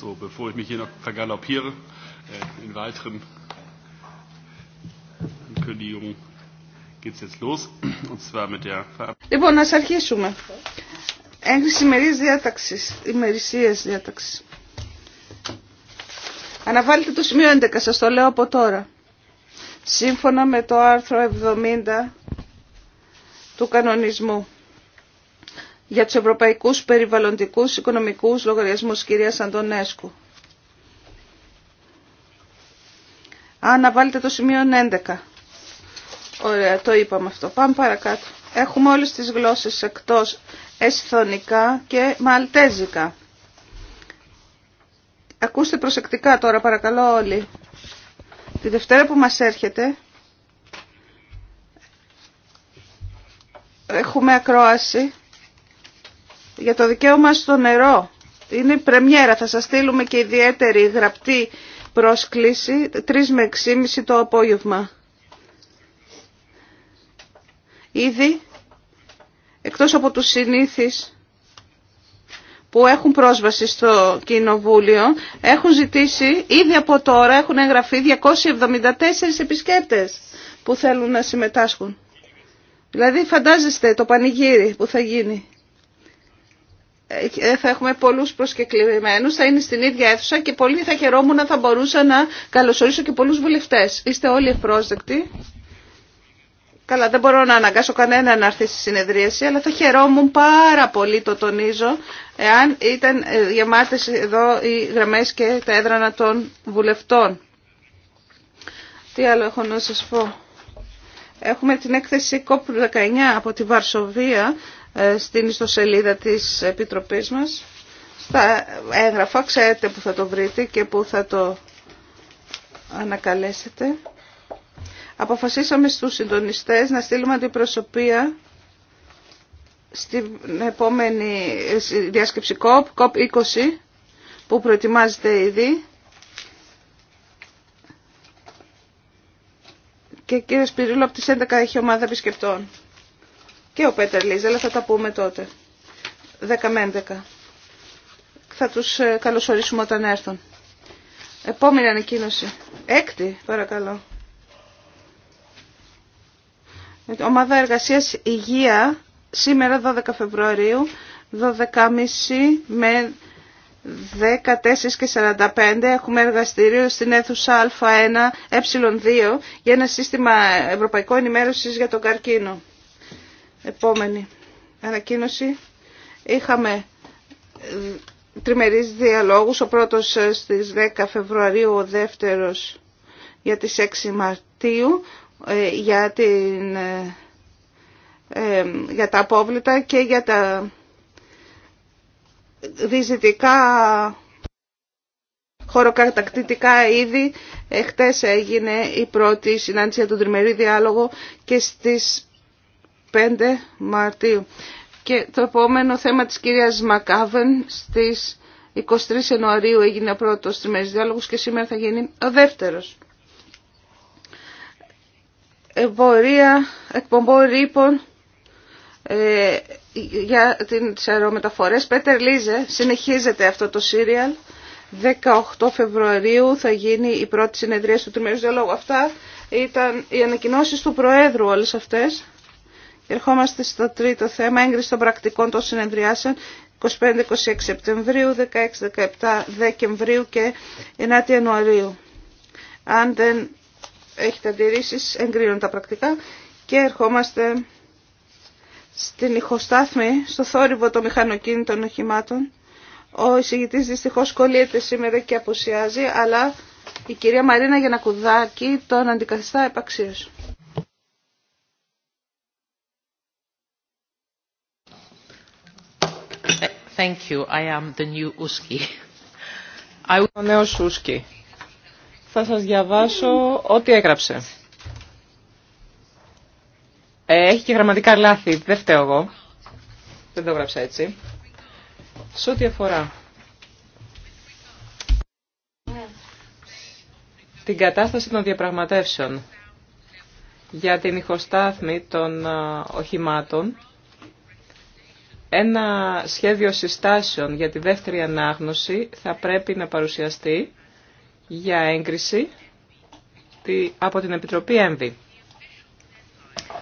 So, bevor ich mich hier noch vergaloppiere, äh, in weiteren Ankündigungen Λοιπόν, ας αρχίσουμε. Έγκριση ημερής διάταξης, ημερησίες διάταξης. Αναβάλλετε το σημείο 11, σας το λέω από τώρα. Σύμφωνα με το άρθρο 70 του κανονισμού για τους ευρωπαϊκούς περιβαλλοντικούς οικονομικούς λογαριασμούς κυρία Αντωνέσκου. βάλετε το σημείο 11. Ωραία, το είπαμε αυτό. Πάμε παρακάτω. Έχουμε όλες τις γλώσσες εκτός εσθονικά και μαλτέζικα. Ακούστε προσεκτικά τώρα παρακαλώ όλοι. Τη Δευτέρα που μας έρχεται έχουμε ακρόαση για το δικαίωμα στο νερό. Είναι η πρεμιέρα, θα σας στείλουμε και ιδιαίτερη γραπτή πρόσκληση, 3 με 6,5 το απόγευμα. Ήδη, εκτός από τους συνήθεις που έχουν πρόσβαση στο Κοινοβούλιο, έχουν ζητήσει, ήδη από τώρα έχουν εγγραφεί 274 επισκέπτες που θέλουν να συμμετάσχουν. Δηλαδή φαντάζεστε το πανηγύρι που θα γίνει. Ε, θα έχουμε πολλούς προσκεκλημένους, θα είναι στην ίδια αίθουσα και πολύ θα χαιρόμουν να θα μπορούσα να καλωσορίσω και πολλούς βουλευτές. Είστε όλοι ευπρόσδεκτοι. Καλά, δεν μπορώ να αναγκάσω κανένα να έρθει στη συνεδρίαση, αλλά θα χαιρόμουν πάρα πολύ, το τονίζω, εάν ήταν ε, γεμάτες εδώ οι γραμμές και τα έδρανα των βουλευτών. Τι άλλο έχω να σας πω. Έχουμε την έκθεση COP19 από τη Βαρσοβία ε, στην ιστοσελίδα της Επιτροπής μας. Στα έγγραφα ξέρετε που θα το βρείτε και που θα το ανακαλέσετε. Αποφασίσαμε στους συντονιστές να στείλουμε αντιπροσωπεία στην επόμενη διάσκεψη COP, COP20, που προετοιμάζεται ήδη. Και κύριε Σπυρίλο, από τις 11 έχει ομάδα επισκεπτών και ο Πέτερ Λίζελ αλλά θα τα πούμε τότε. 10 με 11. Θα τους ε, καλωσορίσουμε όταν έρθουν. Επόμενη ανακοίνωση. Έκτη, παρακαλώ. Ομάδα εργασίας υγεία, σήμερα 12 Φεβρουαρίου, 12.30 με 14.45. έχουμε εργαστήριο στην αίθουσα Α1, Ε2 για ένα σύστημα ευρωπαϊκό ενημέρωσης για τον καρκίνο. Επόμενη ανακοίνωση. Είχαμε ε, τριμερείς διαλόγους, ο πρώτος ε, στις 10 Φεβρουαρίου, ο δεύτερος για τις 6 Μαρτίου, ε, για, την, για τα απόβλητα και για τα διζητικά χωροκατακτητικά είδη. Χτες έγινε η πρώτη συνάντηση για τον τριμερή διάλογο και στις Μαρτίου. Και το επόμενο θέμα της κυρίας Μακάβεν στις 23 Ιανουαρίου έγινε ο πρώτος τριμές διάλογος και σήμερα θα γίνει ο δεύτερος. Εμπορία εκπομπών ρήπων ε, για τις αερομεταφορές. Πέτερ Λίζε, συνεχίζεται αυτό το σύριαλ. 18 Φεβρουαρίου θα γίνει η πρώτη συνεδρία του τριμερούς διαλόγου. Αυτά ήταν οι ανακοινώσεις του Προέδρου όλες αυτές. Ερχόμαστε στο τρίτο θέμα, έγκριση των πρακτικών των συνεδριάσεων 25-26 Σεπτεμβρίου, 16-17 Δεκεμβρίου και 9 Ιανουαρίου. Αν δεν έχετε αντιρρήσει, εγκρίνουν τα πρακτικά και ερχόμαστε στην ηχοστάθμη, στο θόρυβο των μηχανοκίνητων οχημάτων. Ο εισηγητή δυστυχώ κολλείται σήμερα και απουσιάζει, αλλά η κυρία Μαρίνα Γιανακουδάκη τον αντικαθιστά επαξίως. Είμαι Ο νέος ούσκι. Θα σας διαβάσω ό,τι έγραψε. Ε, έχει και γραμματικά λάθη, δεν φταίω εγώ. Δεν το έγραψα έτσι. Σε ό,τι αφορά την κατάσταση των διαπραγματεύσεων για την ηχοστάθμη των ε, οχημάτων ένα σχέδιο συστάσεων για τη δεύτερη ανάγνωση θα πρέπει να παρουσιαστεί για έγκριση από την Επιτροπή ΕΜΒΗ.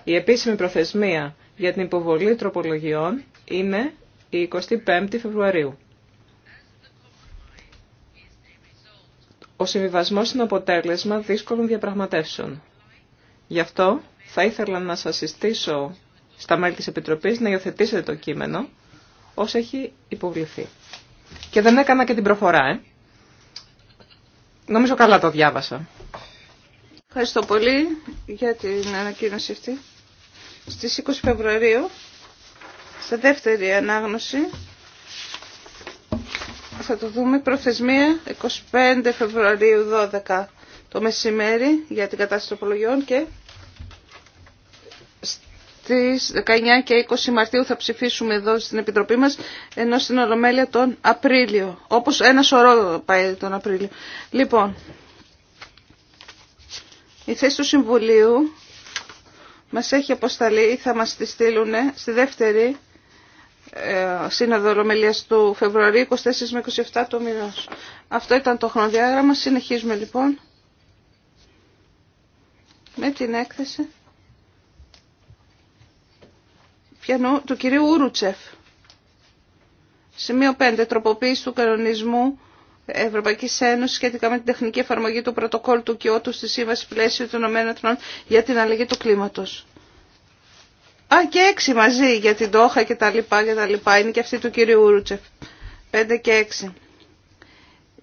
Η επίσημη προθεσμία για την υποβολή τροπολογιών είναι η 25η Φεβρουαρίου. Ο συμβιβασμός είναι αποτέλεσμα δύσκολων διαπραγματεύσεων. Γι' αυτό θα ήθελα να σας συστήσω στα μέλη της Επιτροπής να υιοθετήσετε το κείμενο όσο έχει υποβληθεί. Και δεν έκανα και την προφορά, ε. Νομίζω καλά το διάβασα. Ευχαριστώ πολύ για την ανακοίνωση αυτή. Στις 20 Φεβρουαρίου, σε δεύτερη ανάγνωση, θα το δούμε προθεσμία 25 Φεβρουαρίου 12 το μεσημέρι για την κατάσταση των και στις 19 και 20 Μαρτίου θα ψηφίσουμε εδώ στην Επιτροπή μας, ενώ στην Ολομέλεια τον Απρίλιο. Όπως ένα σωρό πάει τον Απρίλιο. Λοιπόν, η θέση του Συμβουλίου μας έχει αποσταλεί ή θα μας τη στείλουν στη δεύτερη ε, Σύνοδο Ολομέλειας του Φεβρουαρίου 24 με 27 το μηνός. Αυτό ήταν το χρονοδιάγραμμα. Συνεχίζουμε λοιπόν με την έκθεση πιανού του κυρίου Ούρουτσεφ. Σημείο 5. Τροποποίηση του κανονισμού Ευρωπαϊκή Ένωση σχετικά με την τεχνική εφαρμογή του πρωτοκόλλου του Κιώτου στη Σύμβαση Πλαίσιο των ΗΠΑ για την αλλαγή του κλίματο. Α, και 6 μαζί για την Τόχα και τα λοιπά και τα λοιπά. Είναι και αυτή του κυρίου Ούρουτσεφ. 5 και 6.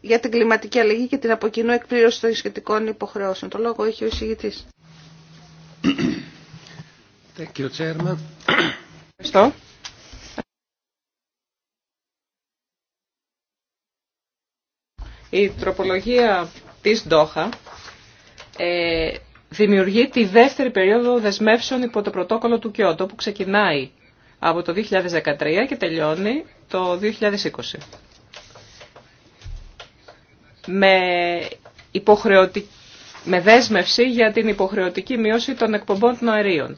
Για την κλιματική αλλαγή και την αποκοινού εκπλήρωση των σχετικών υποχρεώσεων. Το λόγο έχει ο εισηγητή. Thank you, Ευχαριστώ. Η τροπολογία της Ντόχα ε, δημιουργεί τη δεύτερη περίοδο δεσμεύσεων υπό το πρωτόκολλο του Κιώτο που ξεκινάει από το 2013 και τελειώνει το 2020. Με, υποχρεωτικ... με δέσμευση για την υποχρεωτική μείωση των εκπομπών των αερίων.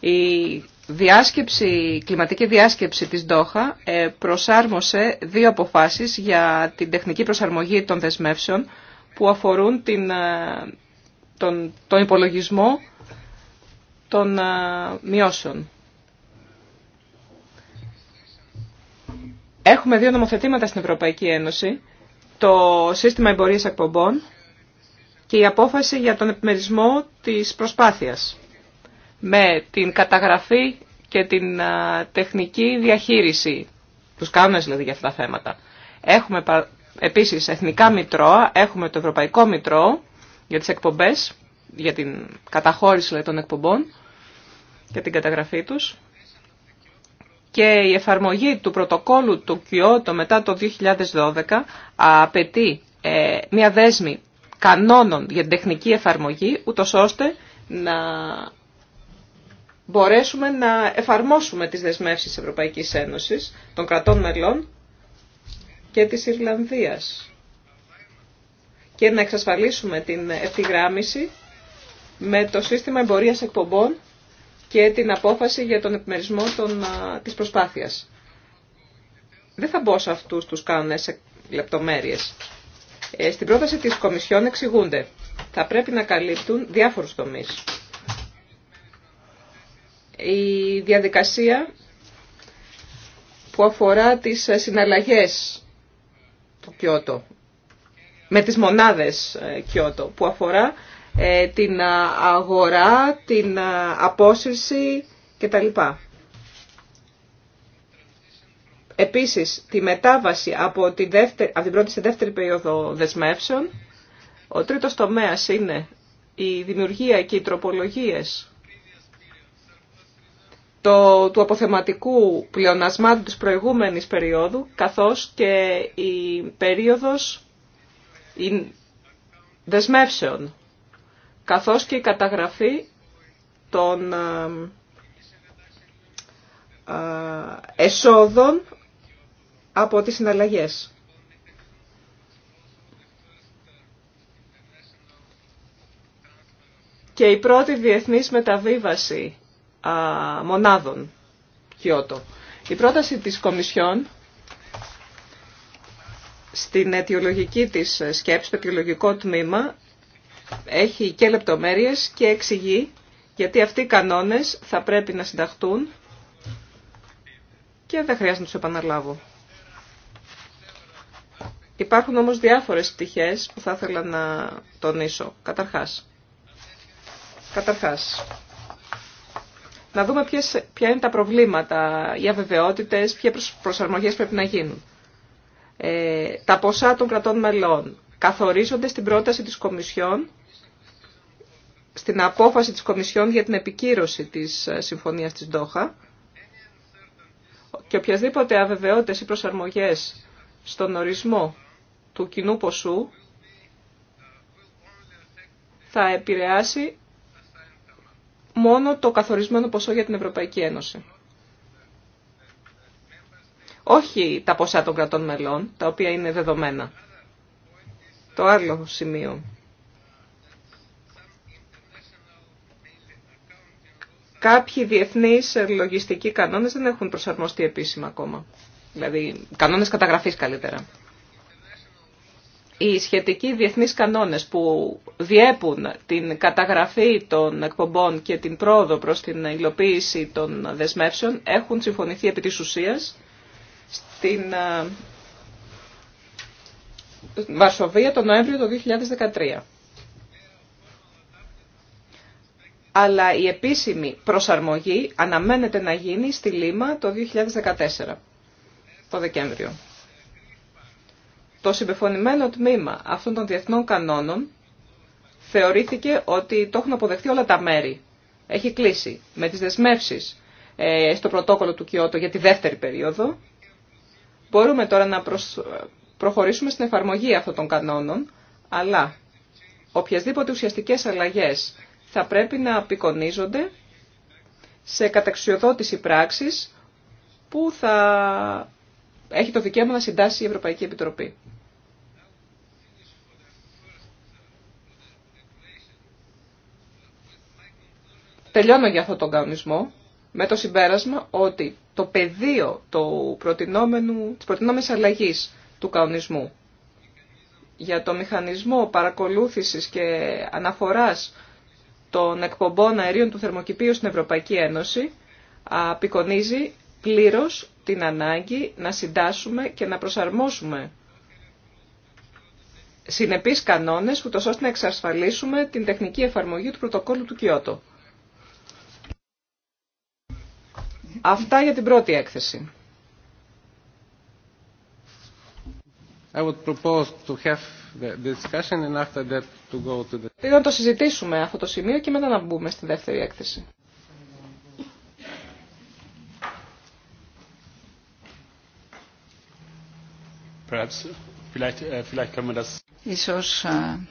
Η διάσκεψη, κλιματική διάσκεψη της Ντόχα ε, προσάρμοσε δύο αποφάσεις για την τεχνική προσαρμογή των δεσμεύσεων που αφορούν την, ε, τον, υπολογισμό των ε, μειώσεων. Έχουμε δύο νομοθετήματα στην Ευρωπαϊκή Ένωση, το σύστημα εμπορίας εκπομπών και η απόφαση για τον επιμερισμό της προσπάθειας με την καταγραφή και την τεχνική διαχείριση, τους κάνονες δηλαδή για αυτά τα θέματα. Έχουμε επίσης εθνικά μητρώα, έχουμε το Ευρωπαϊκό Μητρό για τις εκπομπές, για την καταχώρηση δηλαδή, των εκπομπών και την καταγραφή τους. Και η εφαρμογή του πρωτοκόλου του Κιώτο μετά το 2012 απαιτεί ε, μια δέσμη κανόνων για την τεχνική εφαρμογή, ούτως ώστε να μπορέσουμε να εφαρμόσουμε τις δεσμεύσεις της Ευρωπαϊκής Ένωσης, των κρατών μελών και της Ιρλανδίας και να εξασφαλίσουμε την ευθυγράμμιση με το σύστημα εμπορίας εκπομπών και την απόφαση για τον επιμερισμό των, της προσπάθειας. Δεν θα μπω σε αυτούς τους κάνονες σε λεπτομέρειες. Ε, στην πρόταση της Κομισιόν εξηγούνται. Θα πρέπει να καλύπτουν διάφορους τομείς η διαδικασία που αφορά τις συναλλαγές του Κιώτο, με τις μονάδες ε, Κιώτο, που αφορά ε, την ε, αγορά, την απόσυρση κτλ. Επίσης, τη μετάβαση από, τη δεύτερη, από την πρώτη σε δεύτερη περίοδο δεσμεύσεων. Ο τρίτος τομέας είναι η δημιουργία και οι τροπολογίες το, του αποθεματικού πλεονασμάτου της προηγούμενης περίοδου, καθώς και η περίοδος δεσμεύσεων, καθώς και η καταγραφή των ε, ε, εσόδων από τις συναλλαγές. Και η πρώτη διεθνής μεταβίβαση μονάδων Κιώτο. Η πρόταση της Κομισιόν στην αιτιολογική της σκέψη, το αιτιολογικό τμήμα, έχει και λεπτομέρειες και εξηγεί γιατί αυτοί οι κανόνες θα πρέπει να συνταχτούν και δεν χρειάζεται να τους επαναλάβω. Υπάρχουν όμως διάφορες πτυχές που θα ήθελα να τονίσω. Καταρχάς, καταρχάς να δούμε ποια είναι τα προβλήματα, οι αβεβαιότητες, ποιες προσαρμογές πρέπει να γίνουν. Ε, τα ποσά των κρατών μελών καθορίζονται στην πρόταση της Κομισιόν, στην απόφαση της Κομισιόν για την επικύρωση της ε, Συμφωνίας της Ντόχα και οποιασδήποτε αβεβαιότητες ή προσαρμογές στον ορισμό του κοινού ποσού θα επηρεάσει μόνο το καθορισμένο ποσό για την Ευρωπαϊκή Ένωση. Όχι τα ποσά των κρατών μελών, τα οποία είναι δεδομένα. Το άλλο σημείο. Κάποιοι διεθνείς λογιστικοί κανόνες δεν έχουν προσαρμοστεί επίσημα ακόμα. Δηλαδή, κανόνες καταγραφής καλύτερα οι σχετικοί διεθνείς κανόνες που διέπουν την καταγραφή των εκπομπών και την πρόοδο προς την υλοποίηση των δεσμεύσεων έχουν συμφωνηθεί επί της ουσίας στην ε, Βαρσοβία τον Νοέμβριο του 2013. Αλλά η επίσημη προσαρμογή αναμένεται να γίνει στη Λίμα το 2014, το Δεκέμβριο το συμπεφωνημένο τμήμα αυτών των διεθνών κανόνων θεωρήθηκε ότι το έχουν αποδεχτεί όλα τα μέρη. Έχει κλείσει με τις δεσμεύσεις ε, στο πρωτόκολλο του Κιώτο για τη δεύτερη περίοδο. Μπορούμε τώρα να προχωρήσουμε στην εφαρμογή αυτών των κανόνων, αλλά οποιασδήποτε ουσιαστικές αλλαγές θα πρέπει να απεικονίζονται σε καταξιοδότηση πράξης που θα έχει το δικαίωμα να συντάσει η Ευρωπαϊκή Επιτροπή. Τελειώνω για αυτόν τον κανονισμό με το συμπέρασμα ότι το πεδίο του προτινόμενου, της προτινόμενης αλλαγής του κανονισμού για το μηχανισμό παρακολούθησης και αναφοράς των εκπομπών αερίων του θερμοκηπίου στην Ευρωπαϊκή Ένωση απεικονίζει πλήρως την ανάγκη να συντάσσουμε και να προσαρμόσουμε συνεπείς κανόνες, ούτως ώστε να εξασφαλίσουμε την τεχνική εφαρμογή του πρωτοκόλλου του Κιώτο. Αυτά για την πρώτη έκθεση. I would propose to have the discussion and after that to go to the... Θέλω να το συζητήσουμε αυτό το σημείο και μετά να μπούμε στη δεύτερη έκθεση. Perhaps, ε, Ίσως ε,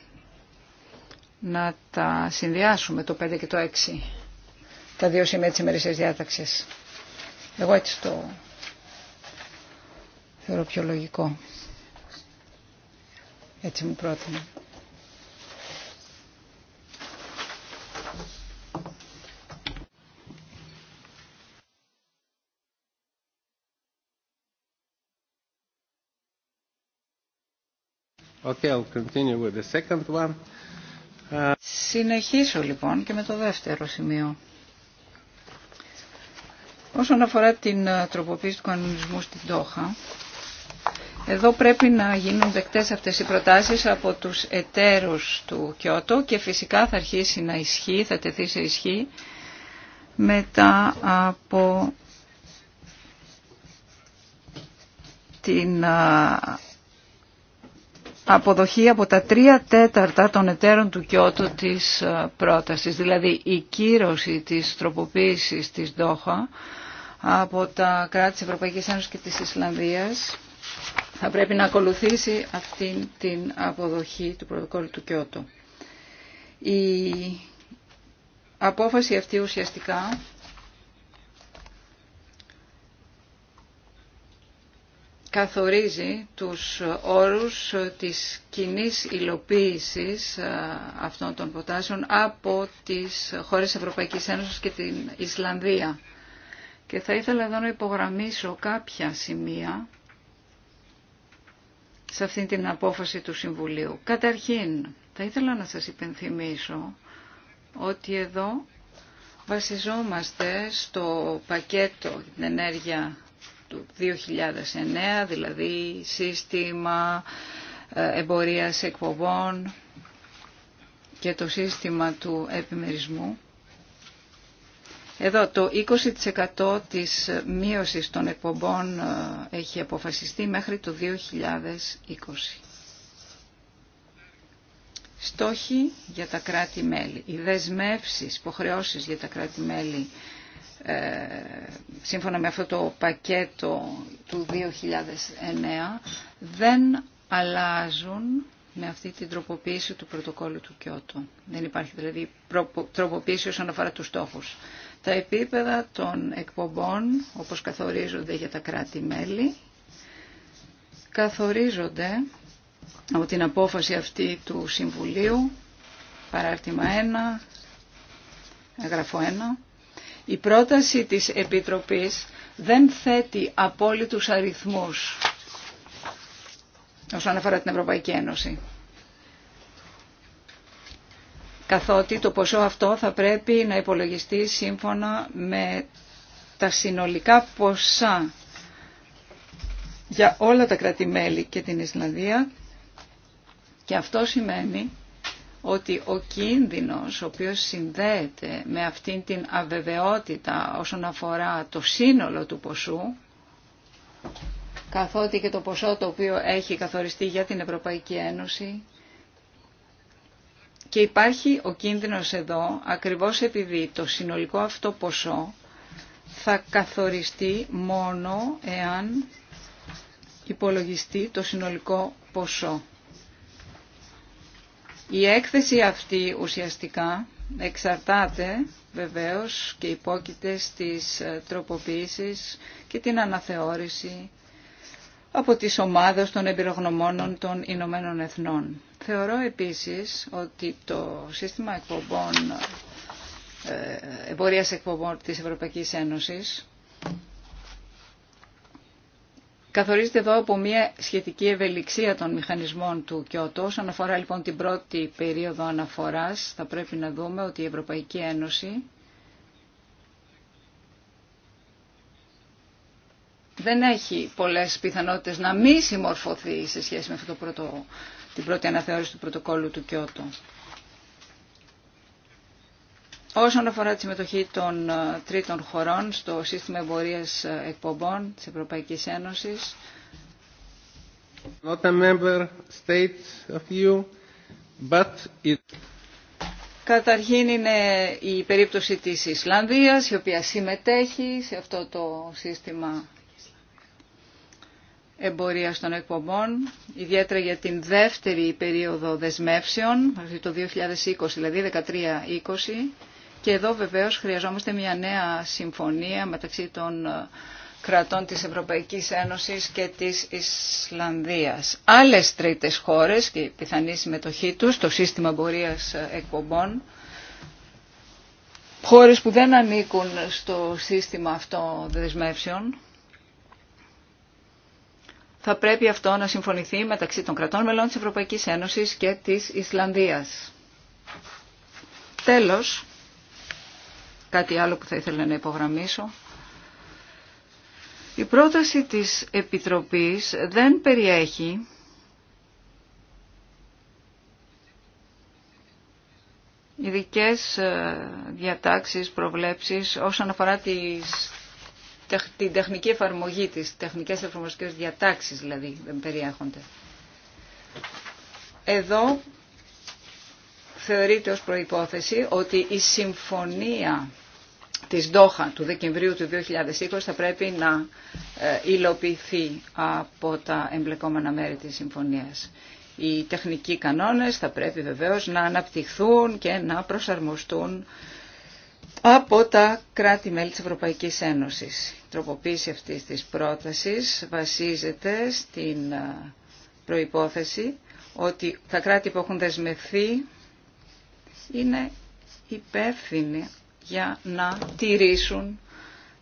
να τα συνδυάσουμε το 5 και το 6, τα δύο σημεία της ημερησίας διάταξης. Εγώ έτσι το θεωρώ πιο λογικό. Έτσι μου πρότεινε. Okay, I'll continue with the second one. Uh, Συνεχίσω λοιπόν και με το δεύτερο σημείο. Όσον αφορά την ε, τροποποίηση του κανονισμού στην Τόχα, εδώ πρέπει να γίνουν δεκτές αυτές οι προτάσεις από τους εταίρους του Κιώτο και φυσικά θα αρχίσει να ισχύει, θα τεθεί σε ισχύ μετά από την ε, αποδοχή από τα τρία τέταρτα των εταίρων του Κιώτου της ε, πρότασης. Δηλαδή η κύρωση της τροποποίησης της Ντόχα από τα κράτη της Ευρωπαϊκής Ένωσης και της Ισλανδίας θα πρέπει να ακολουθήσει αυτή την αποδοχή του πρωτοκόλλου του Κιώτου. Η απόφαση αυτή ουσιαστικά καθορίζει τους όρους της κοινή υλοποίησης ε, αυτών των ποτάσεων από τις χώρες Ευρωπαϊκής Ένωσης και την Ισλανδία. Και θα ήθελα εδώ να υπογραμμίσω κάποια σημεία σε αυτήν την απόφαση του Συμβουλίου. Καταρχήν, θα ήθελα να σας υπενθυμίσω ότι εδώ βασιζόμαστε στο πακέτο την ενέργεια του 2009, δηλαδή σύστημα ε, εμπορίας εκπομπών και το σύστημα του επιμερισμού. Εδώ το 20% της μείωσης των εκπομπών ε, έχει αποφασιστεί μέχρι το 2020. Στόχοι για τα κράτη-μέλη. Οι δεσμεύσεις, υποχρεώσεις για τα κράτη-μέλη ε, σύμφωνα με αυτό το πακέτο του 2009 δεν αλλάζουν με αυτή την τροποποίηση του πρωτοκόλλου του Κιώτο. Δεν υπάρχει δηλαδή τροποποίηση όσον αφορά τους στόχους. Τα επίπεδα των εκπομπών, όπως καθορίζονται για τα κράτη-μέλη, καθορίζονται από την απόφαση αυτή του Συμβουλίου, παράρτημα 1, εγγραφό 1, η πρόταση της Επιτροπής δεν θέτει απόλυτους αριθμούς όσον αφορά την Ευρωπαϊκή Ένωση. Καθότι το ποσό αυτό θα πρέπει να υπολογιστεί σύμφωνα με τα συνολικά ποσά για όλα τα κρατημέλη και την Ισλανδία και αυτό σημαίνει ότι ο κίνδυνος ο οποίος συνδέεται με αυτήν την αβεβαιότητα όσον αφορά το σύνολο του ποσού, καθότι και το ποσό το οποίο έχει καθοριστεί για την Ευρωπαϊκή Ένωση, και υπάρχει ο κίνδυνος εδώ ακριβώς επειδή το συνολικό αυτό ποσό θα καθοριστεί μόνο εάν υπολογιστεί το συνολικό ποσό. Η έκθεση αυτή ουσιαστικά εξαρτάται βεβαίως και υπόκειται στις ε, τροποποίησεις και την αναθεώρηση από τις ομάδες των εμπειρογνωμόνων των Ηνωμένων Εθνών. Θεωρώ επίσης ότι το σύστημα εκπομπών, ε, εμπορίας εκπομπών της Ευρωπαϊκής Ένωσης Καθορίζεται εδώ από μια σχετική ευελιξία των μηχανισμών του Κιώτο. Όσον αφορά λοιπόν την πρώτη περίοδο αναφοράς, θα πρέπει να δούμε ότι η Ευρωπαϊκή Ένωση δεν έχει πολλές πιθανότητες να μη συμμορφωθεί σε σχέση με αυτό το πρώτο, την πρώτη αναθεώρηση του πρωτοκόλλου του Κιώτο. Όσον αφορά τη συμμετοχή των ε, τρίτων χωρών στο σύστημα εμπορίας ε, εκπομπών της Ευρωπαϊκής Ένωσης, Καταρχήν είναι η περίπτωση της Ισλανδίας, η οποία συμμετέχει σε αυτό το σύστημα εμπορίας των εκπομπών, ιδιαίτερα για την δεύτερη περίοδο δεσμεύσεων, δηλαδή το 2020, δηλαδή 13-20, και εδώ βεβαίως χρειαζόμαστε μια νέα συμφωνία μεταξύ των ε, κρατών της Ευρωπαϊκής Ένωσης και της Ισλανδίας. Άλλες τρίτες χώρες και η πιθανή συμμετοχή τους στο σύστημα πορείας ε, εκπομπών, χώρες που δεν ανήκουν στο σύστημα αυτό δεσμεύσεων, θα πρέπει αυτό να συμφωνηθεί μεταξύ των κρατών μελών της Ευρωπαϊκής Ένωσης και της Ισλανδίας. Τέλος, κάτι άλλο που θα ήθελα να υπογραμμίσω. Η πρόταση της Επιτροπής δεν περιέχει ειδικέ ε, διατάξεις, προβλέψεις όσον αφορά τις, την τεχνική εφαρμογή της, τεχνικές εφαρμοστικές διατάξεις δηλαδή δεν περιέχονται. Εδώ θεωρείται ως προϋπόθεση ότι η συμφωνία της ΔΟΧΑ του Δεκεμβρίου του 2020 θα πρέπει να ε, υλοποιηθεί από τα εμπλεκόμενα μέρη της συμφωνίας. Οι τεχνικοί κανόνες θα πρέπει βεβαίως να αναπτυχθούν και να προσαρμοστούν από τα κράτη-μέλη της Ευρωπαϊκής Ένωσης. Η τροποποίηση αυτής της πρότασης βασίζεται στην ε, προϋπόθεση ότι τα κράτη που έχουν δεσμευθεί είναι υπεύθυνοι για να τηρήσουν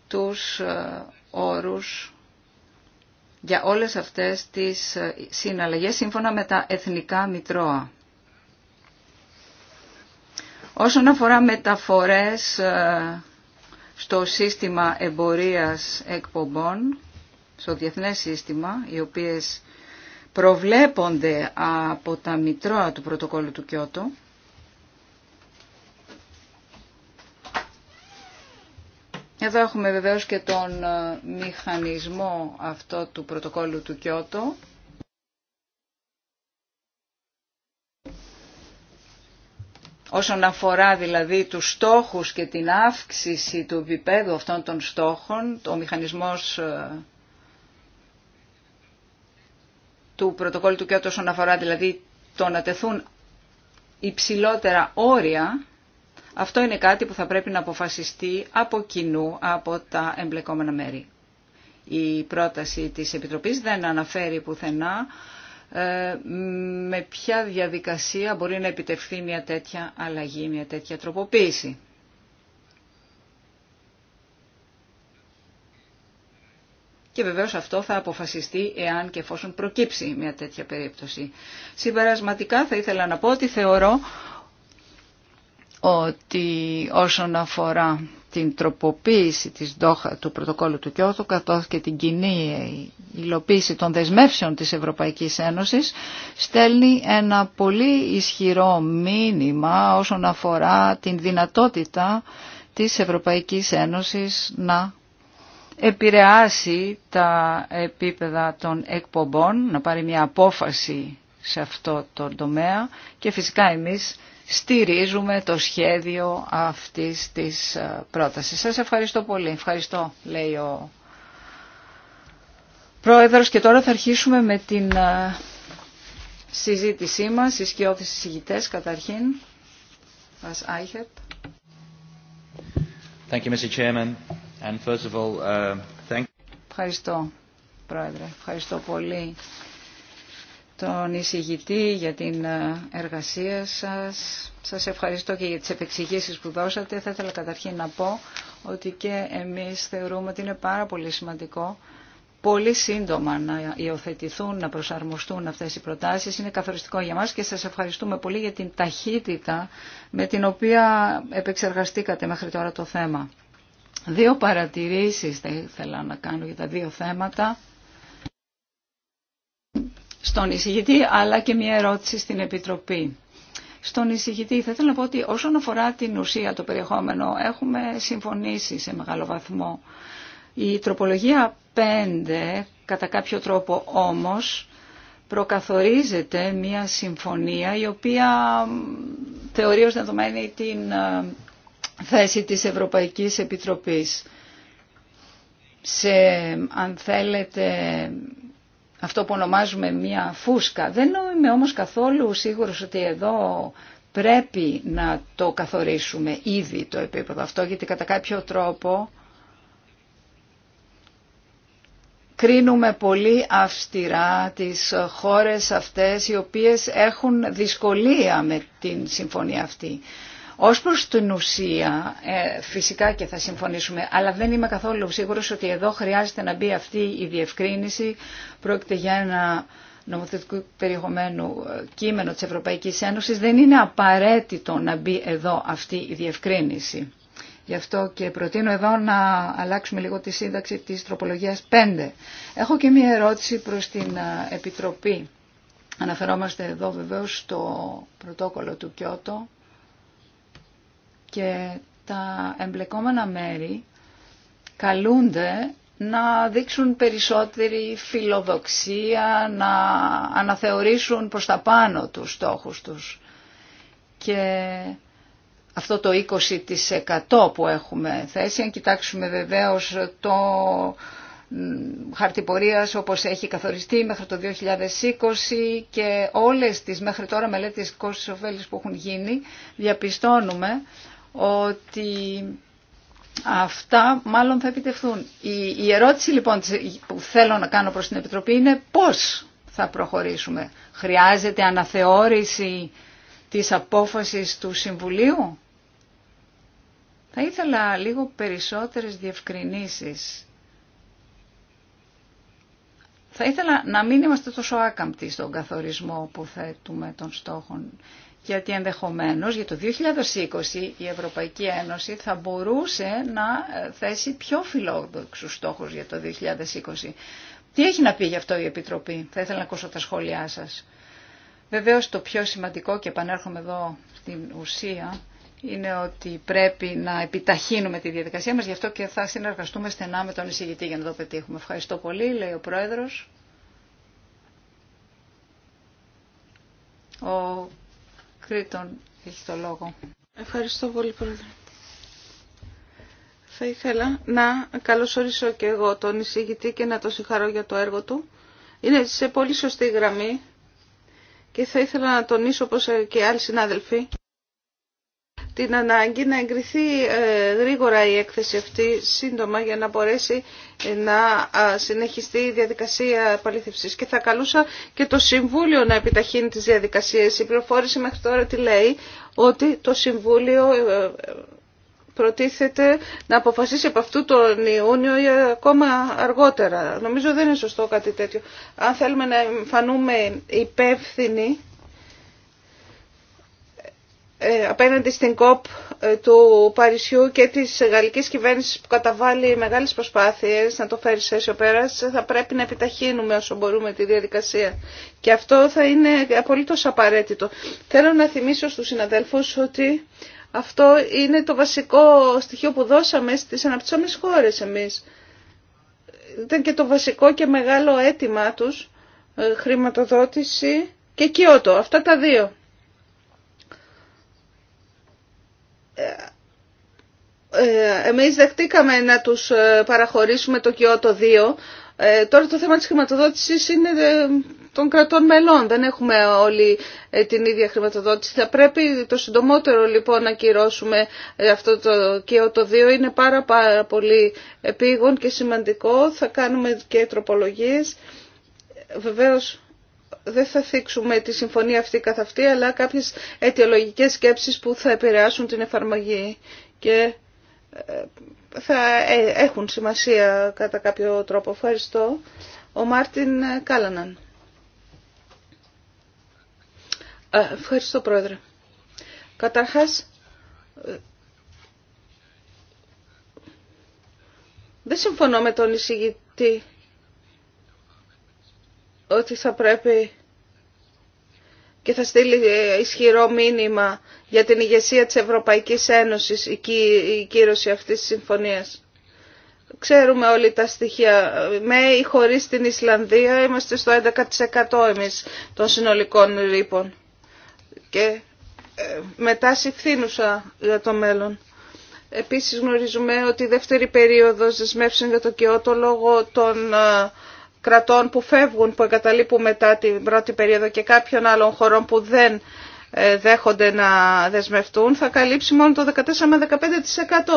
τους ε, όρους για όλες αυτές τις ε, συναλλαγές σύμφωνα με τα εθνικά μητρώα. Όσον αφορά μεταφορές ε, στο σύστημα εμπορίας εκπομπών, στο διεθνές σύστημα, οι οποίες προβλέπονται από τα μητρώα του πρωτοκόλλου του Κιώτο, Εδώ έχουμε βεβαίως και τον ε, μηχανισμό αυτό του πρωτοκόλλου του Κιώτο. Όσον αφορά δηλαδή τους στόχους και την αύξηση του βιπέδου αυτών των στόχων, ο μηχανισμός ε, του πρωτοκόλλου του Κιώτο όσον αφορά δηλαδή το να τεθούν υψηλότερα όρια αυτό είναι κάτι που θα πρέπει να αποφασιστεί από κοινού από τα εμπλεκόμενα μέρη. Η πρόταση της Επιτροπής δεν αναφέρει πουθενά ε, με ποια διαδικασία μπορεί να επιτευχθεί μια τέτοια αλλαγή, μια τέτοια τροποποίηση. Και βεβαίως αυτό θα αποφασιστεί εάν και εφόσον προκύψει μια τέτοια περίπτωση. Συμπερασματικά θα ήθελα να πω ότι θεωρώ ότι όσον αφορά την τροποποίηση της του πρωτοκόλλου του Κιώθου καθώς και την κοινή υλοποίηση των δεσμεύσεων της Ευρωπαϊκής Ένωσης στέλνει ένα πολύ ισχυρό μήνυμα όσον αφορά την δυνατότητα της Ευρωπαϊκής Ένωσης να επηρεάσει τα επίπεδα των εκπομπών, να πάρει μια απόφαση σε αυτό το τομέα και φυσικά εμείς στηρίζουμε το σχέδιο αυτής της ε, πρότασης. Σας ευχαριστώ πολύ. Ευχαριστώ, λέει ο Πρόεδρος. Και τώρα θα αρχίσουμε με την ε, συζήτησή μας, οι σκιώδεις συζητητές καταρχήν. Vas Άιχερτ. And first uh, Ευχαριστώ, Πρόεδρε. Ευχαριστώ πολύ τον εισηγητή για την ε, εργασία σας. Σας ευχαριστώ και για τις επεξηγήσεις που δώσατε. Θα ήθελα καταρχήν να πω ότι και εμείς θεωρούμε ότι είναι πάρα πολύ σημαντικό πολύ σύντομα να υιοθετηθούν, να προσαρμοστούν αυτές οι προτάσεις. Είναι καθοριστικό για μας και σας ευχαριστούμε πολύ για την ταχύτητα με την οποία επεξεργαστήκατε μέχρι τώρα το θέμα. Δύο παρατηρήσεις θα ήθελα να κάνω για τα δύο θέματα στον εισηγητή αλλά και μια ερώτηση στην Επιτροπή. Στον εισηγητή θα ήθελα να πω ότι όσον αφορά την ουσία, το περιεχόμενο, έχουμε συμφωνήσει σε μεγάλο βαθμό. Η τροπολογία 5, κατά κάποιο τρόπο όμως, προκαθορίζεται μια συμφωνία η οποία θεωρεί ως δεδομένη την ε, θέση της Ευρωπαϊκής Επιτροπής. Σε, αν θέλετε, αυτό που ονομάζουμε μία φούσκα. Δεν είμαι όμως καθόλου σίγουρος ότι εδώ πρέπει να το καθορίσουμε ήδη το επίπεδο αυτό, γιατί κατά κάποιο τρόπο κρίνουμε πολύ αυστηρά τις χώρες αυτές οι οποίες έχουν δυσκολία με την συμφωνία αυτή. Ως προς την ουσία, ε, φυσικά και θα συμφωνήσουμε, αλλά δεν είμαι καθόλου σίγουρος ότι εδώ χρειάζεται να μπει αυτή η διευκρίνηση. Πρόκειται για ένα νομοθετικό περιεχομένου ε, κείμενο της Ευρωπαϊκής Ένωσης. Δεν είναι απαραίτητο να μπει εδώ αυτή η διευκρίνηση. Γι' αυτό και προτείνω εδώ να αλλάξουμε λίγο τη σύνταξη της τροπολογίας 5. Έχω και μία ερώτηση προς την ε, Επιτροπή. Αναφερόμαστε εδώ βεβαίως στο πρωτόκολλο του Κιώτο και τα εμπλεκόμενα μέρη καλούνται να δείξουν περισσότερη φιλοδοξία, να αναθεωρήσουν προς τα πάνω τους στόχους τους. Και αυτό το 20% που έχουμε θέσει, αν κοιτάξουμε βεβαίως το χαρτιπορίας όπως έχει καθοριστεί μέχρι το 2020 και όλες τις μέχρι τώρα μελέτες κόστος ωφέλης που έχουν γίνει, διαπιστώνουμε ότι αυτά μάλλον θα επιτευχθούν. Η, ερώτηση λοιπόν που θέλω να κάνω προς την Επιτροπή είναι πώς θα προχωρήσουμε. Χρειάζεται αναθεώρηση της απόφασης του Συμβουλίου. Θα ήθελα λίγο περισσότερες διευκρινήσεις. Θα ήθελα να μην είμαστε τόσο άκαμπτοι στον καθορισμό που θέτουμε των στόχων γιατί ενδεχομένως για το 2020 η Ευρωπαϊκή Ένωση θα μπορούσε να ε, θέσει πιο φιλόδοξους στόχους για το 2020. Τι έχει να πει γι' αυτό η Επιτροπή, θα ήθελα να ακούσω τα σχόλιά σας. Βεβαίως το πιο σημαντικό και επανέρχομαι εδώ στην ουσία είναι ότι πρέπει να επιταχύνουμε τη διαδικασία μας, γι' αυτό και θα συνεργαστούμε στενά με τον εισηγητή για να το πετύχουμε. Ευχαριστώ πολύ, λέει ο Πρόεδρος. Ο Κρίτον έχει το λόγο. Ευχαριστώ πολύ, Πρόεδρε. Θα ήθελα να καλωσορίσω και εγώ τον εισηγητή και να το συγχαρώ για το έργο του. Είναι σε πολύ σωστή γραμμή και θα ήθελα να τονίσω, όπως και άλλοι συνάδελφοι, την ανάγκη να εγκριθεί ε, γρήγορα η έκθεση αυτή σύντομα για να μπορέσει ε, να συνεχιστεί η διαδικασία παλήθευσης. Και θα καλούσα και το Συμβούλιο να επιταχύνει τις διαδικασίες. Η πληροφόρηση μέχρι τώρα τι λέει, ότι το Συμβούλιο ε, προτίθεται να αποφασίσει από αυτού τον Ιούνιο ή ακόμα αργότερα. Νομίζω δεν είναι σωστό κάτι τέτοιο. Αν θέλουμε να εμφανούμε υπεύθυνοι ε, απέναντι στην ΚΟΠ ε, του Παρισιού και της γαλλικής κυβέρνησης που καταβάλει μεγάλες προσπάθειες να το φέρει σε αίσιο πέρας, θα πρέπει να επιταχύνουμε όσο μπορούμε τη διαδικασία. Και αυτό θα είναι απολύτως απαραίτητο. Θέλω να θυμίσω στους συναδέλφους ότι αυτό είναι το βασικό στοιχείο που δώσαμε στις αναπτυσσόμενες χώρες εμείς. Ήταν και το βασικό και μεγάλο αίτημα τους ε, χρηματοδότηση και κοιότο. Αυτά τα δύο. Ε, ε, εμείς δεχτήκαμε να τους ε, παραχωρήσουμε το Κιώτο 2. Ε, τώρα το θέμα της χρηματοδότησης είναι των κρατών μελών. Δεν έχουμε όλοι την ίδια χρηματοδότηση. Θα πρέπει το συντομότερο λοιπόν να κυρώσουμε αυτό το Κιώτο 2. Είναι πάρα, πάρα πολύ επίγον και σημαντικό. Θα κάνουμε και τροπολογίες. Βεβαίως δεν θα θίξουμε τη συμφωνία αυτή καθ' αυτή, αλλά κάποιες αιτιολογικές σκέψεις που θα επηρεάσουν την εφαρμογή και ε, θα ε, έχουν σημασία κατά κάποιο τρόπο. Ευχαριστώ. Ο Μάρτιν Κάλαναν. Ε, ευχαριστώ, Πρόεδρε. Καταρχάς, δεν συμφωνώ με τον εισηγητή ότι θα πρέπει και θα στείλει ισχυρό μήνυμα για την ηγεσία της Ευρωπαϊκής Ένωσης η κύρωση αυτής της συμφωνίας. Ξέρουμε όλοι τα στοιχεία. Με ή χωρίς την Ισλανδία είμαστε στο 11% εμείς των συνολικών ρήπων. Και ε, μετά συυθύνουσα για το μέλλον. Επίσης γνωρίζουμε ότι η δεύτερη περίοδος δεσμεύσεων για το Κιώτο λόγω των ε, κρατών που φεύγουν, που εγκαταλείπουν μετά την πρώτη περίοδο και κάποιων άλλων χωρών που δεν ε, δέχονται να δεσμευτούν θα καλύψει μόνο το 14 με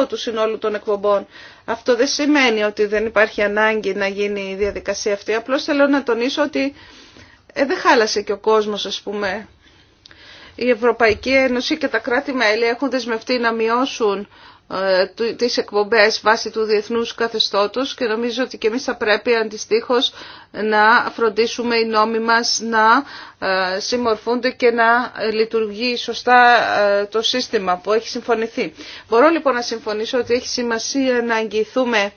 15% του συνόλου των εκπομπών. Αυτό δεν σημαίνει ότι δεν υπάρχει ανάγκη να γίνει η διαδικασία αυτή. Απλώς θέλω να τονίσω ότι ε, δεν χάλασε και ο κόσμος α πούμε. Η Ευρωπαϊκή Ένωση και τα κράτη-μέλη έχουν δεσμευτεί να μειώσουν ε, τις εκπομπές βάσει του διεθνούς καθεστώτος και νομίζω ότι και εμείς θα πρέπει αντιστοίχως να φροντίσουμε οι νόμοι μας να ε, συμμορφούνται και να λειτουργεί σωστά ε, το σύστημα που έχει συμφωνηθεί. Μπορώ λοιπόν να συμφωνήσω ότι έχει σημασία να εγγυηθούμε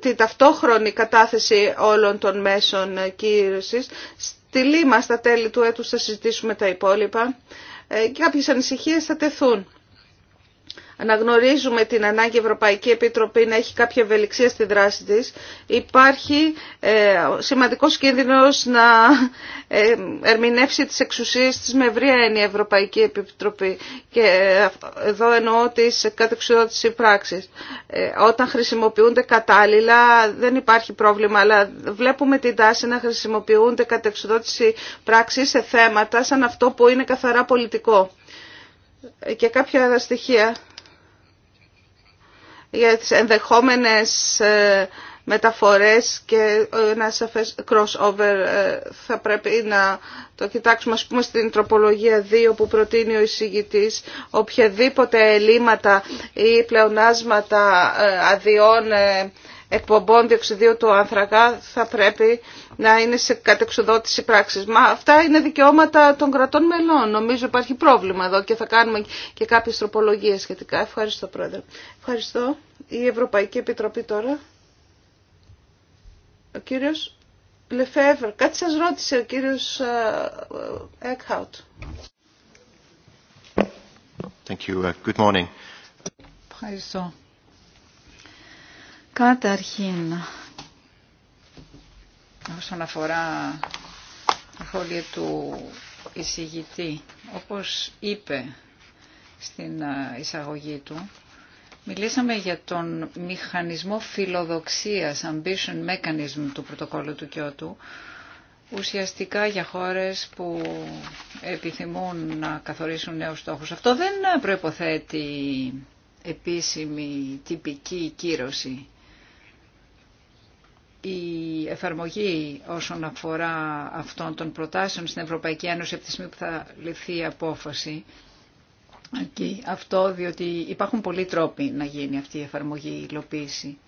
τη ταυτόχρονη κατάθεση όλων των μέσων κύρωσης. Στη Λίμα στα τέλη του έτους θα συζητήσουμε τα υπόλοιπα και κάποιες ανησυχίες θα τεθούν αναγνωρίζουμε την ανάγκη η Ευρωπαϊκή Επιτροπή να έχει κάποια ευελιξία στη δράση της, υπάρχει ε, σημαντικός κίνδυνος να ε, ερμηνεύσει τις εξουσίες της με ευρία έννοια Ευρωπαϊκή Επιτροπή. Και ε, εδώ εννοώ τις κατεξουδότηση πράξης. όταν χρησιμοποιούνται κατάλληλα δεν υπάρχει πρόβλημα, αλλά βλέπουμε την τάση να χρησιμοποιούνται κατεξουδότηση πράξης σε θέματα σαν αυτό που είναι καθαρά πολιτικό. Και κάποια στοιχεία για τις ενδεχόμενες ε, μεταφορές και ε, ένα σαφές crossover ε, θα πρέπει να το κοιτάξουμε ας πούμε στην τροπολογία 2 που προτείνει ο εισηγητής οποιαδήποτε ελλείμματα ή πλεονάσματα αδειών εκπομπών διοξιδίου του άνθρακα θα πρέπει να είναι σε κατεξουδότηση πράξης. Μα αυτά είναι δικαιώματα των κρατών μελών. Νομίζω υπάρχει πρόβλημα εδώ και θα κάνουμε και κάποιες τροπολογίες σχετικά. Ευχαριστώ πρόεδρε. Ευχαριστώ η Ευρωπαϊκή Επιτροπή τώρα. Ο κύριος Λεφεύρ, Κάτι σας ρώτησε ο κύριος Εκχάουτ. Ε, uh, Ευχαριστώ. Καταρχήν, όσον αφορά τα σχόλια του εισηγητή, όπως είπε στην ε, εισαγωγή του, Μιλήσαμε για τον μηχανισμό φιλοδοξίας, ambition mechanism του πρωτοκόλλου του Κιώτου, ουσιαστικά για χώρες που επιθυμούν να καθορίσουν νέους στόχους. Αυτό δεν προϋποθέτει επίσημη τυπική κύρωση. Η εφαρμογή όσον αφορά αυτών των προτάσεων στην Ευρωπαϊκή Ένωση από τη στιγμή που θα ληφθεί η απόφαση αυτό, διότι υπάρχουν πολλοί τρόποι να γίνει αυτή η εφαρμογή, η υλοποίηση.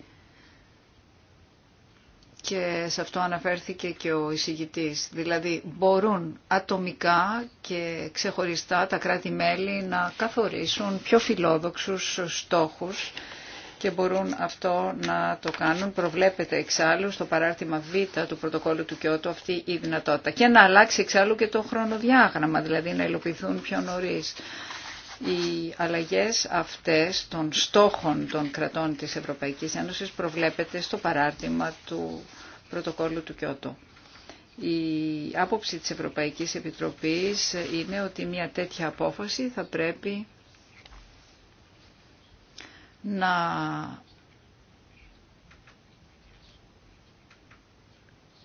Και σε αυτό αναφέρθηκε και ο εισηγητής. Δηλαδή μπορούν ατομικά και ξεχωριστά τα κράτη-μέλη να καθορίσουν πιο φιλόδοξους στόχους και μπορούν αυτό να το κάνουν. Προβλέπεται εξάλλου στο παράρτημα Β του πρωτοκόλλου του Κιώτου αυτή η δυνατότητα. Και να αλλάξει εξάλλου και το χρονοδιάγραμμα, δηλαδή να υλοποιηθούν πιο νωρίς. Οι αλλαγές αυτές των στόχων των κρατών της Ευρωπαϊκής Ένωσης προβλέπεται στο παράρτημα του πρωτοκόλλου του Κιώτο. Η άποψη της Ευρωπαϊκής Επιτροπής είναι ότι μια τέτοια απόφαση θα πρέπει να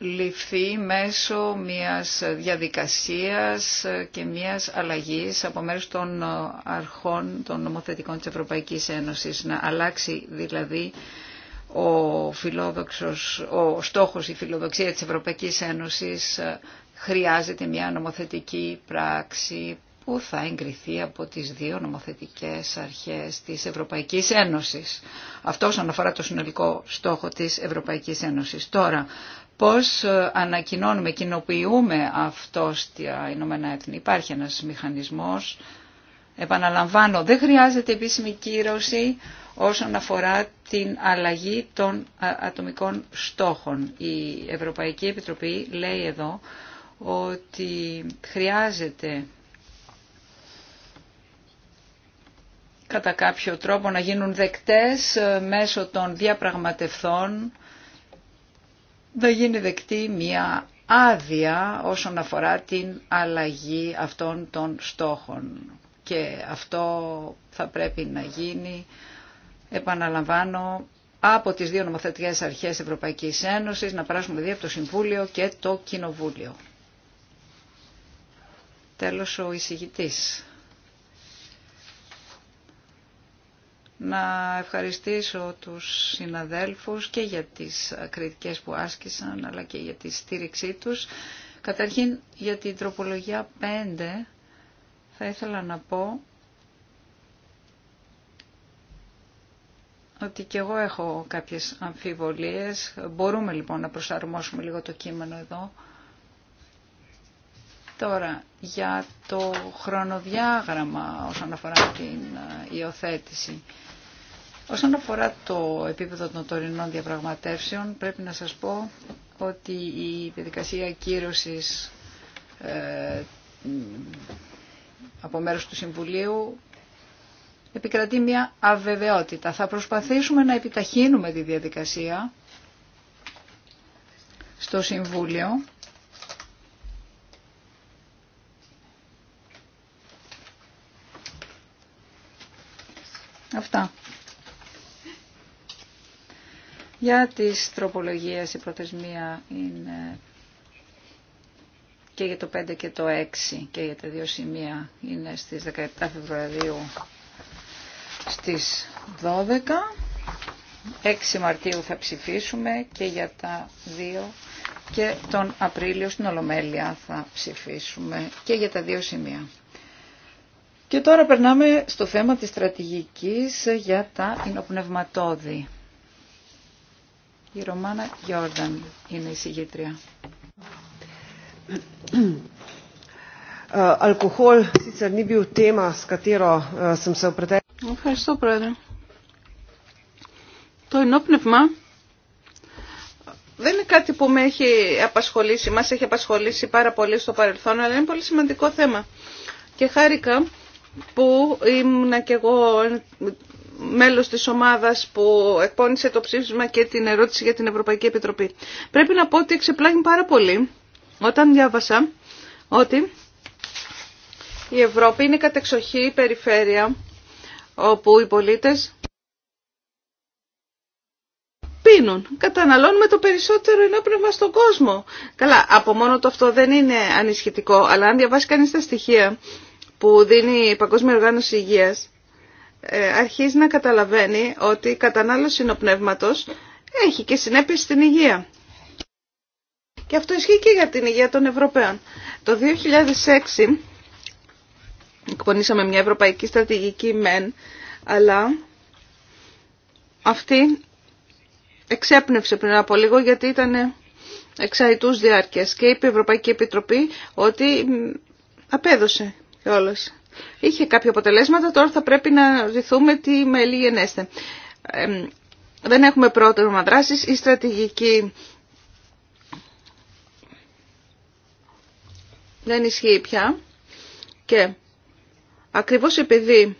ληφθεί μέσω μιας διαδικασίας και μιας αλλαγής από μέρους των αρχών των νομοθετικών της Ευρωπαϊκής Ένωσης. Να αλλάξει δηλαδή ο, φιλόδοξος, ο στόχος, η φιλοδοξία της Ευρωπαϊκής Ένωσης ε, χρειάζεται μια νομοθετική πράξη που θα εγκριθεί από τις δύο νομοθετικές αρχές της Ευρωπαϊκής Ένωσης. Αυτό όσον το συνολικό στόχο της Ευρωπαϊκής Ένωσης. Τώρα, πώς ε, ανακοινώνουμε, κοινοποιούμε αυτό στα Ηνωμένα Έθνη. Υπάρχει ένας μηχανισμός. Επαναλαμβάνω, δεν χρειάζεται επίσημη κύρωση όσον αφορά την αλλαγή των ατομικών στόχων. Η Ευρωπαϊκή Επιτροπή λέει εδώ ότι χρειάζεται κατά κάποιο τρόπο να γίνουν δεκτές ε, μέσω των διαπραγματευθών να γίνει δεκτή μια άδεια όσον αφορά την αλλαγή αυτών των στόχων. Και αυτό θα πρέπει να γίνει, επαναλαμβάνω, από τις δύο νομοθετικές αρχές Ευρωπαϊκής Ένωσης, να περάσουμε δύο δηλαδή από το Συμβούλιο και το Κοινοβούλιο. Τέλος ο εισηγητής. να ευχαριστήσω τους συναδέλφους και για τις κριτικές που άσκησαν αλλά και για τη στήριξή τους. Καταρχήν για την τροπολογία 5 θα ήθελα να πω ότι και εγώ έχω κάποιες αμφιβολίες. Μπορούμε λοιπόν να προσαρμόσουμε λίγο το κείμενο εδώ. Τώρα, για το χρονοδιάγραμμα όσον αφορά την ε, υιοθέτηση. Όσον αφορά το επίπεδο των τωρινών διαπραγματεύσεων, πρέπει να σας πω ότι η διαδικασία κύρωσης ε, από μέρους του Συμβουλίου επικρατεί μια αβεβαιότητα. Θα προσπαθήσουμε να επιταχύνουμε τη διαδικασία στο Συμβούλιο Αυτά. Για τις τροπολογίες η προθεσμία είναι και για το 5 και το 6 και για τα δύο σημεία είναι στις 17 Φεβρουαρίου στις 12. 6 Μαρτίου θα ψηφίσουμε και για τα δύο και τον Απρίλιο στην Ολομέλεια θα ψηφίσουμε και για τα δύο σημεία. Και τώρα περνάμε στο θέμα της στρατηγικής για τα υνοπνευματόδη. Η Ρωμάνα Γιόρδαν είναι η συγγήτρια. Ευχαριστώ, Πρόεδρε. Το ενόπνευμα δεν είναι κάτι που με έχει απασχολήσει, μας έχει απασχολήσει πάρα πολύ στο παρελθόν, αλλά είναι πολύ σημαντικό θέμα. Και χάρηκα που ήμουν και εγώ μέλος της ομάδας που εκπώνησε το ψήφισμα και την ερώτηση για την Ευρωπαϊκή Επιτροπή. Πρέπει να πω ότι εξεπλάγει πάρα πολύ όταν διάβασα ότι η Ευρώπη είναι κατεξοχή περιφέρεια όπου οι πολίτες πίνουν, καταναλώνουμε το περισσότερο ενόπνευμα στον κόσμο. Καλά, από μόνο το αυτό δεν είναι ανισχυτικό, αλλά αν διαβάσει κανείς τα στοιχεία που δίνει η Παγκόσμια Οργάνωση Υγείας ε, αρχίζει να καταλαβαίνει ότι η κατανάλωση νοπνεύματος έχει και συνέπειες στην υγεία. Και αυτό ισχύει και για την υγεία των Ευρωπαίων. Το 2006 εκπονήσαμε μια ευρωπαϊκή στρατηγική μεν, αλλά αυτή εξέπνευσε πριν από λίγο γιατί ήταν εξαετούς διάρκειας και είπε η Ευρωπαϊκή Επιτροπή ότι απέδωσε όλες. Είχε κάποια αποτελέσματα, τώρα θα πρέπει να ζηθούμε τι μέλη γενέστε. δεν έχουμε πρόγραμμα δράσης ή στρατηγική δεν ισχύει πια και ακριβώς επειδή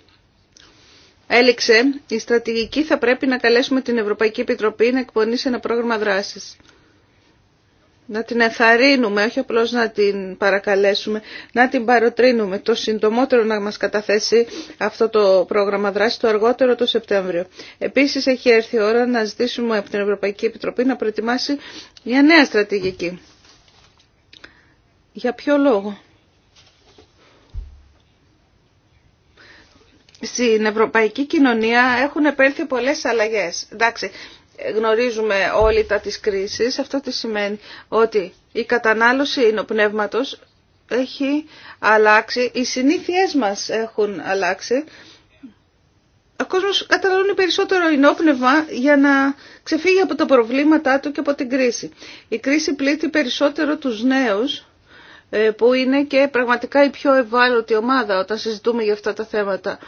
έληξε η στρατηγική θα πρέπει να καλέσουμε την Ευρωπαϊκή Επιτροπή να εκπονήσει ένα πρόγραμμα δράσης να την εθαρρύνουμε, όχι απλώς να την παρακαλέσουμε, να την παροτρύνουμε το συντομότερο να μας καταθέσει αυτό το πρόγραμμα δράση το αργότερο το Σεπτέμβριο. Επίσης έχει έρθει η ώρα να ζητήσουμε από την Ευρωπαϊκή Επιτροπή να προετοιμάσει μια νέα στρατηγική. Για ποιο λόγο. Στην ευρωπαϊκή κοινωνία έχουν επέλθει πολλές αλλαγές. Εντάξει, γνωρίζουμε όλοι τα της κρίσης. Αυτό τι σημαίνει ότι η κατανάλωση πνεύματος έχει αλλάξει, οι συνήθειές μας έχουν αλλάξει. Ο κόσμος καταναλώνει περισσότερο ενόπνευμα για να ξεφύγει από τα προβλήματά του και από την κρίση. Η κρίση πλήττει περισσότερο τους νέους ε, που είναι και πραγματικά η πιο ευάλωτη ομάδα όταν συζητούμε για αυτά τα θέματα.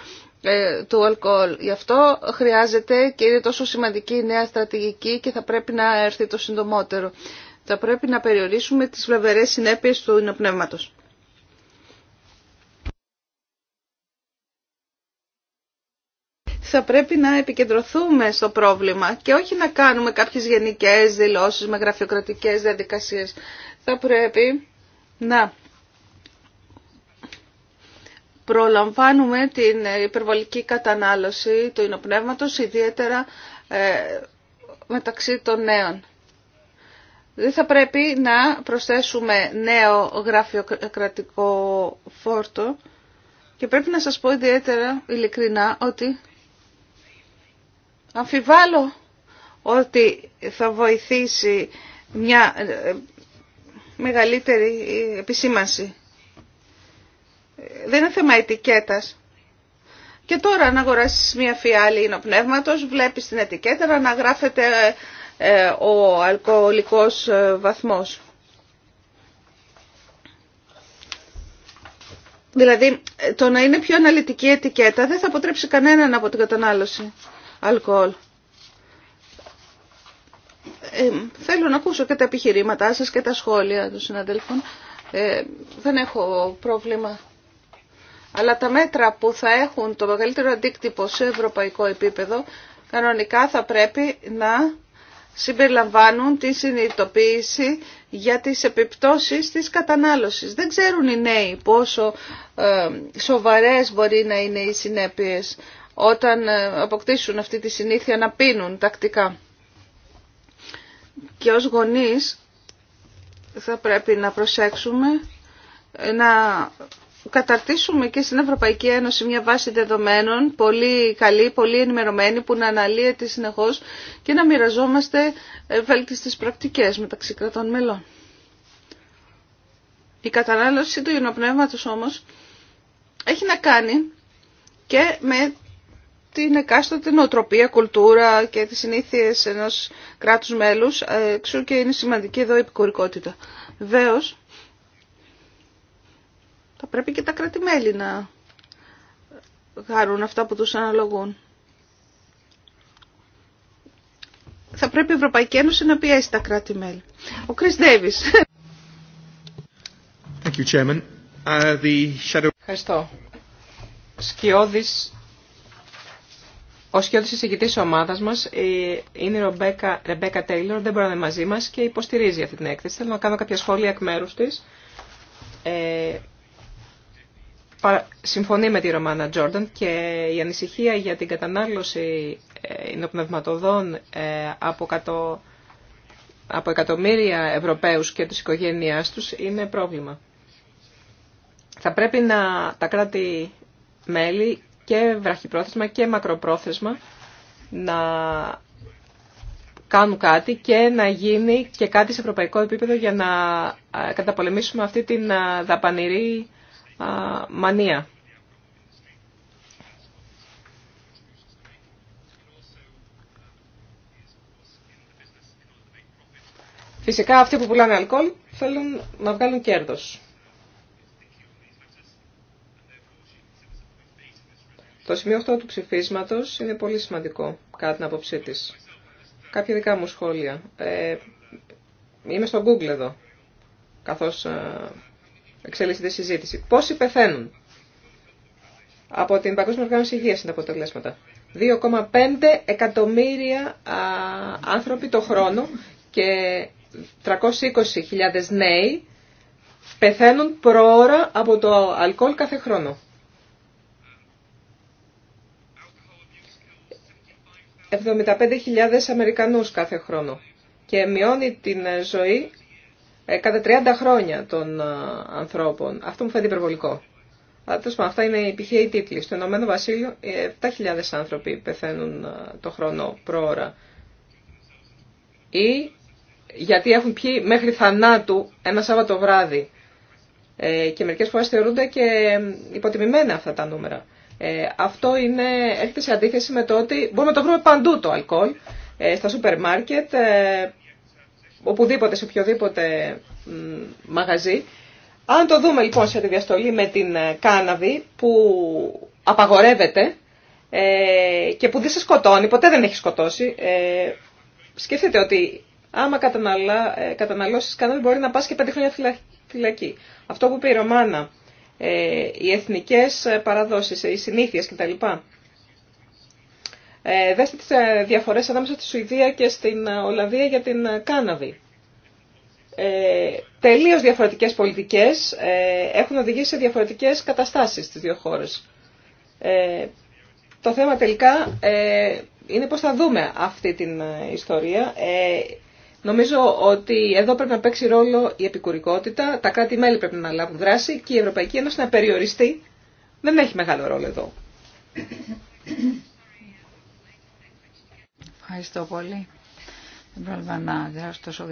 Ε, του αλκοόλ. Γι' αυτό χρειάζεται και είναι τόσο σημαντική η νέα στρατηγική και θα πρέπει να έρθει το συντομότερο. Θα πρέπει να περιορίσουμε τις βλαβερές συνέπειες του ινοπνεύματος. θα πρέπει να επικεντρωθούμε στο πρόβλημα και όχι να κάνουμε κάποιες γενικές δηλώσεις με γραφειοκρατικές διαδικασίες. Θα πρέπει να προλαμβάνουμε την υπερβολική κατανάλωση του ινοπνεύματος, ιδιαίτερα ε, μεταξύ των νέων. Δεν θα πρέπει να προσθέσουμε νέο γραφειοκρατικό φόρτο και πρέπει να σας πω ιδιαίτερα ειλικρινά ότι αμφιβάλλω ότι θα βοηθήσει μια ε, μεγαλύτερη ε, επισήμανση δεν είναι θέμα ετικέτα. Και τώρα αν αγοράσει μια φιάλη πνεύματο, βλέπει την ετικέτα να γράφεται ε, ο αλκοολικός ε, βαθμός. Δηλαδή το να είναι πιο αναλυτική ετικέτα δεν θα αποτρέψει κανέναν από την κατανάλωση αλκοόλ. Ε, θέλω να ακούσω και τα επιχειρήματά σας και τα σχόλια των συναδέλφων. Ε, δεν έχω πρόβλημα αλλά τα μέτρα που θα έχουν το μεγαλύτερο αντίκτυπο σε ευρωπαϊκό επίπεδο κανονικά θα πρέπει να συμπεριλαμβάνουν τη συνειδητοποίηση για τις επιπτώσεις της κατανάλωσης. Δεν ξέρουν οι νέοι πόσο ε, σοβαρές μπορεί να είναι οι συνέπειες όταν ε, αποκτήσουν αυτή τη συνήθεια να πίνουν τακτικά. Και ως γονείς θα πρέπει να προσέξουμε ε, να καταρτήσουμε και στην Ευρωπαϊκή Ένωση μια βάση δεδομένων πολύ καλή, πολύ ενημερωμένη που να αναλύεται συνεχώς και να μοιραζόμαστε ε, βέλτιστες πρακτικές μεταξύ κρατών μελών. Η κατανάλωση του υγειονοπνεύματος όμως έχει να κάνει και με την εκάστοτε νοοτροπία, κουλτούρα και τις συνήθειες ενός κράτους μέλους, ε, εξού και είναι σημαντική εδώ η επικουρικότητα. Θα πρέπει και τα κράτη-μέλη να γάρουν αυτά που τους αναλογούν. Θα πρέπει η Ευρωπαϊκή Ένωση να πιέσει τα κράτη-μέλη. Ο Κρις Ντέβις. Uh, Ευχαριστώ. Σκιώδης, ο σκιώδης εισηγητής της ομάδας μας είναι η Ρεμπέκα, Ρεμπέκα Τέιλορ, δεν μπορεί να είναι μαζί μας και υποστηρίζει αυτή την έκθεση. Θέλω να κάνω κάποια σχόλια εκ μέρους της. Ε, συμφωνεί με τη Ρωμάνα Τζόρνταν και η ανησυχία για την κατανάλωση ε, υνοπνευματοδών ε, από, από εκατομμύρια Ευρωπαίους και της οικογένειάς τους είναι πρόβλημα. Θα πρέπει να τα κράτη-μέλη και βραχυπρόθεσμα και μακροπρόθεσμα να κάνουν κάτι και να γίνει και κάτι σε ευρωπαϊκό επίπεδο για να ε, καταπολεμήσουμε αυτή την δαπανηρή μανία. Φυσικά αυτοί που πουλάνε αλκοόλ θέλουν να βγάλουν κέρδος. Το σημείο αυτό του ψηφίσματος είναι πολύ σημαντικό, κατά την άποψή της. Κάποια δικά μου σχόλια. Ε, είμαι στο Google εδώ, καθώς ε, εξελίσσεται η συζήτηση. Πόσοι πεθαίνουν από την Παγκόσμια Οργάνωση Υγείας είναι αποτελέσματα. 2,5 εκατομμύρια άνθρωποι το χρόνο και 320.000 νέοι πεθαίνουν προώρα από το αλκοόλ κάθε χρόνο. 75.000 Αμερικανούς κάθε χρόνο και μειώνει την ζωή ε, κατά 30 χρόνια των ε, ανθρώπων. Αυτό μου φαίνεται υπερβολικό. Αυτά είναι οι πηχαίοι τίτλοι. Στο Ηνωμένο Βασίλειο 7.000 ε, άνθρωποι πεθαίνουν το χρόνο προώρα. Ή γιατί έχουν πιει μέχρι θανάτου ένα Σάββατο βράδυ. και μερικές φορές θεωρούνται και υποτιμημένα αυτά τα νούμερα. αυτό είναι, έρχεται σε αντίθεση με το ότι μπορούμε να το βρούμε παντού το αλκοόλ. στα σούπερ μάρκετ, οπουδήποτε, σε οποιοδήποτε μαγαζί. Αν το δούμε λοιπόν σε τη διαστολή με την ε, κάναβη που απαγορεύεται ε, και που δεν σε σκοτώνει, ποτέ δεν έχει σκοτώσει, ε, σκεφτείτε ότι άμα καταναλώσει καταναλώσεις κάναβη μπορεί να πας και πέντε χρόνια φυλακή. Αυτό που πει η Ρωμάνα, ε, οι εθνικές παραδόσεις, οι συνήθειες κτλ. Ε, δέστε τις ε, διαφορές ανάμεσα στη Σουηδία και στην ε, Ολλανδία για την ε, κάναβη. Ε, τελείως διαφορετικές πολιτικές έχουν οδηγήσει σε διαφορετικές καταστάσεις στις δύο χώρες. το θέμα τελικά είναι πώς θα δούμε αυτή την ιστορία. νομίζω ότι εδώ πρέπει να παίξει ρόλο η επικουρικότητα, τα κράτη-μέλη πρέπει να λάβουν δράση και η Ευρωπαϊκή Ένωση να περιοριστεί. Δεν έχει μεγάλο ρόλο εδώ. Ευχαριστώ πολύ. Δεν να τόσο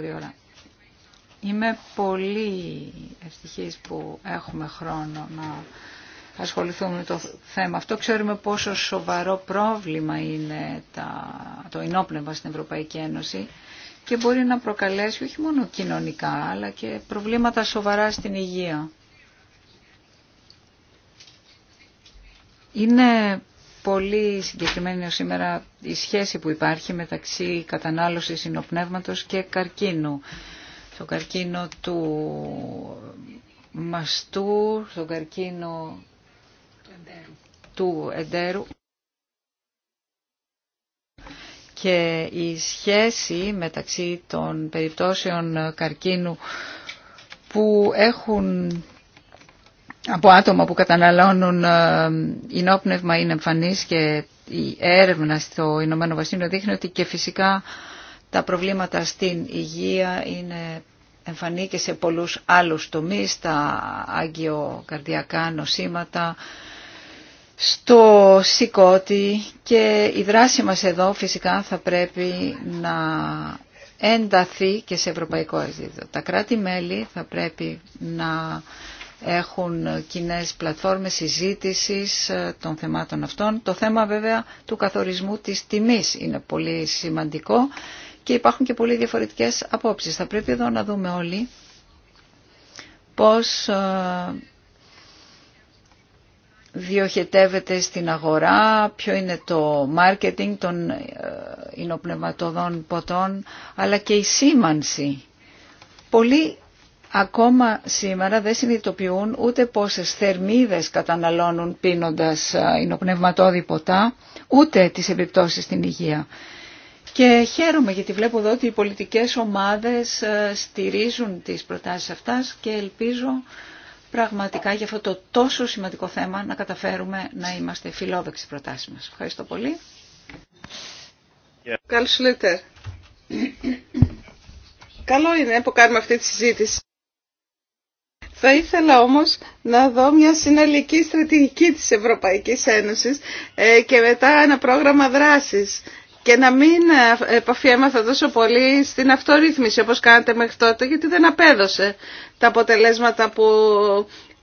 Είμαι πολύ ευτυχής που έχουμε χρόνο να ασχοληθούμε με το θέμα. Αυτό ξέρουμε πόσο σοβαρό πρόβλημα είναι το ενόπνευμα στην Ευρωπαϊκή Ένωση και μπορεί να προκαλέσει όχι μόνο κοινωνικά αλλά και προβλήματα σοβαρά στην υγεία. Είναι πολύ συγκεκριμένη σήμερα η σχέση που υπάρχει μεταξύ κατανάλωσης ινοπνεύματος και καρκίνου. Το καρκίνο του μαστού, το καρκίνο του του εντέρου. Και η σχέση μεταξύ των περιπτώσεων καρκίνου που έχουν από άτομα που καταναλώνουν ε, νόπνευμα είναι εμφανής και η έρευνα στο Ηνωμένο Βασίλειο δείχνει ότι και φυσικά τα προβλήματα στην υγεία είναι εμφανή και σε πολλούς άλλους τομείς, τα καρδιακά νοσήματα, στο σηκώτη και η δράση μας εδώ φυσικά θα πρέπει να ενταθεί και σε ευρωπαϊκό επίπεδο. Τα κράτη-μέλη θα πρέπει να έχουν κοινέ πλατφόρμες συζήτηση ε, των θεμάτων αυτών. Το θέμα βέβαια του καθορισμού της τιμής είναι πολύ σημαντικό και υπάρχουν και πολύ διαφορετικές απόψεις. Θα πρέπει εδώ να δούμε όλοι πώς ε, διοχετεύεται στην αγορά, ποιο είναι το μάρκετινγκ των υνοπνευματοδών ε, ποτών, αλλά και η σήμανση. Πολύ ακόμα σήμερα δεν συνειδητοποιούν ούτε πόσες θερμίδες καταναλώνουν πίνοντας υνοπνευματόδη ε, ποτά, ούτε τις επιπτώσεις στην υγεία. Και χαίρομαι γιατί βλέπω εδώ ότι οι πολιτικές ομάδες ε, στηρίζουν τις προτάσεις αυτές και ελπίζω πραγματικά για αυτό το τόσο σημαντικό θέμα να καταφέρουμε να είμαστε φιλόδοξοι προτάσεις μας. Ευχαριστώ πολύ. Καλό είναι που κάνουμε αυτή τη συζήτηση. Θα ήθελα όμως να δω μια συνολική στρατηγική της Ευρωπαϊκής Ένωσης ε, και μετά ένα πρόγραμμα δράσης και να μην ε, επαφιέμαθα τόσο πολύ στην αυτορύθμιση όπως κάνατε μέχρι τότε γιατί δεν απέδωσε τα αποτελέσματα που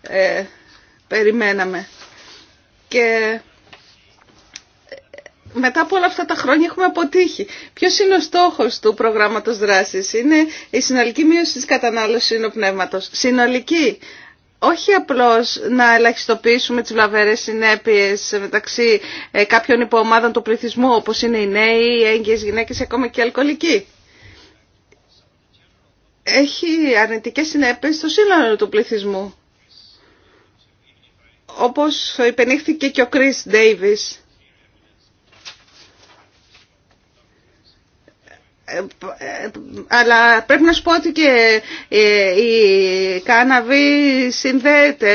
ε, περιμέναμε. Και μετά από όλα αυτά τα χρόνια έχουμε αποτύχει. Ποιο είναι ο στόχο του προγράμματο δράση, Είναι η συνολική μείωση τη κατανάλωση συνοπνεύματο. Συνολική. Όχι απλώς να ελαχιστοποιήσουμε τις βλαβερέ συνέπειε μεταξύ ε, κάποιων υποομάδων του πληθυσμού όπως είναι οι νέοι, οι έγκυε γυναίκε, ακόμα και οι αλκοολικοί. Έχει αρνητικέ συνέπειες στο σύνολο του πληθυσμού. Όπως υπενήχθηκε και ο Chris Ντέιβις αλλά πρέπει να σου πω ότι και ε, η κάναβη συνδέεται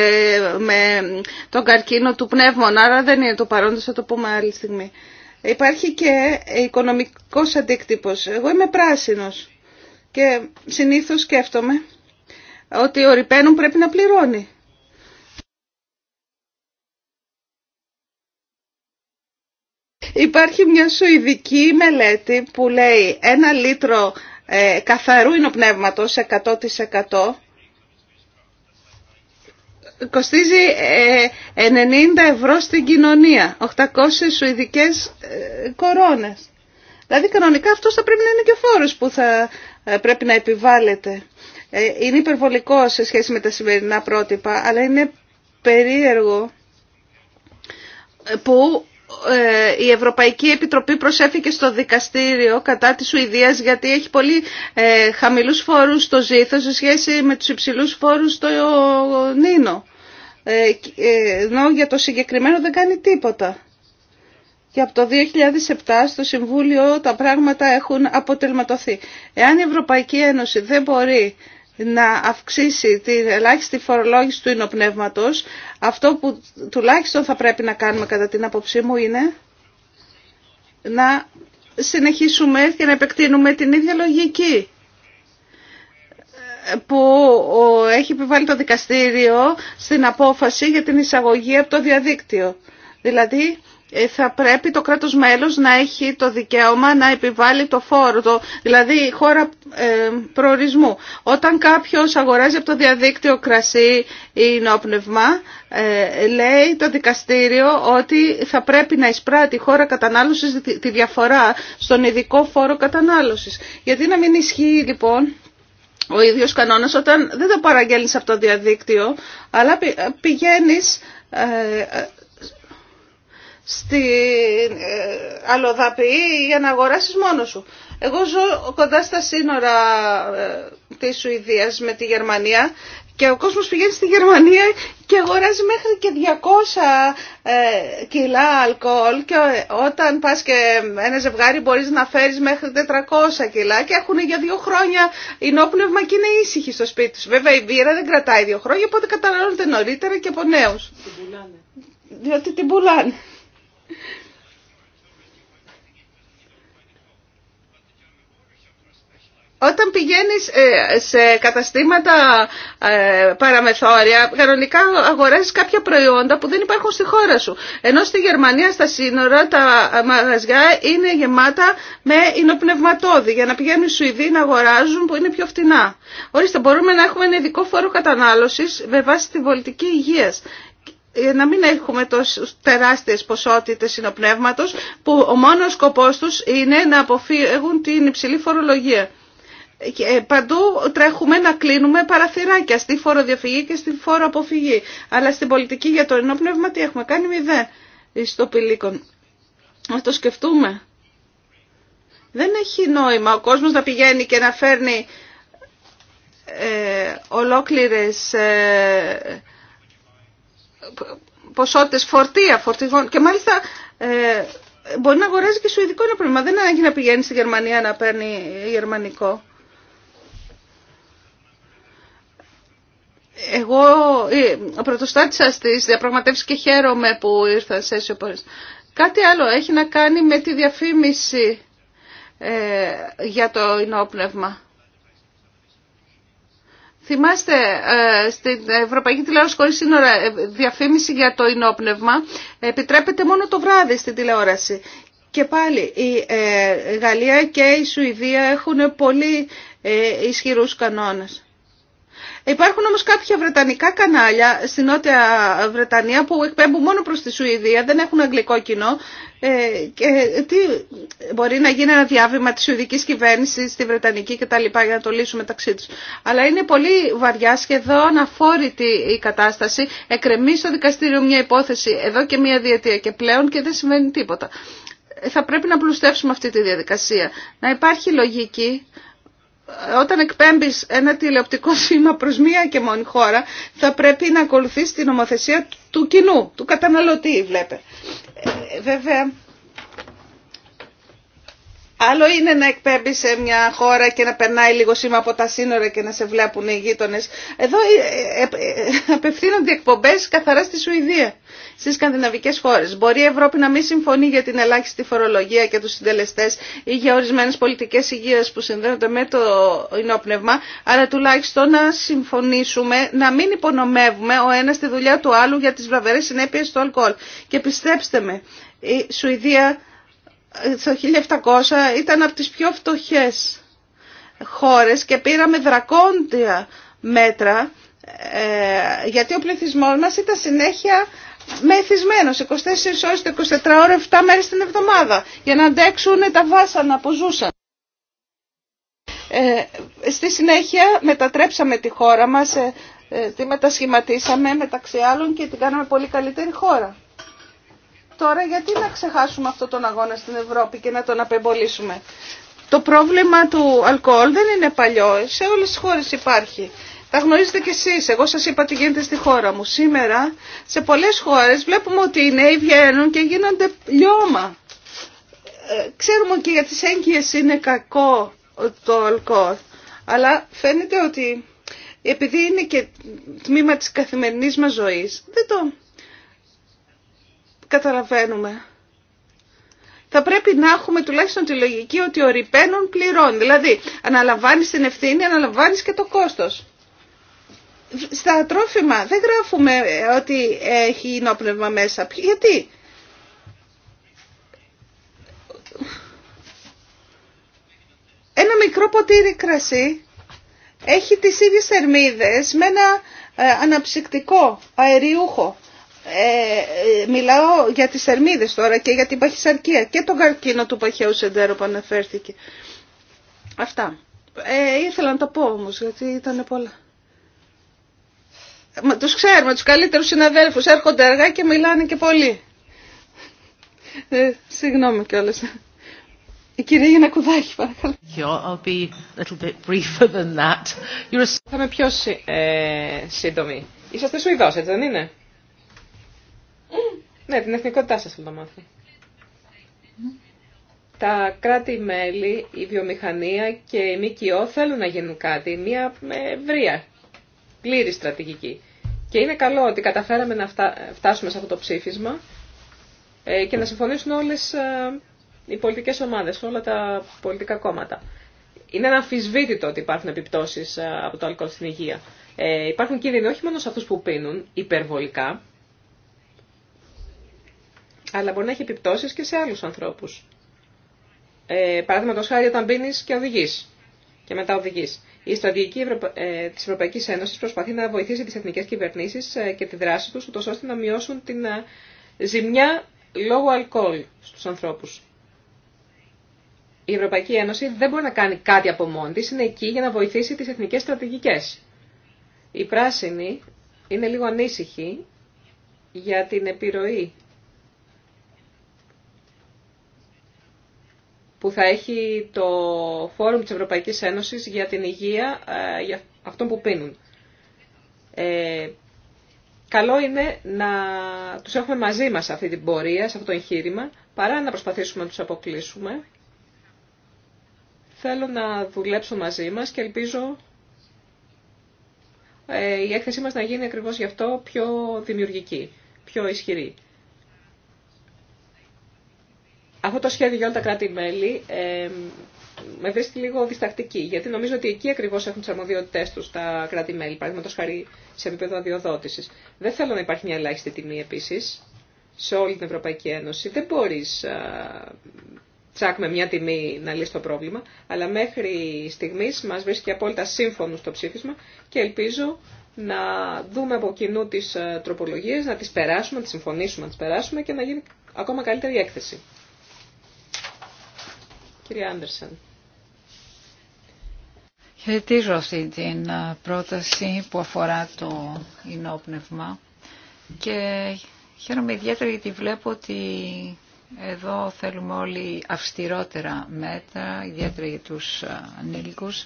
με τον καρκίνο του πνεύμονα, άρα δεν είναι το παρόν, θα το πούμε άλλη στιγμή. Υπάρχει και οικονομικός αντίκτυπος. Εγώ είμαι πράσινος και συνήθως σκέφτομαι ότι ο Ριπένον πρέπει να πληρώνει. Υπάρχει μια σουηδική μελέτη που λέει ένα λίτρο ε, καθαρού υνοπνεύματος 100% κοστίζει 90 ε, ευρώ στην κοινωνία, 800 σουηδικές ε, κορώνες. Δηλαδή κανονικά αυτός θα πρέπει να είναι και ο φόρος που θα ε, πρέπει να επιβάλλεται. Είναι υπερβολικό σε σχέση με τα σημερινά πρότυπα, αλλά είναι περίεργο που ε, η Ευρωπαϊκή Επιτροπή προσέφηκε στο δικαστήριο κατά της Σουηδίας γιατί έχει πολύ ε, χαμηλούς φόρους στο ζήθος σε σχέση με τους υψηλούς φόρους στο νίνο. Ε, ενώ για το συγκεκριμένο δεν κάνει τίποτα. Και από το 2007 στο Συμβούλιο τα πράγματα έχουν αποτελματωθεί. Εάν η Ευρωπαϊκή Ένωση δεν μπορεί να αυξήσει την ελάχιστη φορολόγηση του ινοπνεύματος, αυτό που τουλάχιστον θα πρέπει να κάνουμε κατά την άποψή μου είναι να συνεχίσουμε και να επεκτείνουμε την ίδια λογική που έχει επιβάλει το δικαστήριο στην απόφαση για την εισαγωγή από το διαδίκτυο. Δηλαδή ε, θα πρέπει το κράτος μέλος να έχει το δικαίωμα να επιβάλλει το φόρο, δηλαδή χώρα ε, προορισμού. Όταν κάποιος αγοράζει από το διαδίκτυο κρασί ή νόπνευμα, ε, λέει το δικαστήριο ότι θα πρέπει να εισπράττει η νοπνευμα λεει το δικαστηριο οτι θα κατανάλωσης τη διαφορά στον ειδικό φόρο κατανάλωσης. Γιατί να μην ισχύει λοιπόν ο ίδιος κανόνας όταν δεν το παραγγέλνεις από το διαδίκτυο, αλλά πηγαίνεις ε, στην ε, αλλοδαπή για να αγοράσεις μόνος σου. Εγώ ζω κοντά στα σύνορα ε, της Σουηδίας με τη Γερμανία και ο κόσμος πηγαίνει στη Γερμανία και αγοράζει μέχρι και 200 ε, κιλά αλκοόλ και όταν πας και ένα ζευγάρι μπορείς να φέρεις μέχρι 400 κιλά και έχουν για δύο χρόνια ενόπνευμα και είναι ήσυχοι στο σπίτι τους. Βέβαια η Βίρα δεν κρατάει δύο χρόνια οπότε καταναλώνεται νωρίτερα και από νέους. Διότι την πουλάνε. Όταν πηγαίνεις ε, σε καταστήματα ε, παραμεθόρια, κανονικά αγοράζεις κάποια προϊόντα που δεν υπάρχουν στη χώρα σου. Ενώ στη Γερμανία στα σύνορα τα μαγαζιά είναι γεμάτα με υνοπνευματόδη για να πηγαίνουν οι Σουηδοί να αγοράζουν που είναι πιο φτηνά. Ορίστε, μπορούμε να έχουμε ένα ειδικό φόρο κατανάλωσης με βάση τη πολιτική υγείας. Ε, να μην έχουμε τόσες τεράστιες ποσότητες συνοπνεύματος που ο μόνος σκοπός τους είναι να αποφύγουν την υψηλή φορολογία. Και ε, παντού τρέχουμε να κλείνουμε παραθυράκια στη φοροδιαφυγή και στη φοροαποφυγή. Αλλά στην πολιτική για το ενόπνευμα τι έχουμε κάνει μηδέν στο πηλίκον. Να το σκεφτούμε. Δεν έχει νόημα ο κόσμος να πηγαίνει και να φέρνει ε, ολόκληρες... Ε, ποσότητες φορτία, φορτηγών και μάλιστα ε, μπορεί να αγοράζει και σουηδικό ένα πρόβλημα. Δεν ανάγκη να πηγαίνει στη Γερμανία να παίρνει γερμανικό. Εγώ ε, πρωτοστάτησα στις διαπραγματεύσεις και χαίρομαι που ήρθα σε αίσιο Κάτι άλλο έχει να κάνει με τη διαφήμιση ε, για το ενόπνευμα. Θυμάστε ε, στην Ευρωπαϊκή Τηλεόραση χωρίς σύνορα ε, διαφήμιση για το ενόπνευμα επιτρέπεται μόνο το βράδυ στην τηλεόραση. Και πάλι η ε, Γαλλία και η Σουηδία έχουν πολύ ισχυρούς κανόνες. Υπάρχουν όμως κάποια βρετανικά κανάλια στην Νότια Βρετανία που εκπέμπουν μόνο προς τη Σουηδία, δεν έχουν αγγλικό κοινό ε, και τι μπορεί να γίνει ένα διάβημα της Ιουδικής κυβέρνησης στη Βρετανική και τα λοιπά για να το λύσουμε μεταξύ τους. Αλλά είναι πολύ βαριά σχεδόν αφόρητη η κατάσταση. Εκρεμεί στο δικαστήριο μια υπόθεση εδώ και μια διετία και πλέον και δεν συμβαίνει τίποτα. Ε, θα πρέπει να πλουστεύσουμε αυτή τη διαδικασία. Να υπάρχει λογική όταν εκπέμπεις ένα τηλεοπτικό σήμα προ μία και μόνη χώρα, θα πρέπει να ακολουθεί την νομοθεσία του κοινού, του καταναλωτή, βλέπε. Ε, βέβαια, Άλλο είναι να εκπέμπει σε μια χώρα και να περνάει λίγο σήμα από τα σύνορα και να σε βλέπουν οι γείτονε. Εδώ ε, ε, ε, απευθύνονται εκπομπέ καθαρά στη Σουηδία, στι σκανδιναβικέ χώρε. Μπορεί η Ευρώπη να μην συμφωνεί για την ελάχιστη φορολογία και του συντελεστέ ή για ορισμένε πολιτικέ υγεία που συνδέονται με το ενόπνευμα, αλλά τουλάχιστον να συμφωνήσουμε να μην υπονομεύουμε ο ένα τη δουλειά του άλλου για τι βραβερέ συνέπειε του αλκοόλ. Και πιστέψτε με, η Σουηδία στο 1700 ήταν από τις πιο φτωχές χώρες και πήραμε δρακόντια μέτρα ε, γιατί ο πληθυσμός μας ήταν συνέχεια μεθυσμένος 24 ώρες, 24 ώρες, 7 μέρες την εβδομάδα για να αντέξουν τα βάσανα που ζούσαν. Ε, στη συνέχεια μετατρέψαμε τη χώρα μας, ε, τη μετασχηματίσαμε μεταξύ άλλων και την κάναμε πολύ καλύτερη χώρα. Τώρα γιατί να ξεχάσουμε αυτόν τον αγώνα στην Ευρώπη και να τον απεμπολίσουμε. Το πρόβλημα του αλκοόλ δεν είναι παλιό. Σε όλες τις χώρες υπάρχει. Τα γνωρίζετε κι εσείς. Εγώ σας είπα τι γίνεται στη χώρα μου. Σήμερα σε πολλές χώρες βλέπουμε ότι οι νέοι βγαίνουν και γίνονται λιώμα. Ε, ξέρουμε και για τις έγκυες είναι κακό το αλκοόλ. Αλλά φαίνεται ότι επειδή είναι και τμήμα της καθημερινής μας ζωής, δεν το καταλαβαίνουμε. Θα πρέπει να έχουμε τουλάχιστον τη λογική ότι ο ρηπαίνων πληρώνει. Δηλαδή, αναλαμβάνει την ευθύνη, αναλαμβάνεις και το κόστος. Στα τρόφιμα δεν γράφουμε ε, ότι έχει ινόπνευμα μέσα. Γιατί? Ένα μικρό ποτήρι κρασί έχει τις ίδιες θερμίδες με ένα ε, αναψυκτικό αεριούχο. Ε, ε, μιλάω για τις θερμίδες τώρα και για την παχυσαρκία και τον καρκίνο του παχαίου σεντέρου που αναφέρθηκε. Αυτά. Ε, ήθελα να τα πω όμως γιατί ήταν πολλά. Μα, τους ξέρουμε, τους καλύτερους συναδέλφους έρχονται αργά και μιλάνε και πολύ. Ε, συγγνώμη κιόλας. Η κυρία Γιανακουδάκη, παρακαλώ. Θα είμαι πιο ε, σύντομη. Είσαστε Σουηδός, έτσι δεν είναι. Ναι, την εθνικότητά σας θα το μάθω. Τα κράτη-μέλη, η βιομηχανία και η ΜΚΟ θέλουν να γίνουν κάτι, μια ευρεία, πλήρη στρατηγική. Και είναι καλό ότι καταφέραμε να φτάσουμε σε αυτό το ψήφισμα ε, και να συμφωνήσουν όλες ε, οι πολιτικές ομάδες, όλα τα πολιτικά κόμματα. Είναι αμφισβήτητο ότι υπάρχουν επιπτώσεις ε, από το αλκοόλ στην υγεία. Υπάρχουν κίνδυνοι όχι μόνο σε αυτούς που πίνουν υπερβολικά, αλλά μπορεί να έχει επιπτώσεις και σε άλλους ανθρώπους. Ε, Παραδείγματο χάρη όταν μπαίνει και οδηγεί και μετά οδηγεί. Η στρατηγική Ευρωπα... ε, τη Ευρωπαϊκή Ένωση προσπαθεί να βοηθήσει τι εθνικέ κυβερνήσει ε, και τη δράση του, ώστε να μειώσουν την ε, ζημιά λόγω αλκοόλ στου ανθρώπου. Η Ευρωπαϊκή Ένωση δεν μπορεί να κάνει κάτι από μόνη τη, είναι εκεί για να βοηθήσει τι εθνικέ στρατηγικέ. Οι πράσινοι είναι λίγο ανήσυχοι για την επιρροή που θα έχει το Φόρουμ της Ευρωπαϊκής Ένωσης για την υγεία ε, για αυτών που πίνουν. Ε, καλό είναι να τους έχουμε μαζί μας σε αυτή την πορεία, σε αυτό το εγχείρημα, παρά να προσπαθήσουμε να τους αποκλείσουμε. Θέλω να δουλέψω μαζί μας και ελπίζω ε, η έκθεσή μας να γίνει ακριβώς γι' αυτό πιο δημιουργική, πιο ισχυρή αυτό το σχέδιο για όλα τα κράτη-μέλη ε, με βρίσκει λίγο διστακτική, γιατί νομίζω ότι εκεί ακριβώ έχουν τι αρμοδιότητέ του τα κράτη-μέλη, παραδείγματο χάρη σε επίπεδο αδειοδότηση. Δεν θέλω να υπάρχει μια ελάχιστη τιμή επίση σε όλη την Ευρωπαϊκή Ένωση. Δεν μπορεί τσακ με μια τιμή να λύσει το πρόβλημα, αλλά μέχρι στιγμή μα βρίσκει απόλυτα σύμφωνο στο ψήφισμα και ελπίζω να δούμε από κοινού τι ε, τροπολογίε, να τι περάσουμε, να τι συμφωνήσουμε, να τι περάσουμε και να γίνει ακόμα καλύτερη έκθεση. Κύριε Άντερσεν. Χαιρετίζω αυτή την πρόταση που αφορά το ενόπνευμα και χαίρομαι ιδιαίτερα γιατί βλέπω ότι εδώ θέλουμε όλοι αυστηρότερα μέτρα, ιδιαίτερα για τους ανήλικους.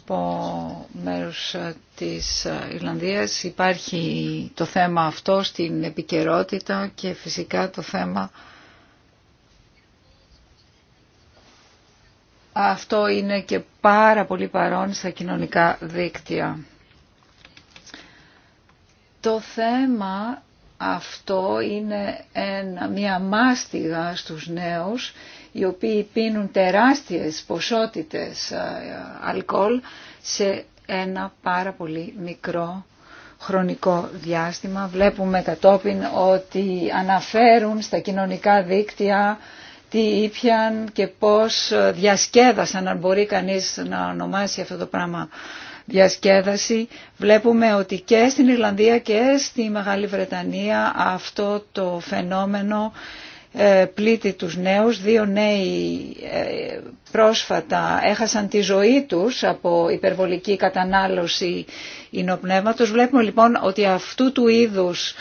Από μέρους της Ιρλανδίας υπάρχει το θέμα αυτό στην επικαιρότητα και φυσικά το θέμα Αυτό είναι και πάρα πολύ παρόν στα κοινωνικά δίκτυα. Το θέμα αυτό είναι μια μάστιγα στους νέους οι οποίοι πίνουν τεράστιες ποσότητες ε, αλκοόλ σε ένα πάρα πολύ μικρό χρονικό διάστημα. Βλέπουμε κατόπιν ότι αναφέρουν στα κοινωνικά δίκτυα τι ήπιαν και πώς διασκέδασαν, αν μπορεί κανείς να ονομάσει αυτό το πράγμα διασκέδαση. Βλέπουμε ότι και στην Ιρλανδία και στη Μεγάλη Βρετανία αυτό το φαινόμενο ε, πλήττει τους νέους. Δύο νέοι ε, πρόσφατα έχασαν τη ζωή τους από υπερβολική κατανάλωση ινοπνεύματος. Βλέπουμε λοιπόν ότι αυτού του είδους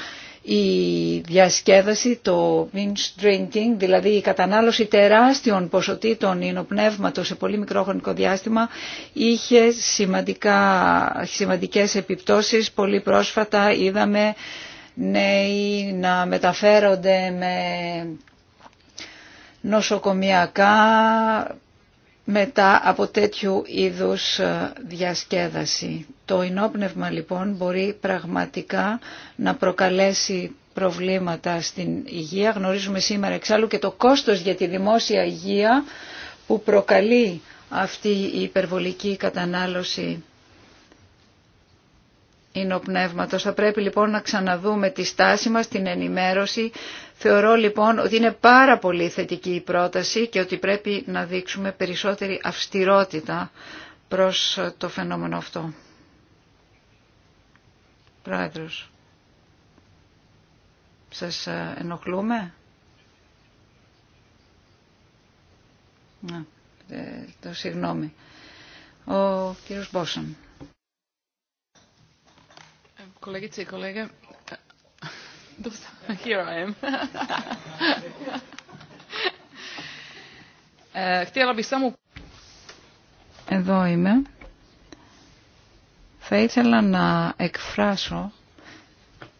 η διασκέδαση, το binge drinking, δηλαδή η κατανάλωση τεράστιων ποσοτήτων ινοπνεύματος σε πολύ μικρό χρονικό διάστημα, είχε σημαντικά, σημαντικές επιπτώσεις. Πολύ πρόσφατα είδαμε νέοι να μεταφέρονται με νοσοκομιακά μετά από τέτοιου είδους διασκέδαση. Το ενόπνευμα λοιπόν μπορεί πραγματικά να προκαλέσει προβλήματα στην υγεία. Γνωρίζουμε σήμερα εξάλλου και το κόστος για τη δημόσια υγεία που προκαλεί αυτή η υπερβολική κατανάλωση υνοπνεύματος. Θα πρέπει λοιπόν να ξαναδούμε τη στάση μας, την ενημέρωση. Θεωρώ λοιπόν ότι είναι πάρα πολύ θετική η πρόταση και ότι πρέπει να δείξουμε περισσότερη αυστηρότητα προς το φαινόμενο αυτό. Πρόεδρος, σας ε, ενοχλούμε. Να, ε, το συγγνώμη. Ο κύριος Μπόσον. Κολέγιτσε, κολέγε. Ε, here I am. Εδώ είμαι. Θα ήθελα να εκφράσω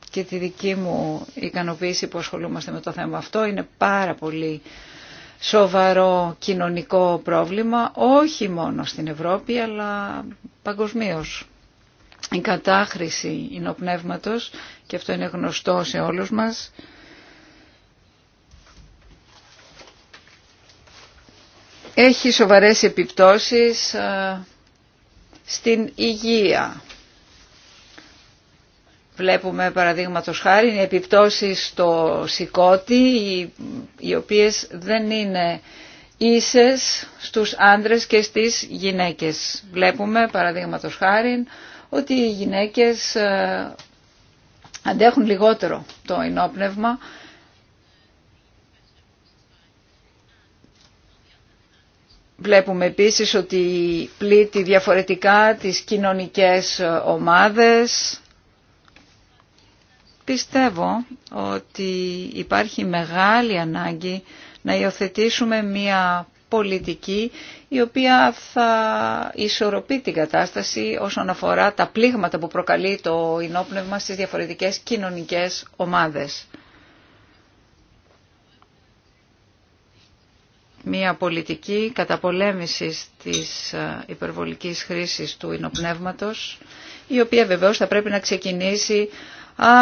και τη δική μου ικανοποίηση που ασχολούμαστε με το θέμα αυτό. Είναι πάρα πολύ σοβαρό κοινωνικό πρόβλημα, όχι μόνο στην Ευρώπη, αλλά παγκοσμίως. Η κατάχρηση είναι και αυτό είναι γνωστό σε όλους μας. Έχει σοβαρές επιπτώσεις ε, στην υγεία. Βλέπουμε παραδείγματος χάρη επιπτώσεις στο σηκώτη οι οποίες δεν είναι ίσες στους άντρες και στις γυναίκες. Βλέπουμε παραδείγματος χάρη ότι οι γυναίκες ε, αντέχουν λιγότερο το ενόπνευμα Βλέπουμε επίσης ότι πλήττει διαφορετικά τις κοινωνικές ομάδες. Πιστεύω ότι υπάρχει μεγάλη ανάγκη να υιοθετήσουμε μια πολιτική η οποία θα ισορροπεί την κατάσταση όσον αφορά τα πλήγματα που προκαλεί το ενόπνευμα στις διαφορετικές κοινωνικές ομάδες. μια πολιτική καταπολέμησης της ε, υπερβολικής χρήσης του ινοπνεύματος, η οποία βεβαίως θα πρέπει να ξεκινήσει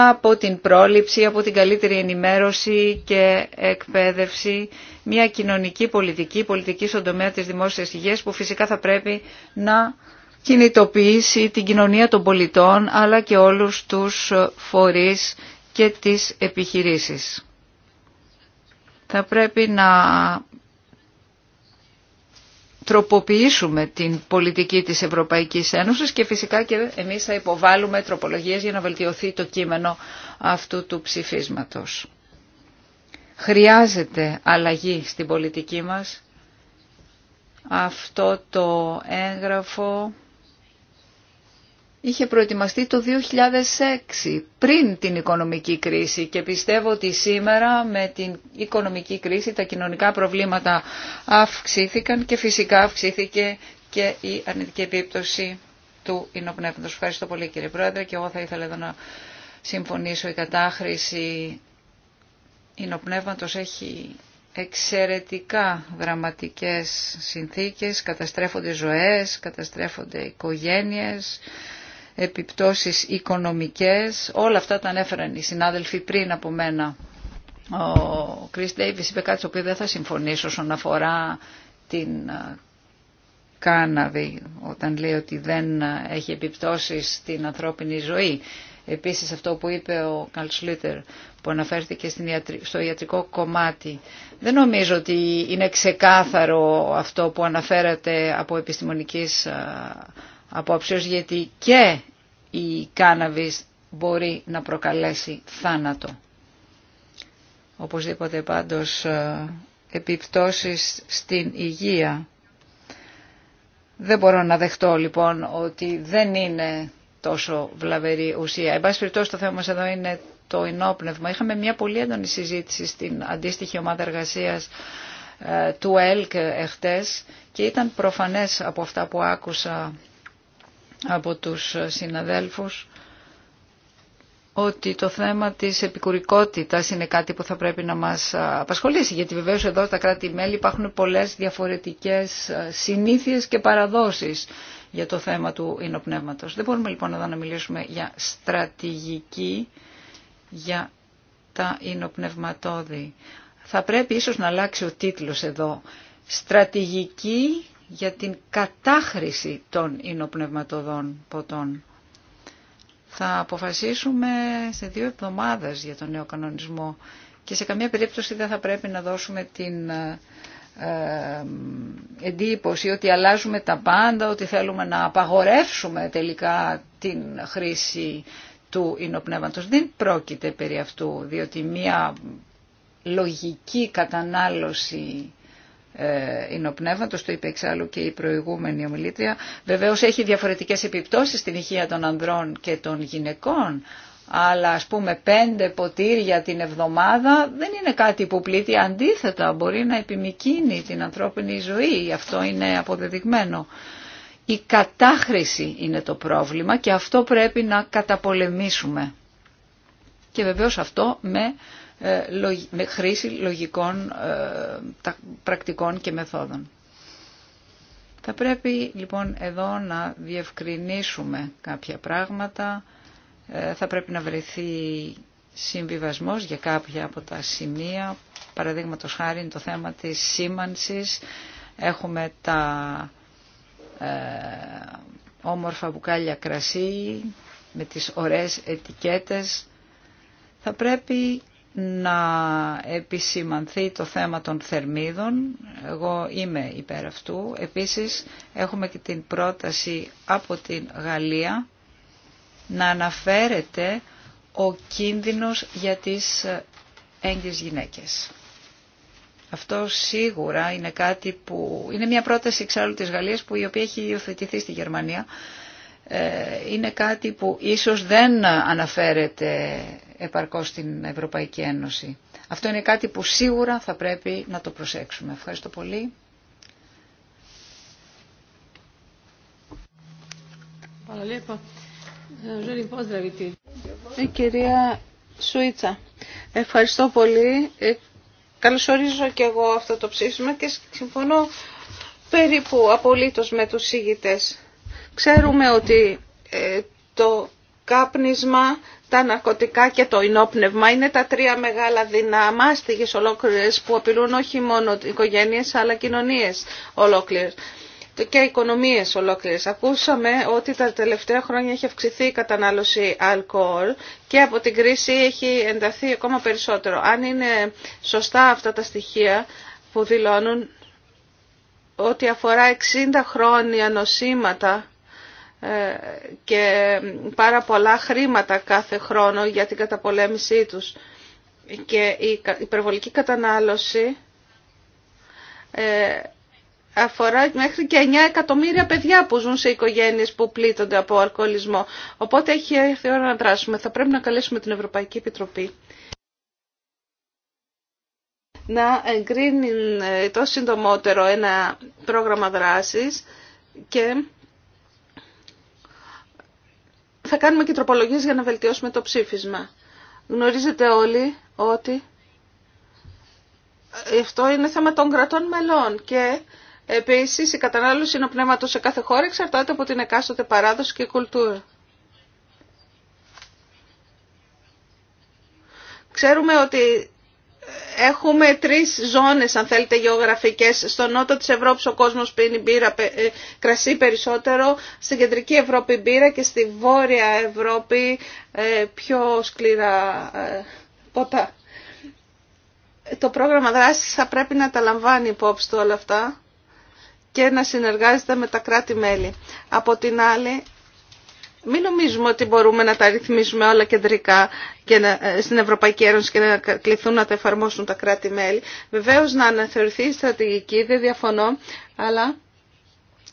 από την πρόληψη, από την καλύτερη ενημέρωση και εκπαίδευση, μια κοινωνική πολιτική, πολιτική στον τομέα της δημόσιας υγείας που φυσικά θα πρέπει να κινητοποιήσει την κοινωνία των πολιτών αλλά και όλους τους φορείς και τις επιχειρήσεις. Θα πρέπει να τροποποιήσουμε την πολιτική της Ευρωπαϊκής Ένωσης και φυσικά και εμείς θα υποβάλουμε τροπολογίες για να βελτιωθεί το κείμενο αυτού του ψηφίσματος. Χρειάζεται αλλαγή στην πολιτική μας. Αυτό το έγγραφο είχε προετοιμαστεί το 2006 πριν την οικονομική κρίση και πιστεύω ότι σήμερα με την οικονομική κρίση τα κοινωνικά προβλήματα αυξήθηκαν και φυσικά αυξήθηκε και η αρνητική επίπτωση του Ινοπνεύματος. Ευχαριστώ πολύ κύριε Πρόεδρε και εγώ θα ήθελα εδώ να συμφωνήσω η κατάχρηση Ινοπνεύματος έχει εξαιρετικά δραματικές συνθήκες, καταστρέφονται ζωές, καταστρέφονται οικογένειες, επιπτώσεις οικονομικές. Όλα αυτά τα ανέφεραν οι συνάδελφοι πριν από μένα. Ο Κρίς Ντέιβις είπε κάτι στο οποίο δεν θα συμφωνήσω όσον αφορά την κάναβη όταν λέει ότι δεν έχει επιπτώσεις στην ανθρώπινη ζωή. Επίσης αυτό που είπε ο Σλίτερ που αναφέρθηκε στο ιατρικό κομμάτι. Δεν νομίζω ότι είναι ξεκάθαρο αυτό που αναφέρατε από επιστημονικής απόψεως γιατί και η κάναβης μπορεί να προκαλέσει θάνατο. Οπωσδήποτε πάντως ε, επιπτώσεις στην υγεία. Δεν μπορώ να δεχτώ λοιπόν ότι δεν είναι τόσο βλαβερή ουσία. Εν πάση περιπτώσει το θέμα μας εδώ είναι το ενόπνευμα. Είχαμε μια πολύ έντονη συζήτηση στην αντίστοιχη ομάδα εργασίας ε, του ΕΛΚ εχθές και ήταν προφανές από αυτά που άκουσα από τους συναδέλφους ότι το θέμα της επικουρικότητας είναι κάτι που θα πρέπει να μας απασχολήσει, γιατί βεβαίως εδώ στα κράτη-μέλη υπάρχουν πολλές διαφορετικές ε, συνήθειες και παραδόσεις για το θέμα του ινοπνεύματος. Δεν μπορούμε λοιπόν εδώ να μιλήσουμε για στρατηγική, για τα ινοπνευματόδη. Θα πρέπει ίσως να αλλάξει ο τίτλος εδώ. Στρατηγική για την κατάχρηση των ινοπνευματοδών ποτών. Θα αποφασίσουμε σε δύο εβδομάδες για τον νέο κανονισμό και σε καμία περίπτωση δεν θα πρέπει να δώσουμε την ε, ε, εντύπωση ότι αλλάζουμε τα πάντα, ότι θέλουμε να απαγορεύσουμε τελικά την χρήση του ινοπνεύματος. Δεν πρόκειται περί αυτού, διότι μία λογική κατανάλωση ε, πνεύματο, το είπε εξάλλου και η προηγούμενη ομιλήτρια. Βεβαίω έχει διαφορετικέ επιπτώσει στην υγεία των ανδρών και των γυναικών, αλλά ας πούμε πέντε ποτήρια την εβδομάδα δεν είναι κάτι που πλήττει, αντίθετα μπορεί να επιμικίνει την ανθρώπινη ζωή, αυτό είναι αποδεδειγμένο. Η κατάχρηση είναι το πρόβλημα και αυτό πρέπει να καταπολεμήσουμε. Και βεβαίως αυτό με ε, με χρήση λογικών ε, πρακτικών και μεθόδων. Θα πρέπει λοιπόν εδώ να διευκρινίσουμε κάποια πράγματα. Ε, θα πρέπει να βρεθεί συμβιβασμός για κάποια από τα σημεία. Παραδείγματος χάρη είναι το θέμα της σήμανσης. Έχουμε τα ε, όμορφα μπουκάλια κρασί με τις ωραίες ετικέτες. Θα πρέπει να επισημανθεί το θέμα των θερμίδων. Εγώ είμαι υπέρ αυτού. Επίσης έχουμε και την πρόταση από την Γαλλία να αναφέρεται ο κίνδυνος για τις έγκυες γυναίκες. Αυτό σίγουρα είναι κάτι που... Είναι μια πρόταση εξάλλου της Γαλλίας που η οποία έχει υιοθετηθεί στη Γερμανία. Ε, είναι κάτι που ίσως δεν αναφέρεται επαρκώς στην Ευρωπαϊκή Ένωση. Αυτό είναι κάτι που σίγουρα θα πρέπει να το προσέξουμε. Ευχαριστώ πολύ. Η ε, κυρία Σουίτσα, ευχαριστώ πολύ. Ε, καλωσορίζω και εγώ αυτό το ψήφισμα και συμφωνώ περίπου απολύτως με τους συγητές. Ξέρουμε ότι ε, το κάπνισμα τα ναρκωτικά και το ενόπνευμα είναι τα τρία μεγάλα δυνάμα μάστιγες ολόκληρες που απειλούν όχι μόνο οικογένειες αλλά κοινωνίες ολόκληρες και οικονομίες ολόκληρες. Ακούσαμε ότι τα τελευταία χρόνια έχει αυξηθεί η κατανάλωση αλκοόλ και από την κρίση έχει ενταθεί ακόμα περισσότερο. Αν είναι σωστά αυτά τα στοιχεία που δηλώνουν ότι αφορά 60 χρόνια νοσήματα ε, και πάρα πολλά χρήματα κάθε χρόνο για την καταπολέμησή τους. Και η υπερβολική κατανάλωση ε, αφορά μέχρι και 9 εκατομμύρια παιδιά που ζουν σε οικογένειες που πλήττονται από αλκοολισμό. Οπότε έχει έρθει η ώρα να δράσουμε. Θα πρέπει να καλέσουμε την Ευρωπαϊκή Επιτροπή να εγκρίνει ε, το συντομότερο ένα πρόγραμμα δράσης και θα κάνουμε και τροπολογίες για να βελτιώσουμε το ψήφισμα. Γνωρίζετε όλοι ότι αυτό είναι θέμα των κρατών μελών και επίσης η κατανάλωση πνεύματο σε κάθε χώρα εξαρτάται από την εκάστοτε παράδοση και κουλτούρα. Ξέρουμε ότι έχουμε τρεις ζώνες, αν θέλετε, γεωγραφικές. Στο νότο της Ευρώπης ο κόσμος πίνει μπύρα, ε, κρασί περισσότερο, στην κεντρική Ευρώπη μπύρα και στη βόρεια Ευρώπη ε, πιο σκληρά ε, ποτά. Το πρόγραμμα δράσης θα πρέπει να τα λαμβάνει υπόψη του όλα αυτά και να συνεργάζεται με τα κράτη-μέλη. Από την άλλη, μην νομίζουμε ότι μπορούμε να τα ρυθμίσουμε όλα κεντρικά και να, ε, στην Ευρωπαϊκή Ένωση και να κληθούν να τα εφαρμόσουν τα κράτη-μέλη. Βεβαίως να αναθεωρηθεί η στρατηγική, δεν διαφωνώ, αλλά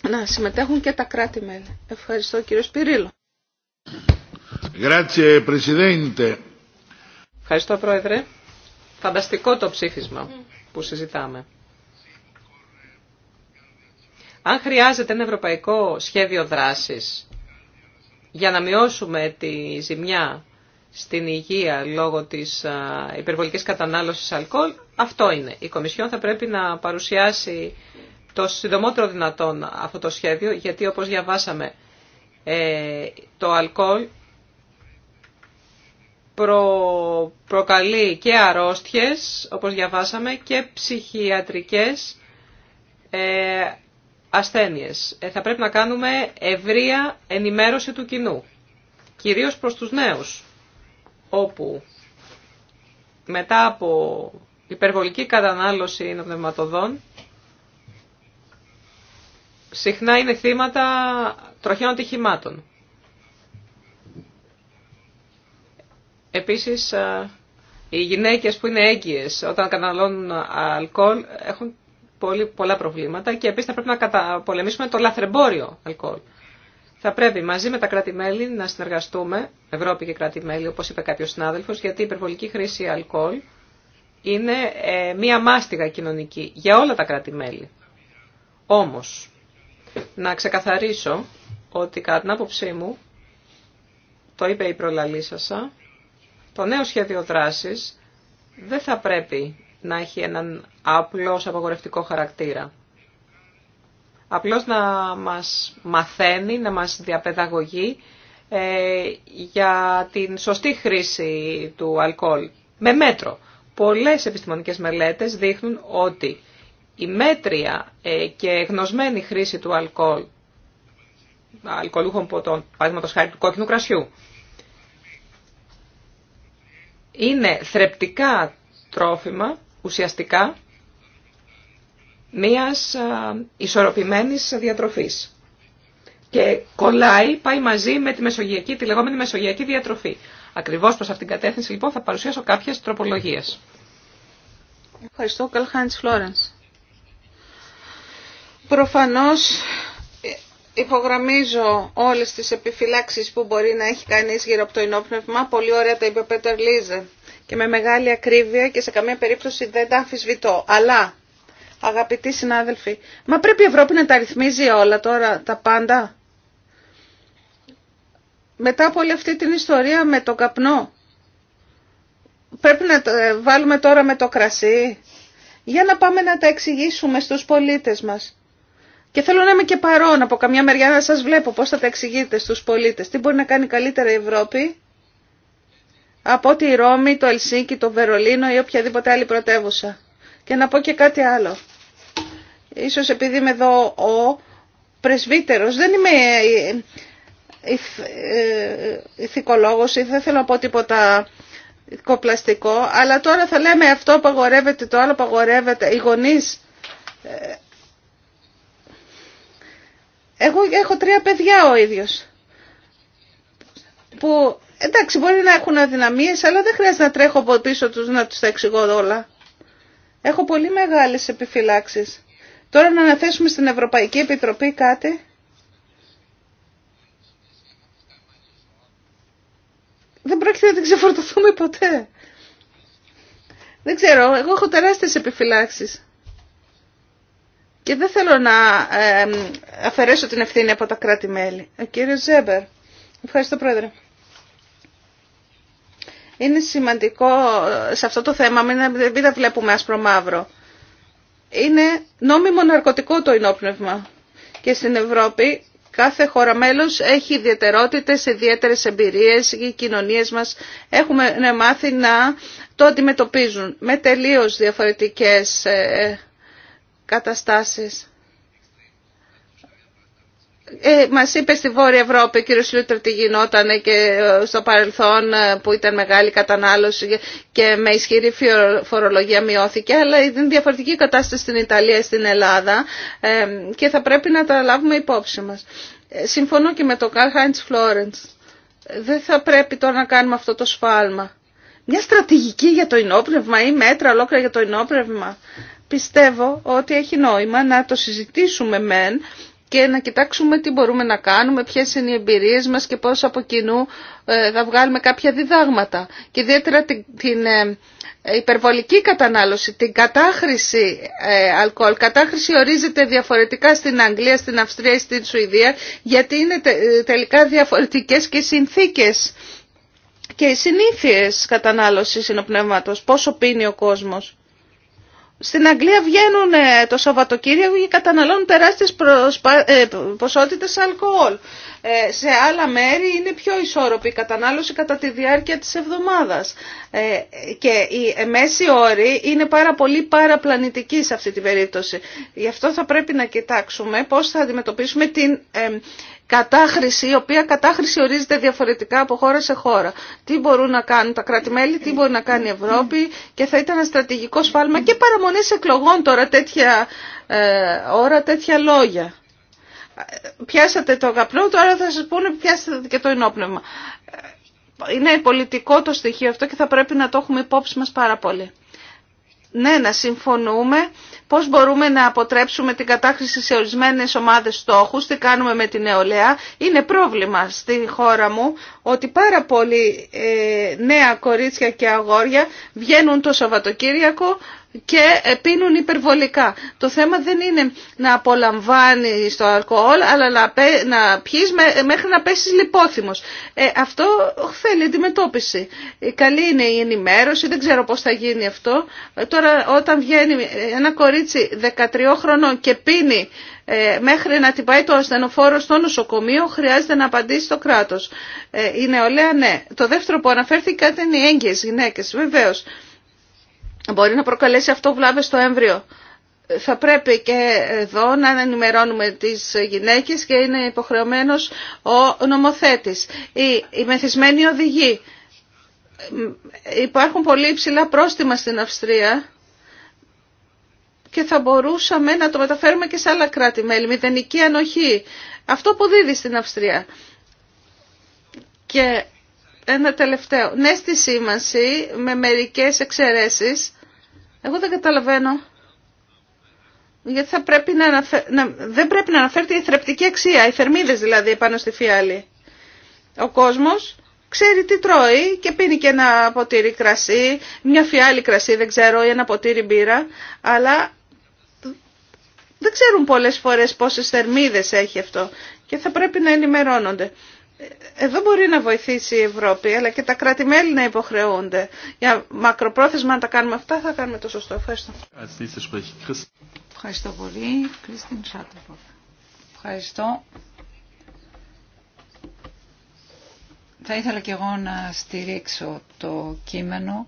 να συμμετέχουν και τα κράτη-μέλη. Ευχαριστώ κύριο Σπυρίλο. Ευχαριστώ Πρόεδρε. Φανταστικό το ψήφισμα που συζητάμε. Αν χρειάζεται ένα ευρωπαϊκό σχέδιο δράσης για να μειώσουμε τη ζημιά στην υγεία λόγω της υπερβολικής κατανάλωσης αλκοόλ, αυτό είναι. Η Κομισιόν θα πρέπει να παρουσιάσει το συντομότερο δυνατόν αυτό το σχέδιο, γιατί όπως διαβάσαμε ε, το αλκοόλ προ... προκαλεί και αρρώστιες, όπως διαβάσαμε, και ψυχιατρικές ε, ασθένειες. Ε, θα πρέπει να κάνουμε ευρεία ενημέρωση του κοινού, κυρίως προς τους νέους, όπου μετά από υπερβολική κατανάλωση νοπνευματοδών, συχνά είναι θύματα τροχιών ατυχημάτων. Επίσης, ε, οι γυναίκες που είναι έγκυες όταν καταναλώνουν αλκοόλ έχουν πολύ, πολλά προβλήματα και επίση θα πρέπει να καταπολεμήσουμε το λαθρεμπόριο αλκοόλ. Θα πρέπει μαζί με τα κράτη-μέλη να συνεργαστούμε, Ευρώπη και κράτη-μέλη, όπως είπε κάποιος συνάδελφος, γιατί η υπερβολική χρήση αλκοόλ είναι ε, μία μάστιγα κοινωνική για όλα τα κράτη-μέλη. Όμως, να ξεκαθαρίσω ότι κατά την άποψή μου, το είπε η προλαλήσασα, το νέο σχέδιο δράση δεν θα πρέπει να έχει έναν απλώς απαγορευτικό χαρακτήρα. Απλώς να μας μαθαίνει, να μας διαπαιδαγωγεί ε, για την σωστή χρήση του αλκοόλ. Με μέτρο. Πολλές επιστημονικές μελέτες δείχνουν ότι η μέτρια ε, και γνωσμένη χρήση του αλκοόλ, αλκοολούχων ποτών, παραδείγματος χάρη του κόκκινου κρασιού, είναι θρεπτικά τρόφιμα ουσιαστικά μίας ισορροπημένης διατροφής. Και κολλάει, πάει μαζί με τη, μεσογειακή, τη λεγόμενη μεσογειακή διατροφή. Ακριβώς προς αυτήν την κατεύθυνση λοιπόν θα παρουσιάσω κάποιες τροπολογίες. Ευχαριστώ, Καλχάνης Φλόρενς. Προφανώς ε, υπογραμμίζω όλες τις επιφυλάξεις που μπορεί να έχει κανείς γύρω από το ενόπνευμα. Πολύ ωραία τα είπε ο Πέτερ Λίζε και με μεγάλη ακρίβεια και σε καμία περίπτωση δεν τα αμφισβητώ. Αλλά, αγαπητοί συνάδελφοι, μα πρέπει η Ευρώπη να τα ρυθμίζει όλα τώρα, τα πάντα. Μετά από όλη αυτή την ιστορία με το καπνό, πρέπει να βάλουμε τώρα με το κρασί. Για να πάμε να τα εξηγήσουμε στους πολίτες μας. Και θέλω να είμαι και παρόν από καμιά μεριά να σας βλέπω πώς θα τα εξηγείτε στους πολίτες. Τι μπορεί να κάνει καλύτερα η Ευρώπη από τη Ρώμη, το Ελσίνκι, το Βερολίνο ή οποιαδήποτε άλλη πρωτεύουσα. Και να πω και κάτι άλλο. Ίσως επειδή είμαι εδώ ο πρεσβύτερος, δεν είμαι ε, ε, ηθικολόγος ή δεν θέλω να πω τίποτα κοπλαστικό, αλλά τώρα θα λέμε αυτό απαγορεύεται, το άλλο απαγορεύεται, οι γονείς. Ε, εγώ έχω τρία παιδιά ο ίδιος που εντάξει μπορεί να έχουν αδυναμίες αλλά δεν χρειάζεται να τρέχω από πίσω τους να τους τα εξηγώ όλα. Έχω πολύ μεγάλες επιφυλάξεις. Τώρα να αναθέσουμε στην Ευρωπαϊκή Επιτροπή κάτι. Δεν πρόκειται να την ξεφορτωθούμε ποτέ. Δεν ξέρω, εγώ έχω τεράστιες επιφυλάξεις. Και δεν θέλω να ε, αφαιρέσω την ευθύνη από τα κράτη-μέλη. Ο κύριος Ζέμπερ. Ευχαριστώ πρόεδρε. Είναι σημαντικό σε αυτό το θέμα, μην τα βλέπουμε άσπρο-μαύρο. Είναι νόμιμο ναρκωτικό το ενόπνευμα. Και στην Ευρώπη κάθε χώρα μέλος έχει ιδιαιτερότητες, ιδιαίτερες εμπειρίες, οι κοινωνίες μας έχουμε να μάθει να το αντιμετωπίζουν με τελείως διαφορετικές ε, ε, καταστάσεις. Ε, μας είπε στη Βόρεια Ευρώπη, κύριο Σλούτερ, τι γινόταν και ε, στο παρελθόν ε, που ήταν μεγάλη κατανάλωση και με ισχυρή φορολογία μειώθηκε, αλλά είναι διαφορετική κατάσταση στην Ιταλία, στην Ελλάδα ε, και θα πρέπει να τα λάβουμε υπόψη μας. Συμφωνώ και με τον Καρλ Χάιντς Φλόρεντς. Δεν θα πρέπει τώρα να κάνουμε αυτό το σφάλμα. Μια στρατηγική για το ενόπνευμα ή μέτρα ολόκληρα για το ενόπνευμα. Πιστεύω ότι έχει νόημα να το συζητήσουμε μεν, και να κοιτάξουμε τι μπορούμε να κάνουμε, ποιες είναι οι εμπειρίες μας και πώς από κοινού ε, θα βγάλουμε κάποια διδάγματα. Και ιδιαίτερα την ε, υπερβολική κατανάλωση, την κατάχρηση ε, αλκοόλ. Κατάχρηση ορίζεται διαφορετικά στην Αγγλία, στην Αυστρία ή στην Σουηδία γιατί είναι τελικά διαφορετικές και οι συνθήκες και οι συνήθειες κατανάλωσης συνοπνεύματος, πόσο πίνει ο κόσμος. Στην Αγγλία βγαίνουν ε, το Σαββατοκύριακο και καταναλώνουν τεράστιες προσπα... Ε, ποσότητες αλκοόλ. Ε, σε άλλα μέρη είναι πιο ισόρροπη η κατανάλωση κατά τη διάρκεια της εβδομάδας. Ε, και η μέση όρη είναι πάρα πολύ παραπλανητική σε αυτή την περίπτωση. Γι' αυτό θα πρέπει να κοιτάξουμε πώς θα αντιμετωπίσουμε την κατάχρηση, η οποία κατάχρηση ορίζεται διαφορετικά από χώρα σε χώρα. Τι μπορούν να κάνουν τα κράτη-μέλη, τι μπορεί να κάνει η Ευρώπη και θα ήταν ένα στρατηγικό σφάλμα και παραμονή εκλογών τώρα τέτοια ε, ώρα, τέτοια λόγια. Πιάσατε το καπνό, τώρα θα σας πούνε πιάσατε και το ενόπνευμα. Είναι πολιτικό το στοιχείο αυτό και θα πρέπει να το έχουμε υπόψη μας πάρα πολύ. Ναι, να συμφωνούμε πώς μπορούμε να αποτρέψουμε την κατάχρηση σε ορισμένες ομάδες στόχους, τι κάνουμε με την νεολαία. Είναι πρόβλημα στη χώρα μου ότι πάρα πολλοί ε, νέα κορίτσια και αγόρια βγαίνουν το Σαββατοκύριακο και ε, πίνουν υπερβολικά. Το θέμα δεν είναι να απολαμβάνει το αλκοόλ, αλλά να, πέ, πιείς μέχρι να πέσεις λιπόθυμος. Ε, αυτό θέλει αντιμετώπιση. Ε, καλή είναι η ενημέρωση, δεν ξέρω πώς θα γίνει αυτό. Τώρα όταν βγαίνει ένα κορίτσι 13 χρονών και πίνει μέχρι να την πάει το ασθενοφόρο στο νοσοκομείο χρειάζεται να απαντήσει το κράτος. Ε, η νεολαία ναι. Το δεύτερο που αναφέρθηκε ήταν οι έγκυες γυναίκες, βεβαίως μπορεί να προκαλέσει αυτό βλάβες στο έμβριο. Θα πρέπει και εδώ να ενημερώνουμε τις γυναίκες και είναι υποχρεωμένος ο νομοθέτης. Η, η μεθυσμένη οδηγή. Υπάρχουν πολύ υψηλά πρόστιμα στην Αυστρία και θα μπορούσαμε να το μεταφέρουμε και σε άλλα κράτη-μέλη. Μηδενική ανοχή. Αυτό που δίδει στην Αυστρία. Και ένα τελευταίο. Ναι στη σήμανση με μερικές εξαιρέσεις εγώ δεν καταλαβαίνω γιατί θα πρέπει να, να... δεν πρέπει να αναφέρεται η θρεπτική αξία, οι θερμίδες δηλαδή πάνω στη φιάλη. Ο κόσμος ξέρει τι τρώει και πίνει και ένα ποτήρι κρασί, μια φιάλη κρασί δεν ξέρω ή ένα ποτήρι μπύρα, αλλά δεν ξέρουν πολλές φορές πόσες θερμίδες έχει αυτό και θα πρέπει να ενημερώνονται. Εδώ μπορεί να βοηθήσει η Ευρώπη, αλλά και τα κράτη-μέλη να υποχρεούνται. Για μακροπρόθεσμα, αν τα κάνουμε αυτά, θα κάνουμε το σωστό. Ευχαριστώ. Ευχαριστώ πολύ. Κρίστιν Ευχαριστώ. Θα ήθελα και εγώ να στηρίξω το κείμενο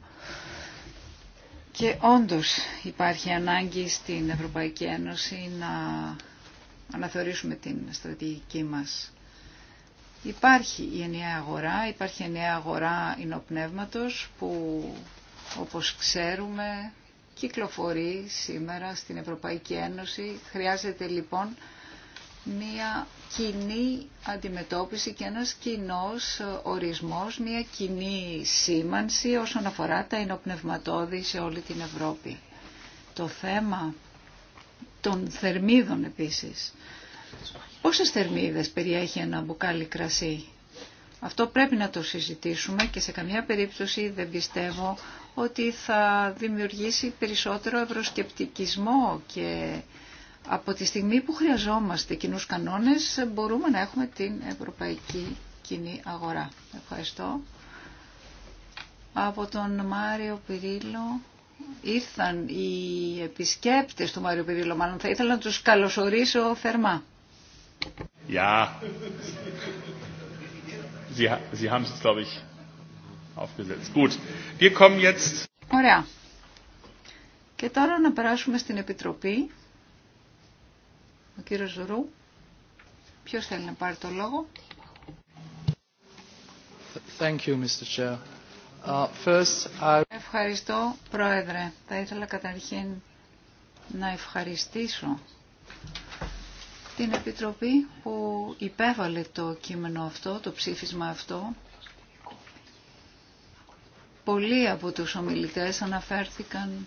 και όντως υπάρχει ανάγκη στην Ευρωπαϊκή Ένωση να αναθεωρήσουμε την στρατηγική μας Υπάρχει η ενιαία αγορά, υπάρχει η ενιαία αγορά εινοπνεύματος που όπως ξέρουμε κυκλοφορεί σήμερα στην Ευρωπαϊκή Ένωση. Χρειάζεται λοιπόν μια κοινή αντιμετώπιση και ένας κοινός ορισμός, μια κοινή σήμανση όσον αφορά τα ενοπνευματώδη σε όλη την Ευρώπη. Το θέμα των θερμίδων επίσης. Πόσες θερμίδες περιέχει ένα μπουκάλι κρασί. Αυτό πρέπει να το συζητήσουμε και σε καμιά περίπτωση δεν πιστεύω ότι θα δημιουργήσει περισσότερο ευρωσκεπτικισμό και από τη στιγμή που χρειαζόμαστε κοινούς κανόνες μπορούμε να έχουμε την ευρωπαϊκή κοινή αγορά. Ευχαριστώ. Από τον Μάριο Πυρίλο ήρθαν οι επισκέπτες του Μάριο Πυρίλο, μάλλον θα ήθελα να τους καλωσορίσω θερμά. Ja. Sie, Sie haben es, glaube ich, aufgesetzt. Gut. Wir kommen jetzt. Ωραία. Και τώρα να περάσουμε στην Επιτροπή. Ο κύριος Ζουρού. Ποιος θέλει να πάρει το λόγο. Thank you, Mr. Chair. Uh, first, I... Ευχαριστώ, Πρόεδρε. Θα ήθελα καταρχήν να ευχαριστήσω την Επιτροπή που υπέβαλε το κείμενο αυτό, το ψήφισμα αυτό. Πολλοί από τους ομιλητές αναφέρθηκαν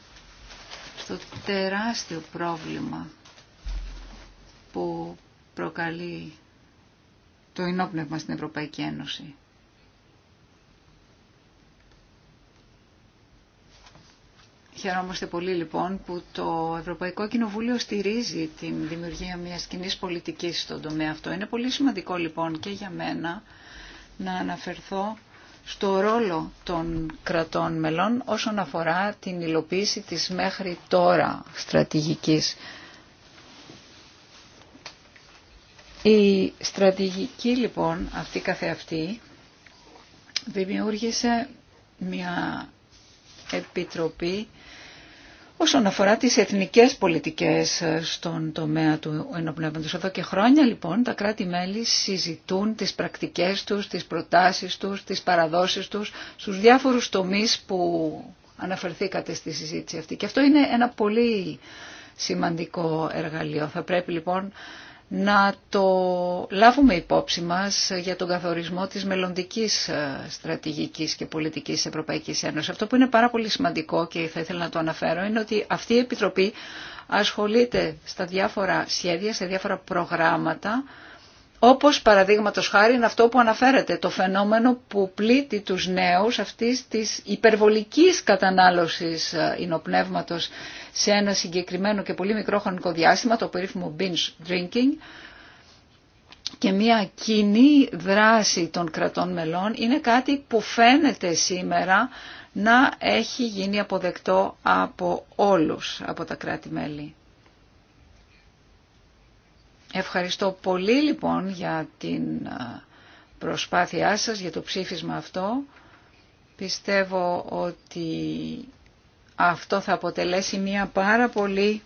στο τεράστιο πρόβλημα που προκαλεί το ενόπνευμα στην Ευρωπαϊκή Ένωση. Χαιρόμαστε πολύ λοιπόν που το Ευρωπαϊκό Κοινοβούλιο στηρίζει την δημιουργία μιας κοινή πολιτικής στον τομέα αυτό. Είναι πολύ σημαντικό λοιπόν και για μένα να αναφερθώ στο ρόλο των κρατών μελών όσον αφορά την υλοποίηση της μέχρι τώρα στρατηγικής. Η στρατηγική λοιπόν αυτή καθεαυτή δημιούργησε μια επιτροπή Όσον αφορά τις εθνικές πολιτικές ε, στον τομέα του ενοπνεύματος, εδώ και χρόνια λοιπόν τα κράτη-μέλη συζητούν τις πρακτικές τους, τις προτάσεις τους, τις παραδόσεις τους στους διάφορους τομείς που αναφερθήκατε στη συζήτηση αυτή. Και αυτό είναι ένα πολύ σημαντικό εργαλείο. Θα πρέπει λοιπόν να το λάβουμε υπόψη μας για τον καθορισμό της μελλοντικής ε, στρατηγικής και πολιτικής Ευρωπαϊκής Ένωσης. Αυτό που είναι πάρα πολύ σημαντικό και θα ήθελα να το αναφέρω είναι ότι αυτή η Επιτροπή ασχολείται στα διάφορα σχέδια, σε διάφορα προγράμματα όπως παραδείγματος χάρη είναι αυτό που αναφέρεται, το φαινόμενο που πλήττει τους νέους αυτής της υπερβολικής κατανάλωσης ε, ινοπνεύματος σε ένα συγκεκριμένο και πολύ μικρό χρονικό διάστημα, το περίφημο binge drinking, και μια κοινή δράση των κρατών μελών είναι κάτι που φαίνεται σήμερα να έχει γίνει αποδεκτό από όλους, από τα κράτη-μέλη. Ευχαριστώ πολύ λοιπόν για την προσπάθειά σας, για το ψήφισμα αυτό. Πιστεύω ότι αυτό θα αποτελέσει μια πάρα πολύ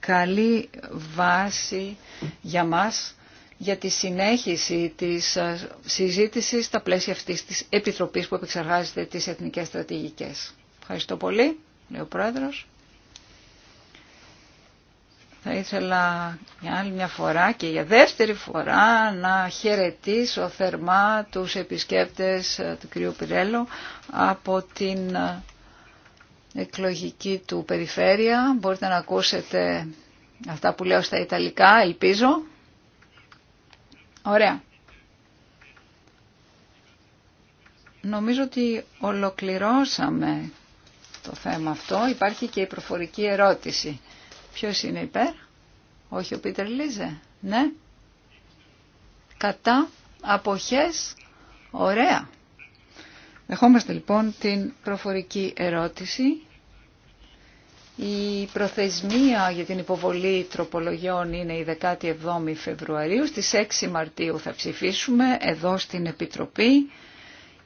καλή βάση για μας για τη συνέχιση της συζήτησης στα πλαίσια αυτής της Επιτροπής που επεξεργάζεται τις Εθνικές Στρατηγικές. Ευχαριστώ πολύ, λέει ο Πρόεδρος. Θα ήθελα για άλλη μια φορά και για δεύτερη φορά να χαιρετήσω θερμά τους επισκέπτες ε, του κ. Πυρέλο από την ε, εκλογική του περιφέρεια. Μπορείτε να ακούσετε αυτά που λέω στα Ιταλικά, ελπίζω. Ωραία. Νομίζω ότι ολοκληρώσαμε το θέμα αυτό. Υπάρχει και η προφορική ερώτηση. Ποιος είναι υπέρ? Όχι ο Πίτερ Λίζε. Ναι. Κατά αποχές. Ωραία. Δεχόμαστε λοιπόν την προφορική ερώτηση. Η προθεσμία για την υποβολή τροπολογιών είναι η 17η Φεβρουαρίου. Στις 6 Μαρτίου θα ψηφίσουμε εδώ στην Επιτροπή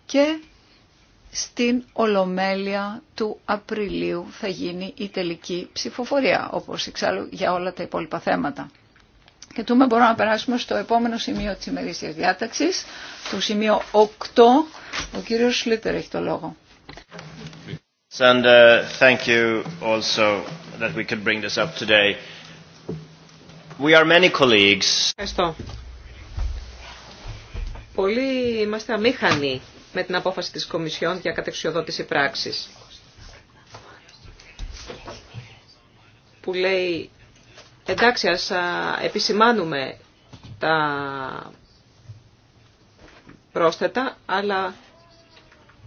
και στην Ολομέλεια του Απριλίου θα γίνει η τελική ψηφοφορία, όπως εξάλλου για όλα τα υπόλοιπα θέματα. Και τούμε μπορούμε να περάσουμε στο επόμενο σημείο της ημερήσιας διάταξης, το σημείο 8. Ο κύριος Σλίτερ έχει το λόγο. Uh, thank you also that we could bring this up today. We are many colleagues. Ευχαριστώ. Πολλοί είμαστε αμήχανοι με την απόφαση της Κομισιόν για κατεξιοδότηση πράξης. Που λέει, εντάξει ας επισημάνουμε τα πρόσθετα, αλλά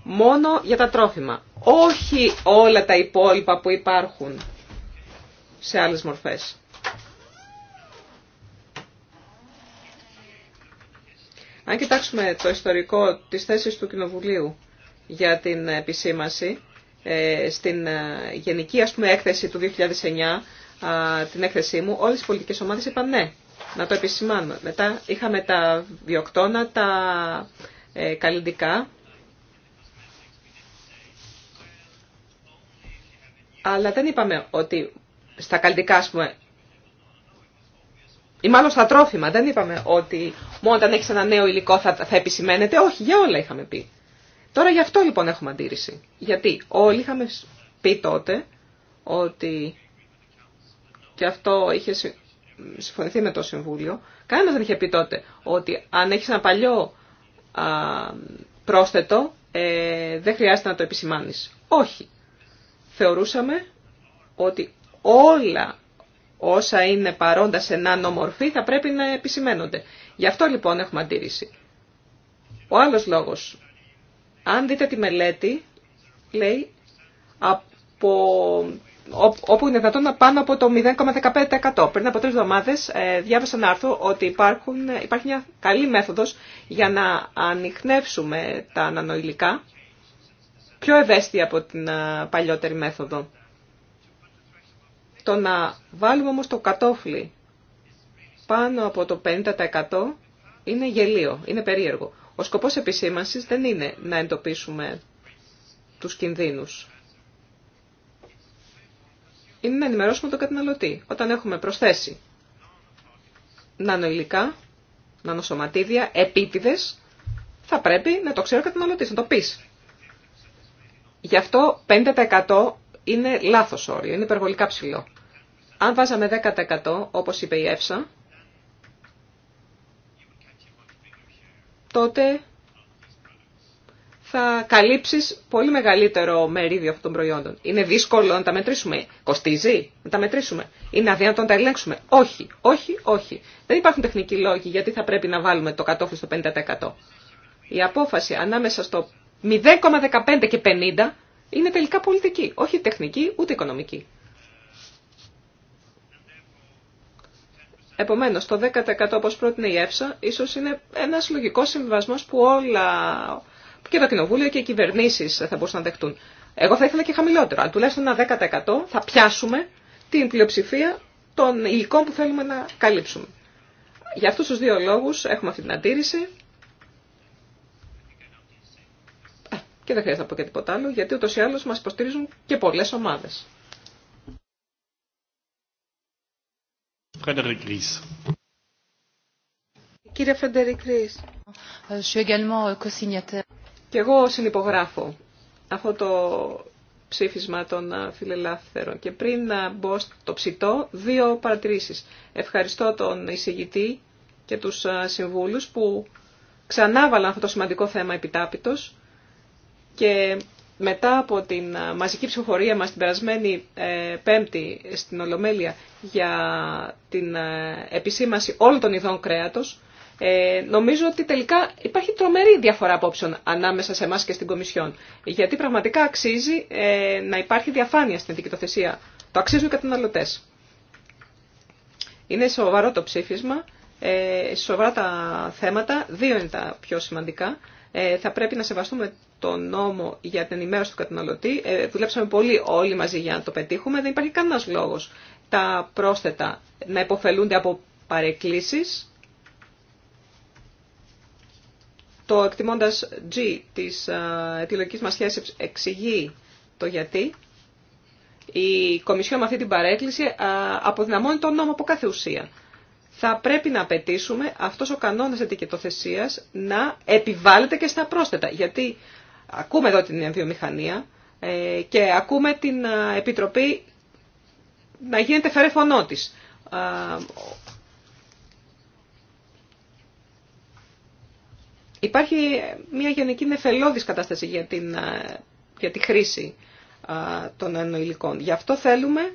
μόνο για τα τρόφιμα. Όχι όλα τα υπόλοιπα που υπάρχουν σε άλλες μορφές. Αν κοιτάξουμε το ιστορικό της θέσης του Κοινοβουλίου για την επισήμαση, ε, στην ε, γενική ας πούμε, έκθεση του 2009, την έκθεσή μου, όλες οι πολιτικές ομάδες είπαν ναι, να το επισημάνουμε. Μετά είχαμε τα βιοκτώνα, τα ε, καλλιντικά. Αλλά δεν είπαμε ότι στα καλλιντικά, ας πούμε, ή μάλλον στα τρόφιμα. Δεν είπαμε ότι μόνο όταν έχει ένα νέο υλικό θα, θα επισημαίνεται. Όχι, για όλα είχαμε πει. Τώρα γι' αυτό λοιπόν έχουμε αντίρρηση. Γιατί όλοι είχαμε πει τότε ότι και αυτό είχε συμφωνηθεί με το Συμβούλιο. κανένα δεν είχε πει τότε ότι αν έχει ένα παλιό πρόσθετο ε, δεν χρειάζεται να το επισημάνεις. Όχι. Θεωρούσαμε ότι όλα όσα είναι παρόντα σε μορφή θα πρέπει να επισημένονται. Γι' αυτό λοιπόν έχουμε αντίρρηση. Ο άλλος λόγος, αν δείτε τη μελέτη, λέει όπου είναι δυνατόν πάνω από το 0,15%. Πριν από τρεις εβδομάδες ε, διάβασα ένα άρθρο ότι υπάρχουν, υπάρχει μια καλή μέθοδος για να ανοιχνεύσουμε τα ανανοηλικά, πιο ευαίσθητη από την ε, παλιότερη μέθοδο. Το να βάλουμε όμως το κατόφλι πάνω από το 50% είναι γελίο, είναι περίεργο. Ο σκοπός επισήμανσης δεν είναι να εντοπίσουμε τους κινδύνους. Είναι να ενημερώσουμε τον καταναλωτή. Όταν έχουμε προσθέσει νανοηλικά, νανοσωματίδια, επίτηδες, θα πρέπει να το ξέρει ο καταναλωτής, να το πεις. Γι' αυτό 50% είναι λάθος όριο, είναι υπερβολικά ψηλό. Αν βάζαμε 10% όπως είπε η Εύσα, τότε θα καλύψεις πολύ μεγαλύτερο μερίδιο αυτών των προϊόντων. Είναι δύσκολο να τα μετρήσουμε. Κοστίζει να τα μετρήσουμε. Είναι αδύνατο να τα ελέγξουμε. Όχι, όχι, όχι. Δεν υπάρχουν τεχνικοί λόγοι γιατί θα πρέπει να βάλουμε το κατόφλι στο 50%. Η απόφαση ανάμεσα στο 0,15 και 50 είναι τελικά πολιτική, όχι τεχνική ούτε οικονομική. Επομένως, το 10% όπως πρότεινε η ΕΦΣΑ, ίσως είναι ένας λογικός συμβιβασμός που όλα, και το κοινοβούλιο και οι κυβερνήσεις θα μπορούσαν να δεχτούν. Εγώ θα ήθελα και χαμηλότερο, αλλά τουλάχιστον ένα 10% θα πιάσουμε την πλειοψηφία των υλικών που θέλουμε να καλύψουμε. Για αυτούς τους δύο λόγους έχουμε αυτή την αντίρρηση. Και δεν χρειάζεται να πω και τίποτα άλλο, γιατί ούτως ή άλλως μας υποστηρίζουν και πολλές ομάδες. Κύριε Φεντερικ Ρίς. Ε, euh, και εγώ συνυπογράφω αυτό το ψήφισμα των ε, φιλελεύθερων. Και πριν να μπω στο ψητό, δύο παρατηρήσεις. Ευχαριστώ τον εισηγητή και τους ε, συμβούλους που ξανάβαλαν αυτό το σημαντικό θέμα επιτάπητος και μετά από την ε, μαζική ψηφοφορία μας την περασμένη ε, Πέμπτη στην Ολομέλεια για την ε, επισήμαση όλων των ειδών κρέατος, νομίζω ότι τελικά υπάρχει τρομερή διαφορά απόψεων ανάμεσα σε εμά και στην Κομισιόν. Γιατί πραγματικά αξίζει να υπάρχει διαφάνεια στην δικαιοθεσία. Το αξίζουν οι καταναλωτέ. Είναι σοβαρό το ψήφισμα, σοβαρά τα θέματα, δύο είναι τα πιο σημαντικά. Ε, θα πρέπει να σεβαστούμε τον νόμο για την ενημέρωση του καταναλωτή. Ε, δουλέψαμε πολύ όλοι μαζί για να το πετύχουμε. Δεν υπάρχει κανένας λόγος τα πρόσθετα να υποφελούνται από παρεκκλήσει. Το εκτιμώντα G της επιλογική μας σχέση εξηγεί το γιατί. Η Κομισιόν με αυτή την παρέκκληση αποδυναμώνει τον νόμο από κάθε ουσία θα πρέπει να απαιτήσουμε αυτός ο κανόνας ετικετοθεσίας να επιβάλλεται και στα πρόσθετα. Γιατί ακούμε εδώ την βιομηχανία ε, και ακούμε την ε, Επιτροπή να γίνεται φερεφωνό ε, Υπάρχει μια γενική νεφελώδης κατάσταση για, την, για τη χρήση των ανοηλικών. Γι' αυτό θέλουμε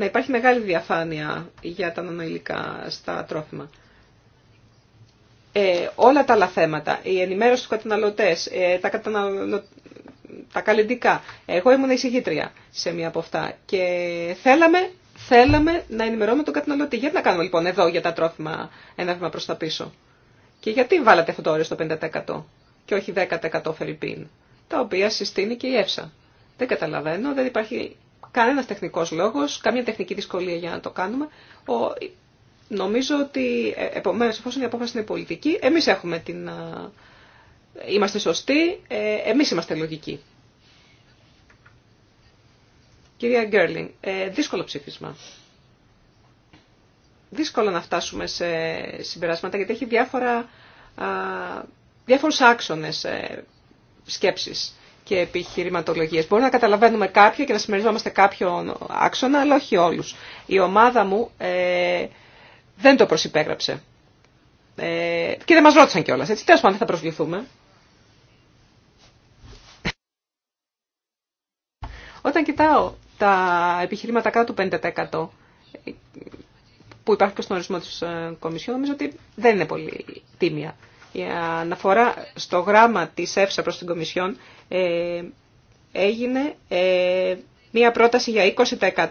να υπάρχει μεγάλη διαφάνεια για τα νανοηλικά στα τρόφιμα. Ε, όλα τα άλλα θέματα, η ενημέρωση του καταναλωτέ, ε, τα, καταναλω... τα καλλιντικά. Εγώ ήμουν εισηγήτρια σε μία από αυτά και θέλαμε, θέλαμε να ενημερώνουμε τον καταναλωτή. Γιατί να κάνουμε λοιπόν εδώ για τα τρόφιμα ένα βήμα προ τα πίσω. Και γιατί βάλατε αυτό το όριο στο 50% και όχι 10% φελπίν. τα οποία συστήνει και η ΕΦΣΑ. Δεν καταλαβαίνω, δεν υπάρχει κανένας τεχνικός λόγος, καμία τεχνική δυσκολία για να το κάνουμε. Ο, νομίζω ότι, ε, επομένως, εφόσον η απόφαση είναι πολιτική, εμείς έχουμε την... Είμαστε σωστοί, ε, εμείς είμαστε λογικοί. Κυρία Γκέρλινγκ, ε, δύσκολο ψήφισμα. Δύσκολο να φτάσουμε σε συμπεράσματα γιατί έχει διάφορα, α, διάφορους άξονες σκέψεις και επιχειρηματολογίες. Μπορούμε να καταλαβαίνουμε κάποιο και να συμμεριζόμαστε κάποιον άξονα, αλλά όχι όλους. Η ομάδα μου ε, δεν το προσυπέγραψε. Ε, και δεν μας ρώτησαν κιόλας, έτσι. Τέλος πάντων, θα προσβληθούμε. Όταν κοιτάω τα επιχειρήματα κάτω του 50% που υπάρχει και στον ορισμό της ε, Κομισιόν, νομίζω ότι δεν είναι πολύ τίμια η αναφορά στο γράμμα της ΕΦΣΑ προς την Κομισιόν ε, έγινε ε, μία πρόταση για 20%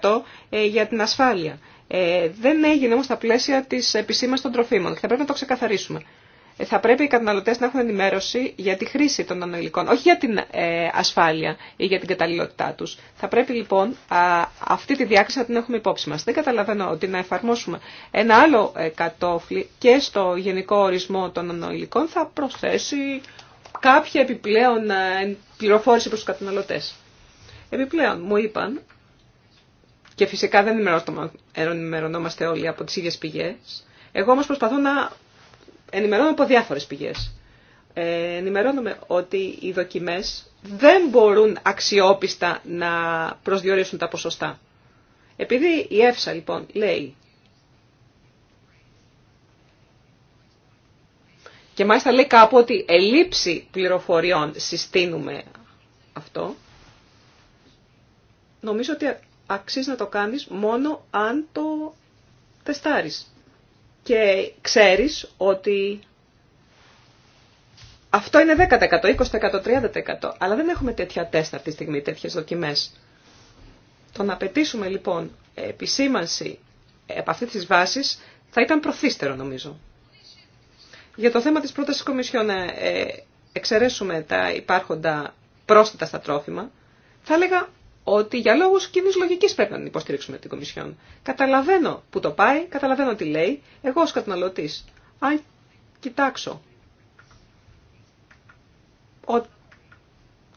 ε, για την ασφάλεια. Ε, δεν έγινε όμως στα πλαίσια της επισήμας των τροφίμων και θα πρέπει να το ξεκαθαρίσουμε θα πρέπει οι καταναλωτές να έχουν ενημέρωση για τη χρήση των ανοηλικών, όχι για την ε, ασφάλεια ή για την καταλληλότητά τους. Θα πρέπει λοιπόν αυτή τη διάκριση να την έχουμε υπόψη μας. Δεν καταλαβαίνω ότι να εφαρμόσουμε ένα άλλο ε, κατόφλι και στο γενικό ορισμό των ανοηλικών θα προσθέσει κάποια επιπλέον ε, πληροφόρηση προς τους καταναλωτές. Επιπλέον μου είπαν, και φυσικά δεν ενημερωνόμαστε όλοι από τις ίδιες πηγές, εγώ όμως προσπαθώ να Ενημερώνουμε από διάφορες πηγές. Ε, ότι οι δοκιμές δεν μπορούν αξιόπιστα να προσδιορίσουν τα ποσοστά. Επειδή η ΕΦΣΑ λοιπόν λέει και μάλιστα λέει κάπου ότι ελήψη πληροφοριών συστήνουμε αυτό, νομίζω ότι αξίζει να το κάνεις μόνο αν το τεστάρεις και ξέρεις ότι αυτό είναι 10%, 20%, 30%. Αλλά δεν έχουμε τέτοια τεστ αυτή τη στιγμή, τέτοιες δοκιμές. Το να απαιτήσουμε λοιπόν επισήμανση από αυτή τη βάση θα ήταν προθύστερο νομίζω. Για το θέμα της πρότασης Κομισιόν να ε, ε, εξαιρέσουμε τα υπάρχοντα πρόσθετα στα τρόφιμα, θα έλεγα ότι για λόγους κοινή λογική πρέπει να την υποστηρίξουμε την Κομισιόν. Καταλαβαίνω που το πάει, καταλαβαίνω τι λέει, εγώ ως καταναλωτή Αν κοιτάξω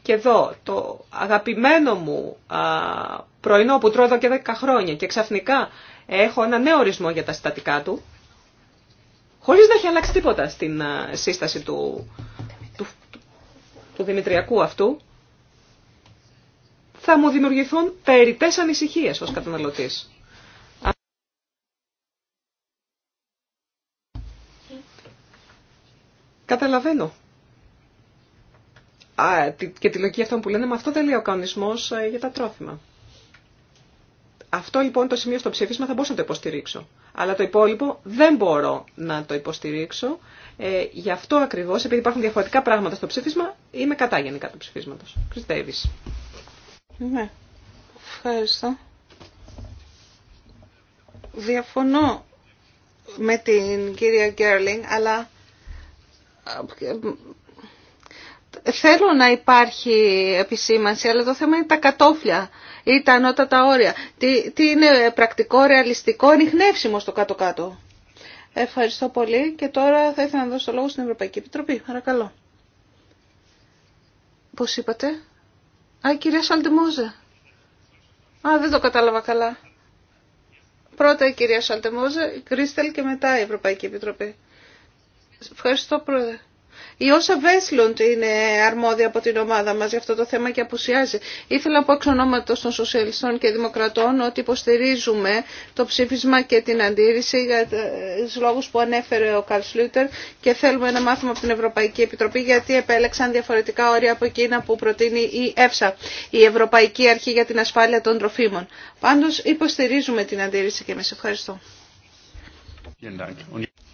και εδώ το αγαπημένο μου πρωινό που τρώω εδώ και 10 χρόνια και ξαφνικά έχω ένα νέο ορισμό για τα συστατικά του, χωρίς να έχει αλλάξει τίποτα στην σύσταση του, του, του, του δημητριακού αυτού, θα μου δημιουργηθούν περιττές ανησυχίες ως καταναλωτής. Καταλαβαίνω. και τη λογική αυτών που λένε, μα αυτό δεν λέει ο κανονισμός ε, για τα τρόφιμα. Αυτό λοιπόν το σημείο στο ψήφισμα θα μπορούσα να το υποστηρίξω. Αλλά το υπόλοιπο δεν μπορώ να το υποστηρίξω. Ε, γι' αυτό ακριβώς, επειδή υπάρχουν διαφορετικά πράγματα στο ψήφισμα, είμαι κατά γενικά του ψηφίσματος. Chris ναι, ευχαριστώ. Διαφωνώ με την κυρία Γκέρλινγκ, αλλά ε, θέλω να υπάρχει επισήμανση, αλλά το θέμα είναι τα κατόφλια ή τα ανώτατα όρια. Τι, είναι πρακτικό, ρεαλιστικό, ανοιχνεύσιμο στο κάτω-κάτω. Ευχαριστώ πολύ και τώρα θα ήθελα να δώσω το λόγο στην Ευρωπαϊκή Επιτροπή. Παρακαλώ. Πώς είπατε. Α, η κυρία Σαλτεμόζε. Α, δεν το κατάλαβα καλά. Πρώτα η κυρία Σαλτεμόζε, η Κρίστελ και μετά η Ευρωπαϊκή Επιτροπή. Ευχαριστώ, Πρόεδρε. Η Όσα Βέσλοντ είναι αρμόδια από την ομάδα μας για αυτό το θέμα και απουσιάζει. Ήθελα από εξ ονόματος των Σοσιαλιστών και Δημοκρατών ότι υποστηρίζουμε το ψήφισμα και την αντίρρηση για τους λόγους που ανέφερε ο Καρλ Σλούτερ και θέλουμε να μάθουμε από την Ευρωπαϊκή Επιτροπή γιατί επέλεξαν διαφορετικά όρια από εκείνα που προτείνει η ΕΦΣΑ, η Ευρωπαϊκή Αρχή για την Ασφάλεια των Τροφίμων. Πάντως υποστηρίζουμε την αντίρρηση και εμείς. Ευχαριστώ.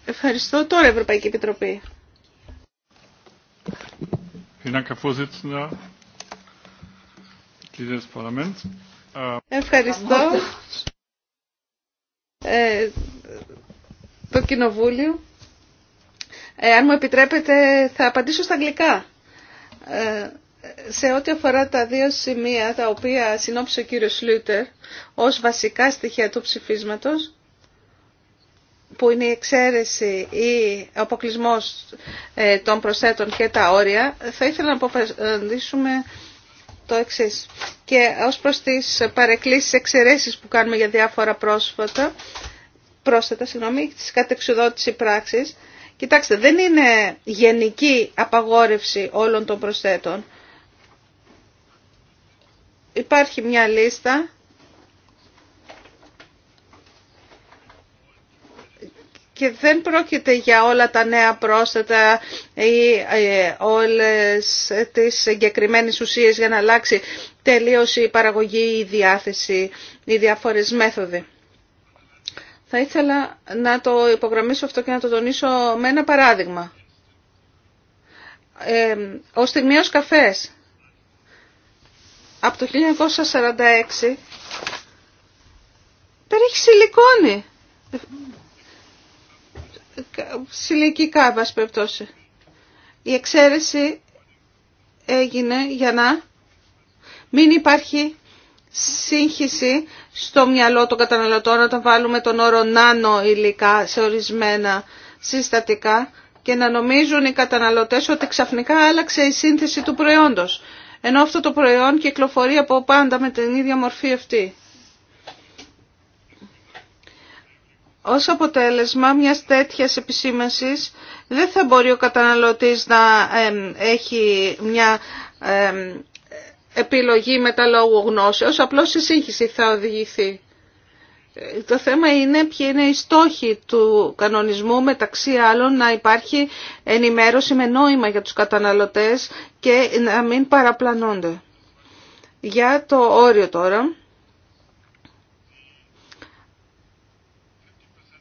Ευχαριστώ τώρα Ευρωπαϊκή Επιτροπή. Äh, Ευχαριστώ. Ε, το Κοινοβούλιο. Ε, αν μου επιτρέπετε θα απαντήσω στα αγγλικά. Ε, σε ό,τι αφορά τα δύο σημεία τα οποία συνόψε ο κύριος Λούτερ ως βασικά στοιχεία του ψηφίσματος, που είναι η εξαίρεση ή ο αποκλεισμό ε, των προσθέτων και τα όρια, θα ήθελα να αποφασίσουμε το εξή. Και ως προς τις παρεκκλήσεις εξαιρέσεις που κάνουμε για διάφορα πρόσφατα, πρόσθετα, συγγνώμη, της κατεξουδότηση πράξης, κοιτάξτε, δεν είναι γενική απαγόρευση όλων των προσθέτων. Υπάρχει μια λίστα και δεν πρόκειται για όλα τα νέα πρόσθετα ή ε, όλες τις εγκεκριμένες ουσίες για να αλλάξει τελείως η παραγωγή ή η διαθεση οι διάφορες μέθοδοι. Θα ήθελα να το υπογραμμίσω αυτό και να το τονίσω με ένα παράδειγμα. Ε, ο στιγμίος καφές. Από το 1946 περιέχει σιλικόνη συλλογικά, εν Η εξαίρεση έγινε για να μην υπάρχει σύγχυση στο μυαλό των καταναλωτών όταν βάλουμε τον όρο νάνο υλικά σε ορισμένα συστατικά και να νομίζουν οι καταναλωτές ότι ξαφνικά άλλαξε η σύνθεση του προϊόντος. Ενώ αυτό το προϊόν κυκλοφορεί από πάντα με την ίδια μορφή αυτή. Ως αποτέλεσμα μιας τέτοιας επισήμανσης δεν θα μπορεί ο καταναλωτής να έχει μια επιλογή μετά λόγου γνώσεως, απλώς η σύγχυση θα οδηγηθεί. Το θέμα είναι ποιοι είναι οι στόχοι του κανονισμού μεταξύ άλλων να υπάρχει ενημέρωση με νόημα για τους καταναλωτές και να μην παραπλανώνται. Για το όριο τώρα,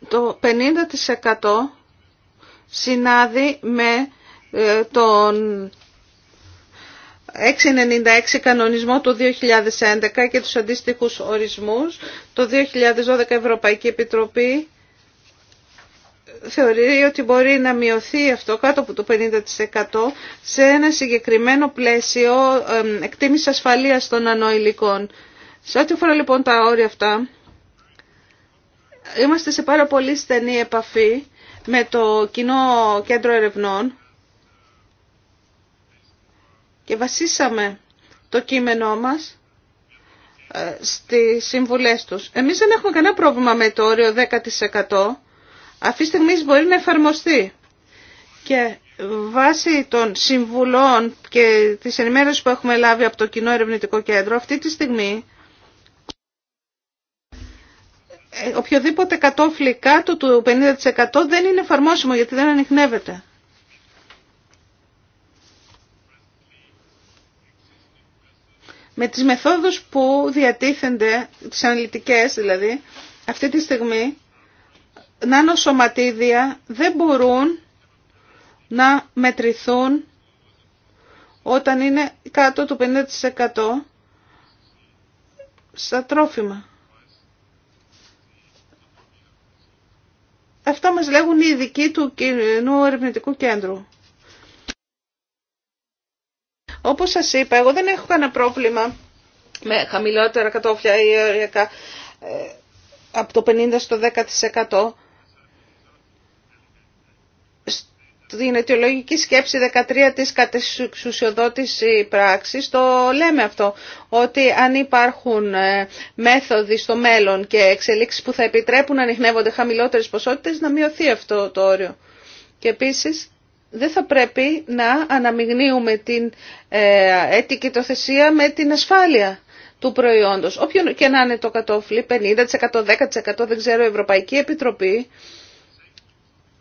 το 50% συνάδει με ε, τον 696 κανονισμό του 2011 και τους αντίστοιχους ορισμούς. Το 2012 Ευρωπαϊκή Επιτροπή θεωρεί ότι μπορεί να μειωθεί αυτό κάτω από το 50% σε ένα συγκεκριμένο πλαίσιο ε, εκτίμηση ασφαλείας των ανοηλικών. Σε ό,τι φορά λοιπόν τα όρια αυτά, Είμαστε σε πάρα πολύ στενή επαφή με το Κοινό Κέντρο Ερευνών και βασίσαμε το κείμενό μας ε, στις συμβουλές τους. Εμείς δεν έχουμε κανένα πρόβλημα με το όριο 10%. Αυτή τη στιγμή μπορεί να εφαρμοστεί. Και βάσει των συμβουλών και της ενημέρωσης που έχουμε λάβει από το Κοινό Ερευνητικό Κέντρο, αυτή τη στιγμή ε, οποιοδήποτε κατόφλι κάτω του 50% δεν είναι εφαρμόσιμο γιατί δεν ανοιχνεύεται. Με τις μεθόδους που διατίθενται, τις αναλυτικές δηλαδή, αυτή τη στιγμή, νανοσωματίδια δεν μπορούν να μετρηθούν όταν είναι κάτω του 50% στα τρόφιμα. Αυτά μας λέγουν οι ειδικοί του κοινού ερευνητικού κέντρου. Όπως σας είπα, εγώ δεν έχω κανένα πρόβλημα με χαμηλότερα κατόφλια ή ε, από το 50% στο 10%. Στην αιτιολογική σκέψη 13 της κατεσουσιοδότηση πράξης, το λέμε αυτό, ότι αν υπάρχουν ε, μέθοδοι στο μέλλον και εξελίξεις που θα επιτρέπουν να ανοιχνεύονται χαμηλότερες ποσότητες, να μειωθεί αυτό το όριο. Και επίσης δεν θα πρέπει να αναμειγνύουμε την ε, τοθεσία με την ασφάλεια του προϊόντος. Όποιον και να είναι το κατόφλι, 50%, 10% δεν ξέρω, η Ευρωπαϊκή Επιτροπή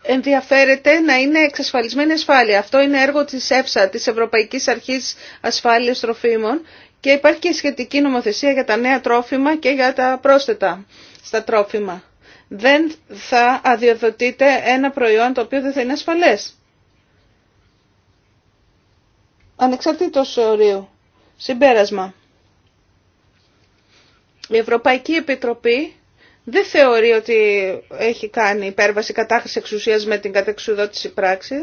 ενδιαφέρεται να είναι εξασφαλισμένη ασφάλεια. Αυτό είναι έργο της ΕΦΣΑ, της Ευρωπαϊκής Αρχής Ασφάλειας Τροφίμων και υπάρχει και σχετική νομοθεσία για τα νέα τρόφιμα και για τα πρόσθετα στα τρόφιμα. Δεν θα αδειοδοτείται ένα προϊόν το οποίο δεν θα είναι ασφαλές. Ανεξαρτήτως ορίου. Συμπέρασμα. Η Ευρωπαϊκή Επιτροπή δεν θεωρεί ότι έχει κάνει υπέρβαση κατάχρηση εξουσίας με την κατεξουδότηση πράξη,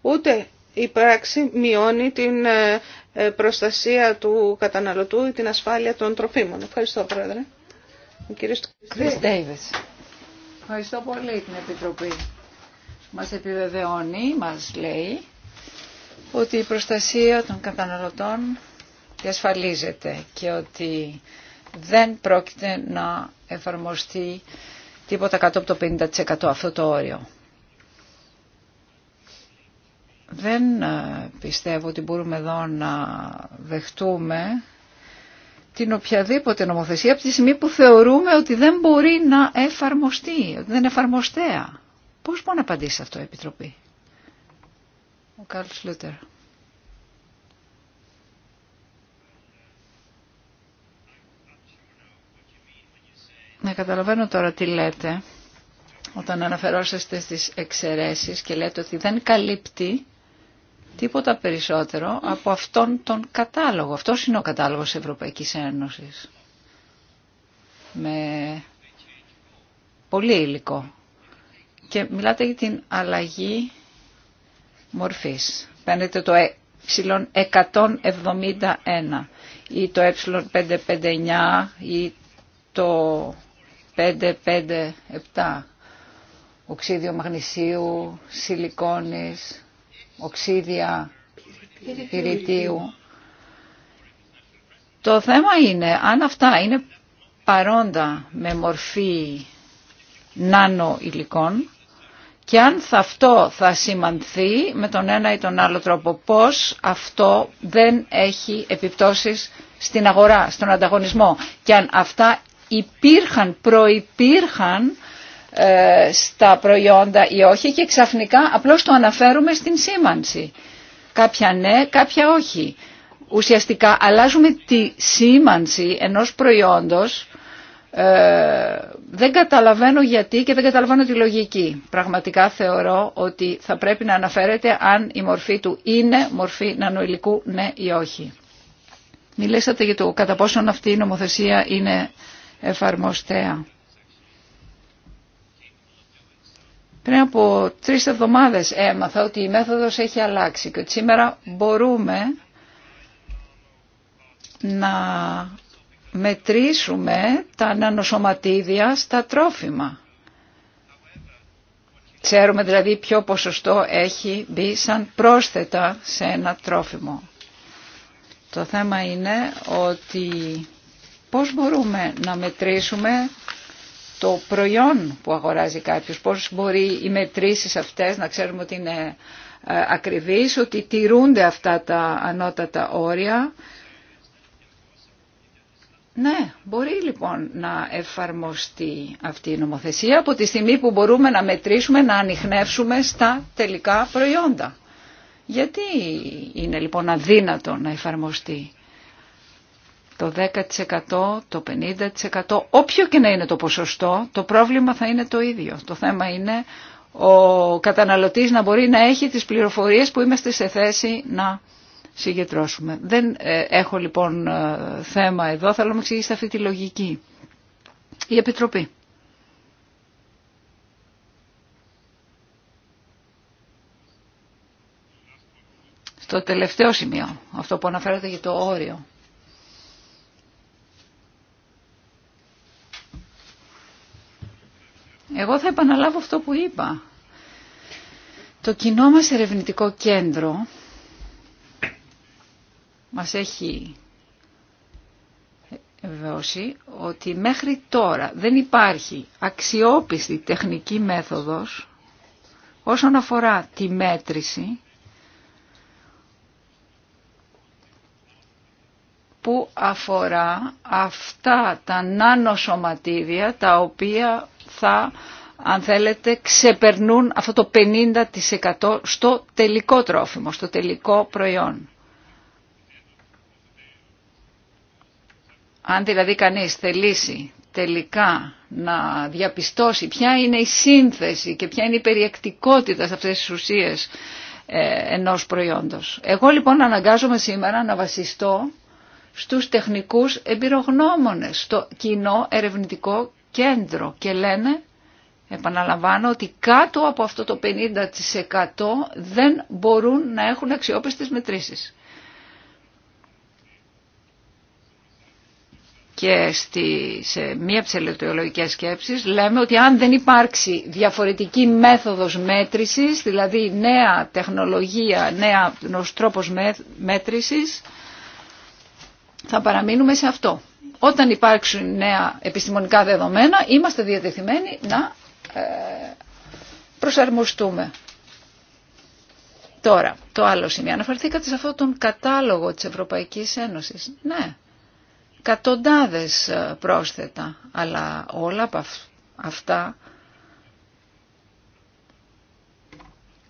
ούτε η πράξη μειώνει την ε, ε, προστασία του καταναλωτού ή την ασφάλεια των τροφίμων. Ευχαριστώ, Πρόεδρε. Ο κύριος Davis. Ευχαριστώ πολύ την Επιτροπή. Μας επιβεβαιώνει, μας λέει, ότι η προστασία των καταναλωτών διασφαλίζεται και ότι δεν πρόκειται να εφαρμοστεί τίποτα κάτω από το 50% αυτό το όριο. Δεν ε, πιστεύω ότι μπορούμε εδώ να δεχτούμε την οποιαδήποτε νομοθεσία από τη στιγμή που θεωρούμε ότι δεν μπορεί να εφαρμοστεί, ότι δεν είναι εφαρμοστέα. Πώς μπορεί να απαντήσει αυτό η Επιτροπή. Ο Κάρλ Σλούτερ. να καταλαβαίνω τώρα τι λέτε όταν αναφερόσαστε στις εξαιρέσεις και λέτε ότι δεν καλύπτει τίποτα περισσότερο από αυτόν τον κατάλογο. Αυτό είναι ο κατάλογος Ευρωπαϊκής Ένωσης. Με πολύ υλικό. Και μιλάτε για την αλλαγή μορφής. Παίρνετε το ε 171 ή το ε559 ή το 5-5-7. Οξύδιο μαγνησίου, σιλικόνης, οξύδια πυρητίου. Το θέμα είναι αν αυτά είναι παρόντα με μορφή νάνο υλικών και αν θα αυτό θα σημανθεί με τον ένα ή τον άλλο τρόπο πώς αυτό δεν έχει επιπτώσεις στην αγορά, στον ανταγωνισμό και αν αυτά υπήρχαν, προϋπήρχαν ε, στα προϊόντα ή όχι και ξαφνικά απλώς το αναφέρουμε στην σήμανση. Κάποια ναι, κάποια όχι. Ουσιαστικά αλλάζουμε τη σήμανση ενός προϊόντος ε, δεν καταλαβαίνω γιατί και δεν καταλαβαίνω τη λογική. Πραγματικά θεωρώ ότι θα πρέπει να αναφέρεται αν η μορφή του είναι μορφή νανοηλικού ναι ή όχι. Μιλήσατε για το κατά πόσον αυτή η νομοθεσία είναι εφαρμοστέα. Πριν από τρεις εβδομάδες έμαθα ότι η μέθοδος έχει αλλάξει και ότι σήμερα μπορούμε να μετρήσουμε τα νανοσωματίδια στα τρόφιμα. Ξέρουμε δηλαδή ποιο ποσοστό έχει μπει σαν πρόσθετα σε ένα τρόφιμο. Το θέμα είναι ότι Πώς μπορούμε να μετρήσουμε το προϊόν που αγοράζει κάποιος, πώς μπορεί οι μετρήσεις αυτές να ξέρουμε ότι είναι ε, ακριβείς, ότι τηρούνται αυτά τα ανώτατα όρια. Ναι, μπορεί λοιπόν να εφαρμοστεί αυτή η νομοθεσία από τη στιγμή που μπορούμε να μετρήσουμε, να ανοιχνεύσουμε στα τελικά προϊόντα. Γιατί είναι λοιπόν αδύνατο να εφαρμοστεί το 10%, το 50%, όποιο και να είναι το ποσοστό, το πρόβλημα θα είναι το ίδιο. Το θέμα είναι ο καταναλωτής να μπορεί να έχει τις πληροφορίες που είμαστε σε θέση να συγκεντρώσουμε. Δεν ε, έχω λοιπόν ε, θέμα εδώ, θέλω να μου εξηγήσετε αυτή τη λογική. Η Επιτροπή. Στο τελευταίο σημείο, αυτό που αναφέρατε για το όριο. Εγώ θα επαναλάβω αυτό που είπα. Το κοινό μας ερευνητικό κέντρο μας έχει βεβαιώσει ότι μέχρι τώρα δεν υπάρχει αξιόπιστη τεχνική μέθοδος όσον αφορά τη μέτρηση που αφορά αυτά τα νανοσωματίδια τα οποία θα, αν θέλετε, ξεπερνούν αυτό το 50% στο τελικό τρόφιμο, στο τελικό προϊόν. Αν δηλαδή κανείς θελήσει τελικά να διαπιστώσει ποια είναι η σύνθεση και ποια είναι η περιεκτικότητα σε αυτές τις ουσίες ε, ενός προϊόντος. Εγώ λοιπόν αναγκάζομαι σήμερα να βασιστώ στους τεχνικούς εμπειρογνώμονες, στο κοινό ερευνητικό κέντρο και λένε, επαναλαμβάνω, ότι κάτω από αυτό το 50% δεν μπορούν να έχουν αξιόπιστες μετρήσεις. και στη, σε μία από τις λέμε ότι αν δεν υπάρξει διαφορετική μέθοδος μέτρησης, δηλαδή νέα τεχνολογία, νέα τρόπος μέτρησης, θα παραμείνουμε σε αυτό. Όταν υπάρξουν νέα επιστημονικά δεδομένα, είμαστε διατεθειμένοι να ε, προσαρμοστούμε. Τώρα, το άλλο σημείο. Αναφερθήκατε σε αυτόν τον κατάλογο της Ευρωπαϊκής Ένωσης. Ναι, κατοντάδες ε, πρόσθετα, αλλά όλα από αυτά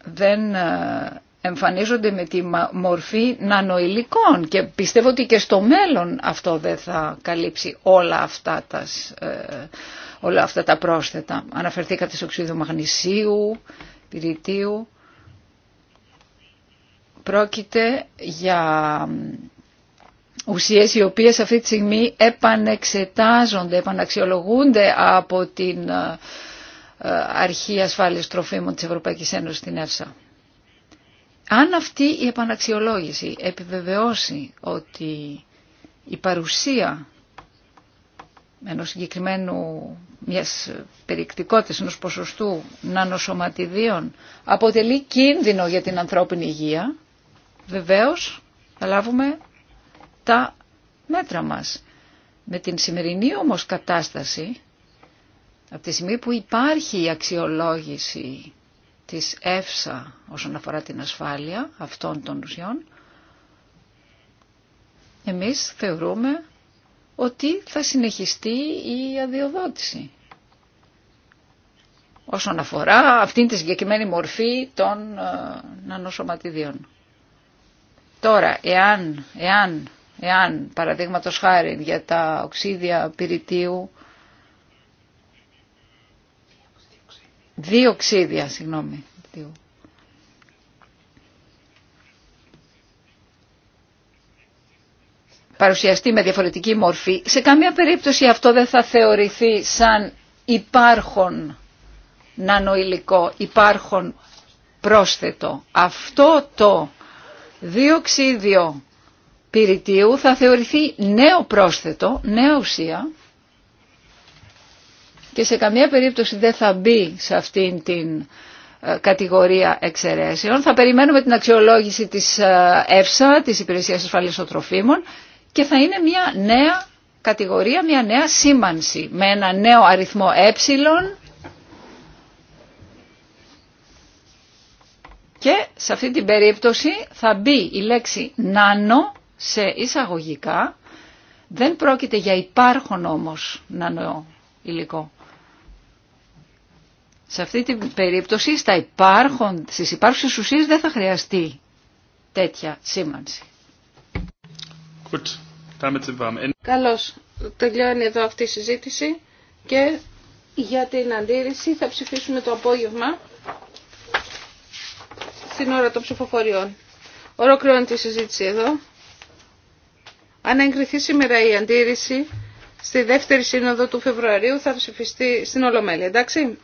δεν ε, εμφανίζονται με τη μορφή νανοηλικών και πιστεύω ότι και στο μέλλον αυτό δεν θα καλύψει όλα αυτά τα, ε, όλα αυτά τα πρόσθετα. Αναφερθήκατε στο οξύδιο μαγνησίου, πυρητίου. Πρόκειται για ουσίες οι οποίες αυτή τη στιγμή επανεξετάζονται, επαναξιολογούνται από την ε, ε, Αρχή Ασφάλειας Τροφίμων της Ευρωπαϊκής Ένωσης στην ΕΦΣΑ. Αν αυτή η επαναξιολόγηση επιβεβαιώσει ότι η παρουσία ενός συγκεκριμένου μιας περιεκτικότητας, ενός ποσοστού νανοσωματιδίων αποτελεί κίνδυνο για την ανθρώπινη υγεία, βεβαίως θα λάβουμε τα μέτρα μας. Με την σημερινή όμως κατάσταση, από τη στιγμή που υπάρχει η αξιολόγηση της ΕΦΣΑ όσον αφορά την ασφάλεια αυτών των ουσιών, εμείς θεωρούμε ότι θα συνεχιστεί η αδειοδότηση. Όσον αφορά αυτήν τη συγκεκριμένη μορφή των ε, νανοσωματιδίων. Τώρα, εάν, εάν, εάν παραδείγματος χάρη για τα οξύδια πυρητίου Δύο συγγνώμη. Παρουσιαστεί με διαφορετική μορφή. Σε καμία περίπτωση αυτό δεν θα θεωρηθεί σαν υπάρχον νανοηλικό, υπάρχον πρόσθετο. Αυτό το διοξίδιο πυρητίου θα θεωρηθεί νέο πρόσθετο, νέα ουσία, και σε καμία περίπτωση δεν θα μπει σε αυτήν την ε, κατηγορία εξαιρέσεων. Θα περιμένουμε την αξιολόγηση της ε, ΕΦΣΑ, της Υπηρεσίας Ασφαλής Οτροφίμων και θα είναι μια νέα κατηγορία, μια νέα σήμανση με ένα νέο αριθμό ε και σε αυτή την περίπτωση θα μπει η λέξη νάνο σε εισαγωγικά. Δεν πρόκειται για υπάρχον όμως νανό υλικό. Σε αυτή την περίπτωση στα υπάρχον, στις υπάρχουσες ουσίες δεν θα χρειαστεί τέτοια σήμανση. Καλώς. Τελειώνει εδώ αυτή η συζήτηση και για την αντίρρηση θα ψηφίσουμε το απόγευμα στην ώρα των ψηφοφοριών. Ολοκληρώνει τη συζήτηση εδώ. Αν εγκριθεί σήμερα η αντίρρηση, στη δεύτερη σύνοδο του Φεβρουαρίου θα ψηφιστεί στην Ολομέλεια, εντάξει.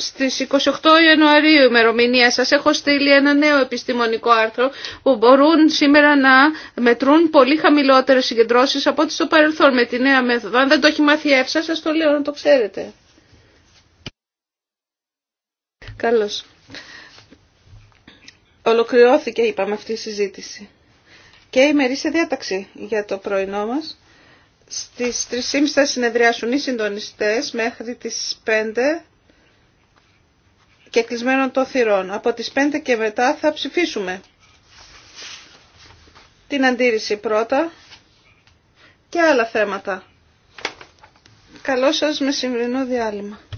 στις 28 Ιανουαρίου ημερομηνία σας έχω στείλει ένα νέο επιστημονικό άρθρο που μπορούν σήμερα να μετρούν πολύ χαμηλότερες συγκεντρώσεις από ό,τι στο παρελθόν με τη νέα μέθοδο. Αν δεν το έχει μάθει εύσα σας το λέω να το ξέρετε. Καλώς. Ολοκληρώθηκε είπαμε αυτή η συζήτηση. Και η μερίσια διάταξη για το πρωινό μας. Στις 3.30 θα συνεδριάσουν οι συντονιστές μέχρι τις 5 και κλεισμένων των θυρών. Από τις 5 και μετά θα ψηφίσουμε την αντίρρηση πρώτα και άλλα θέματα. Καλό σας μεσημβρινό διάλειμμα.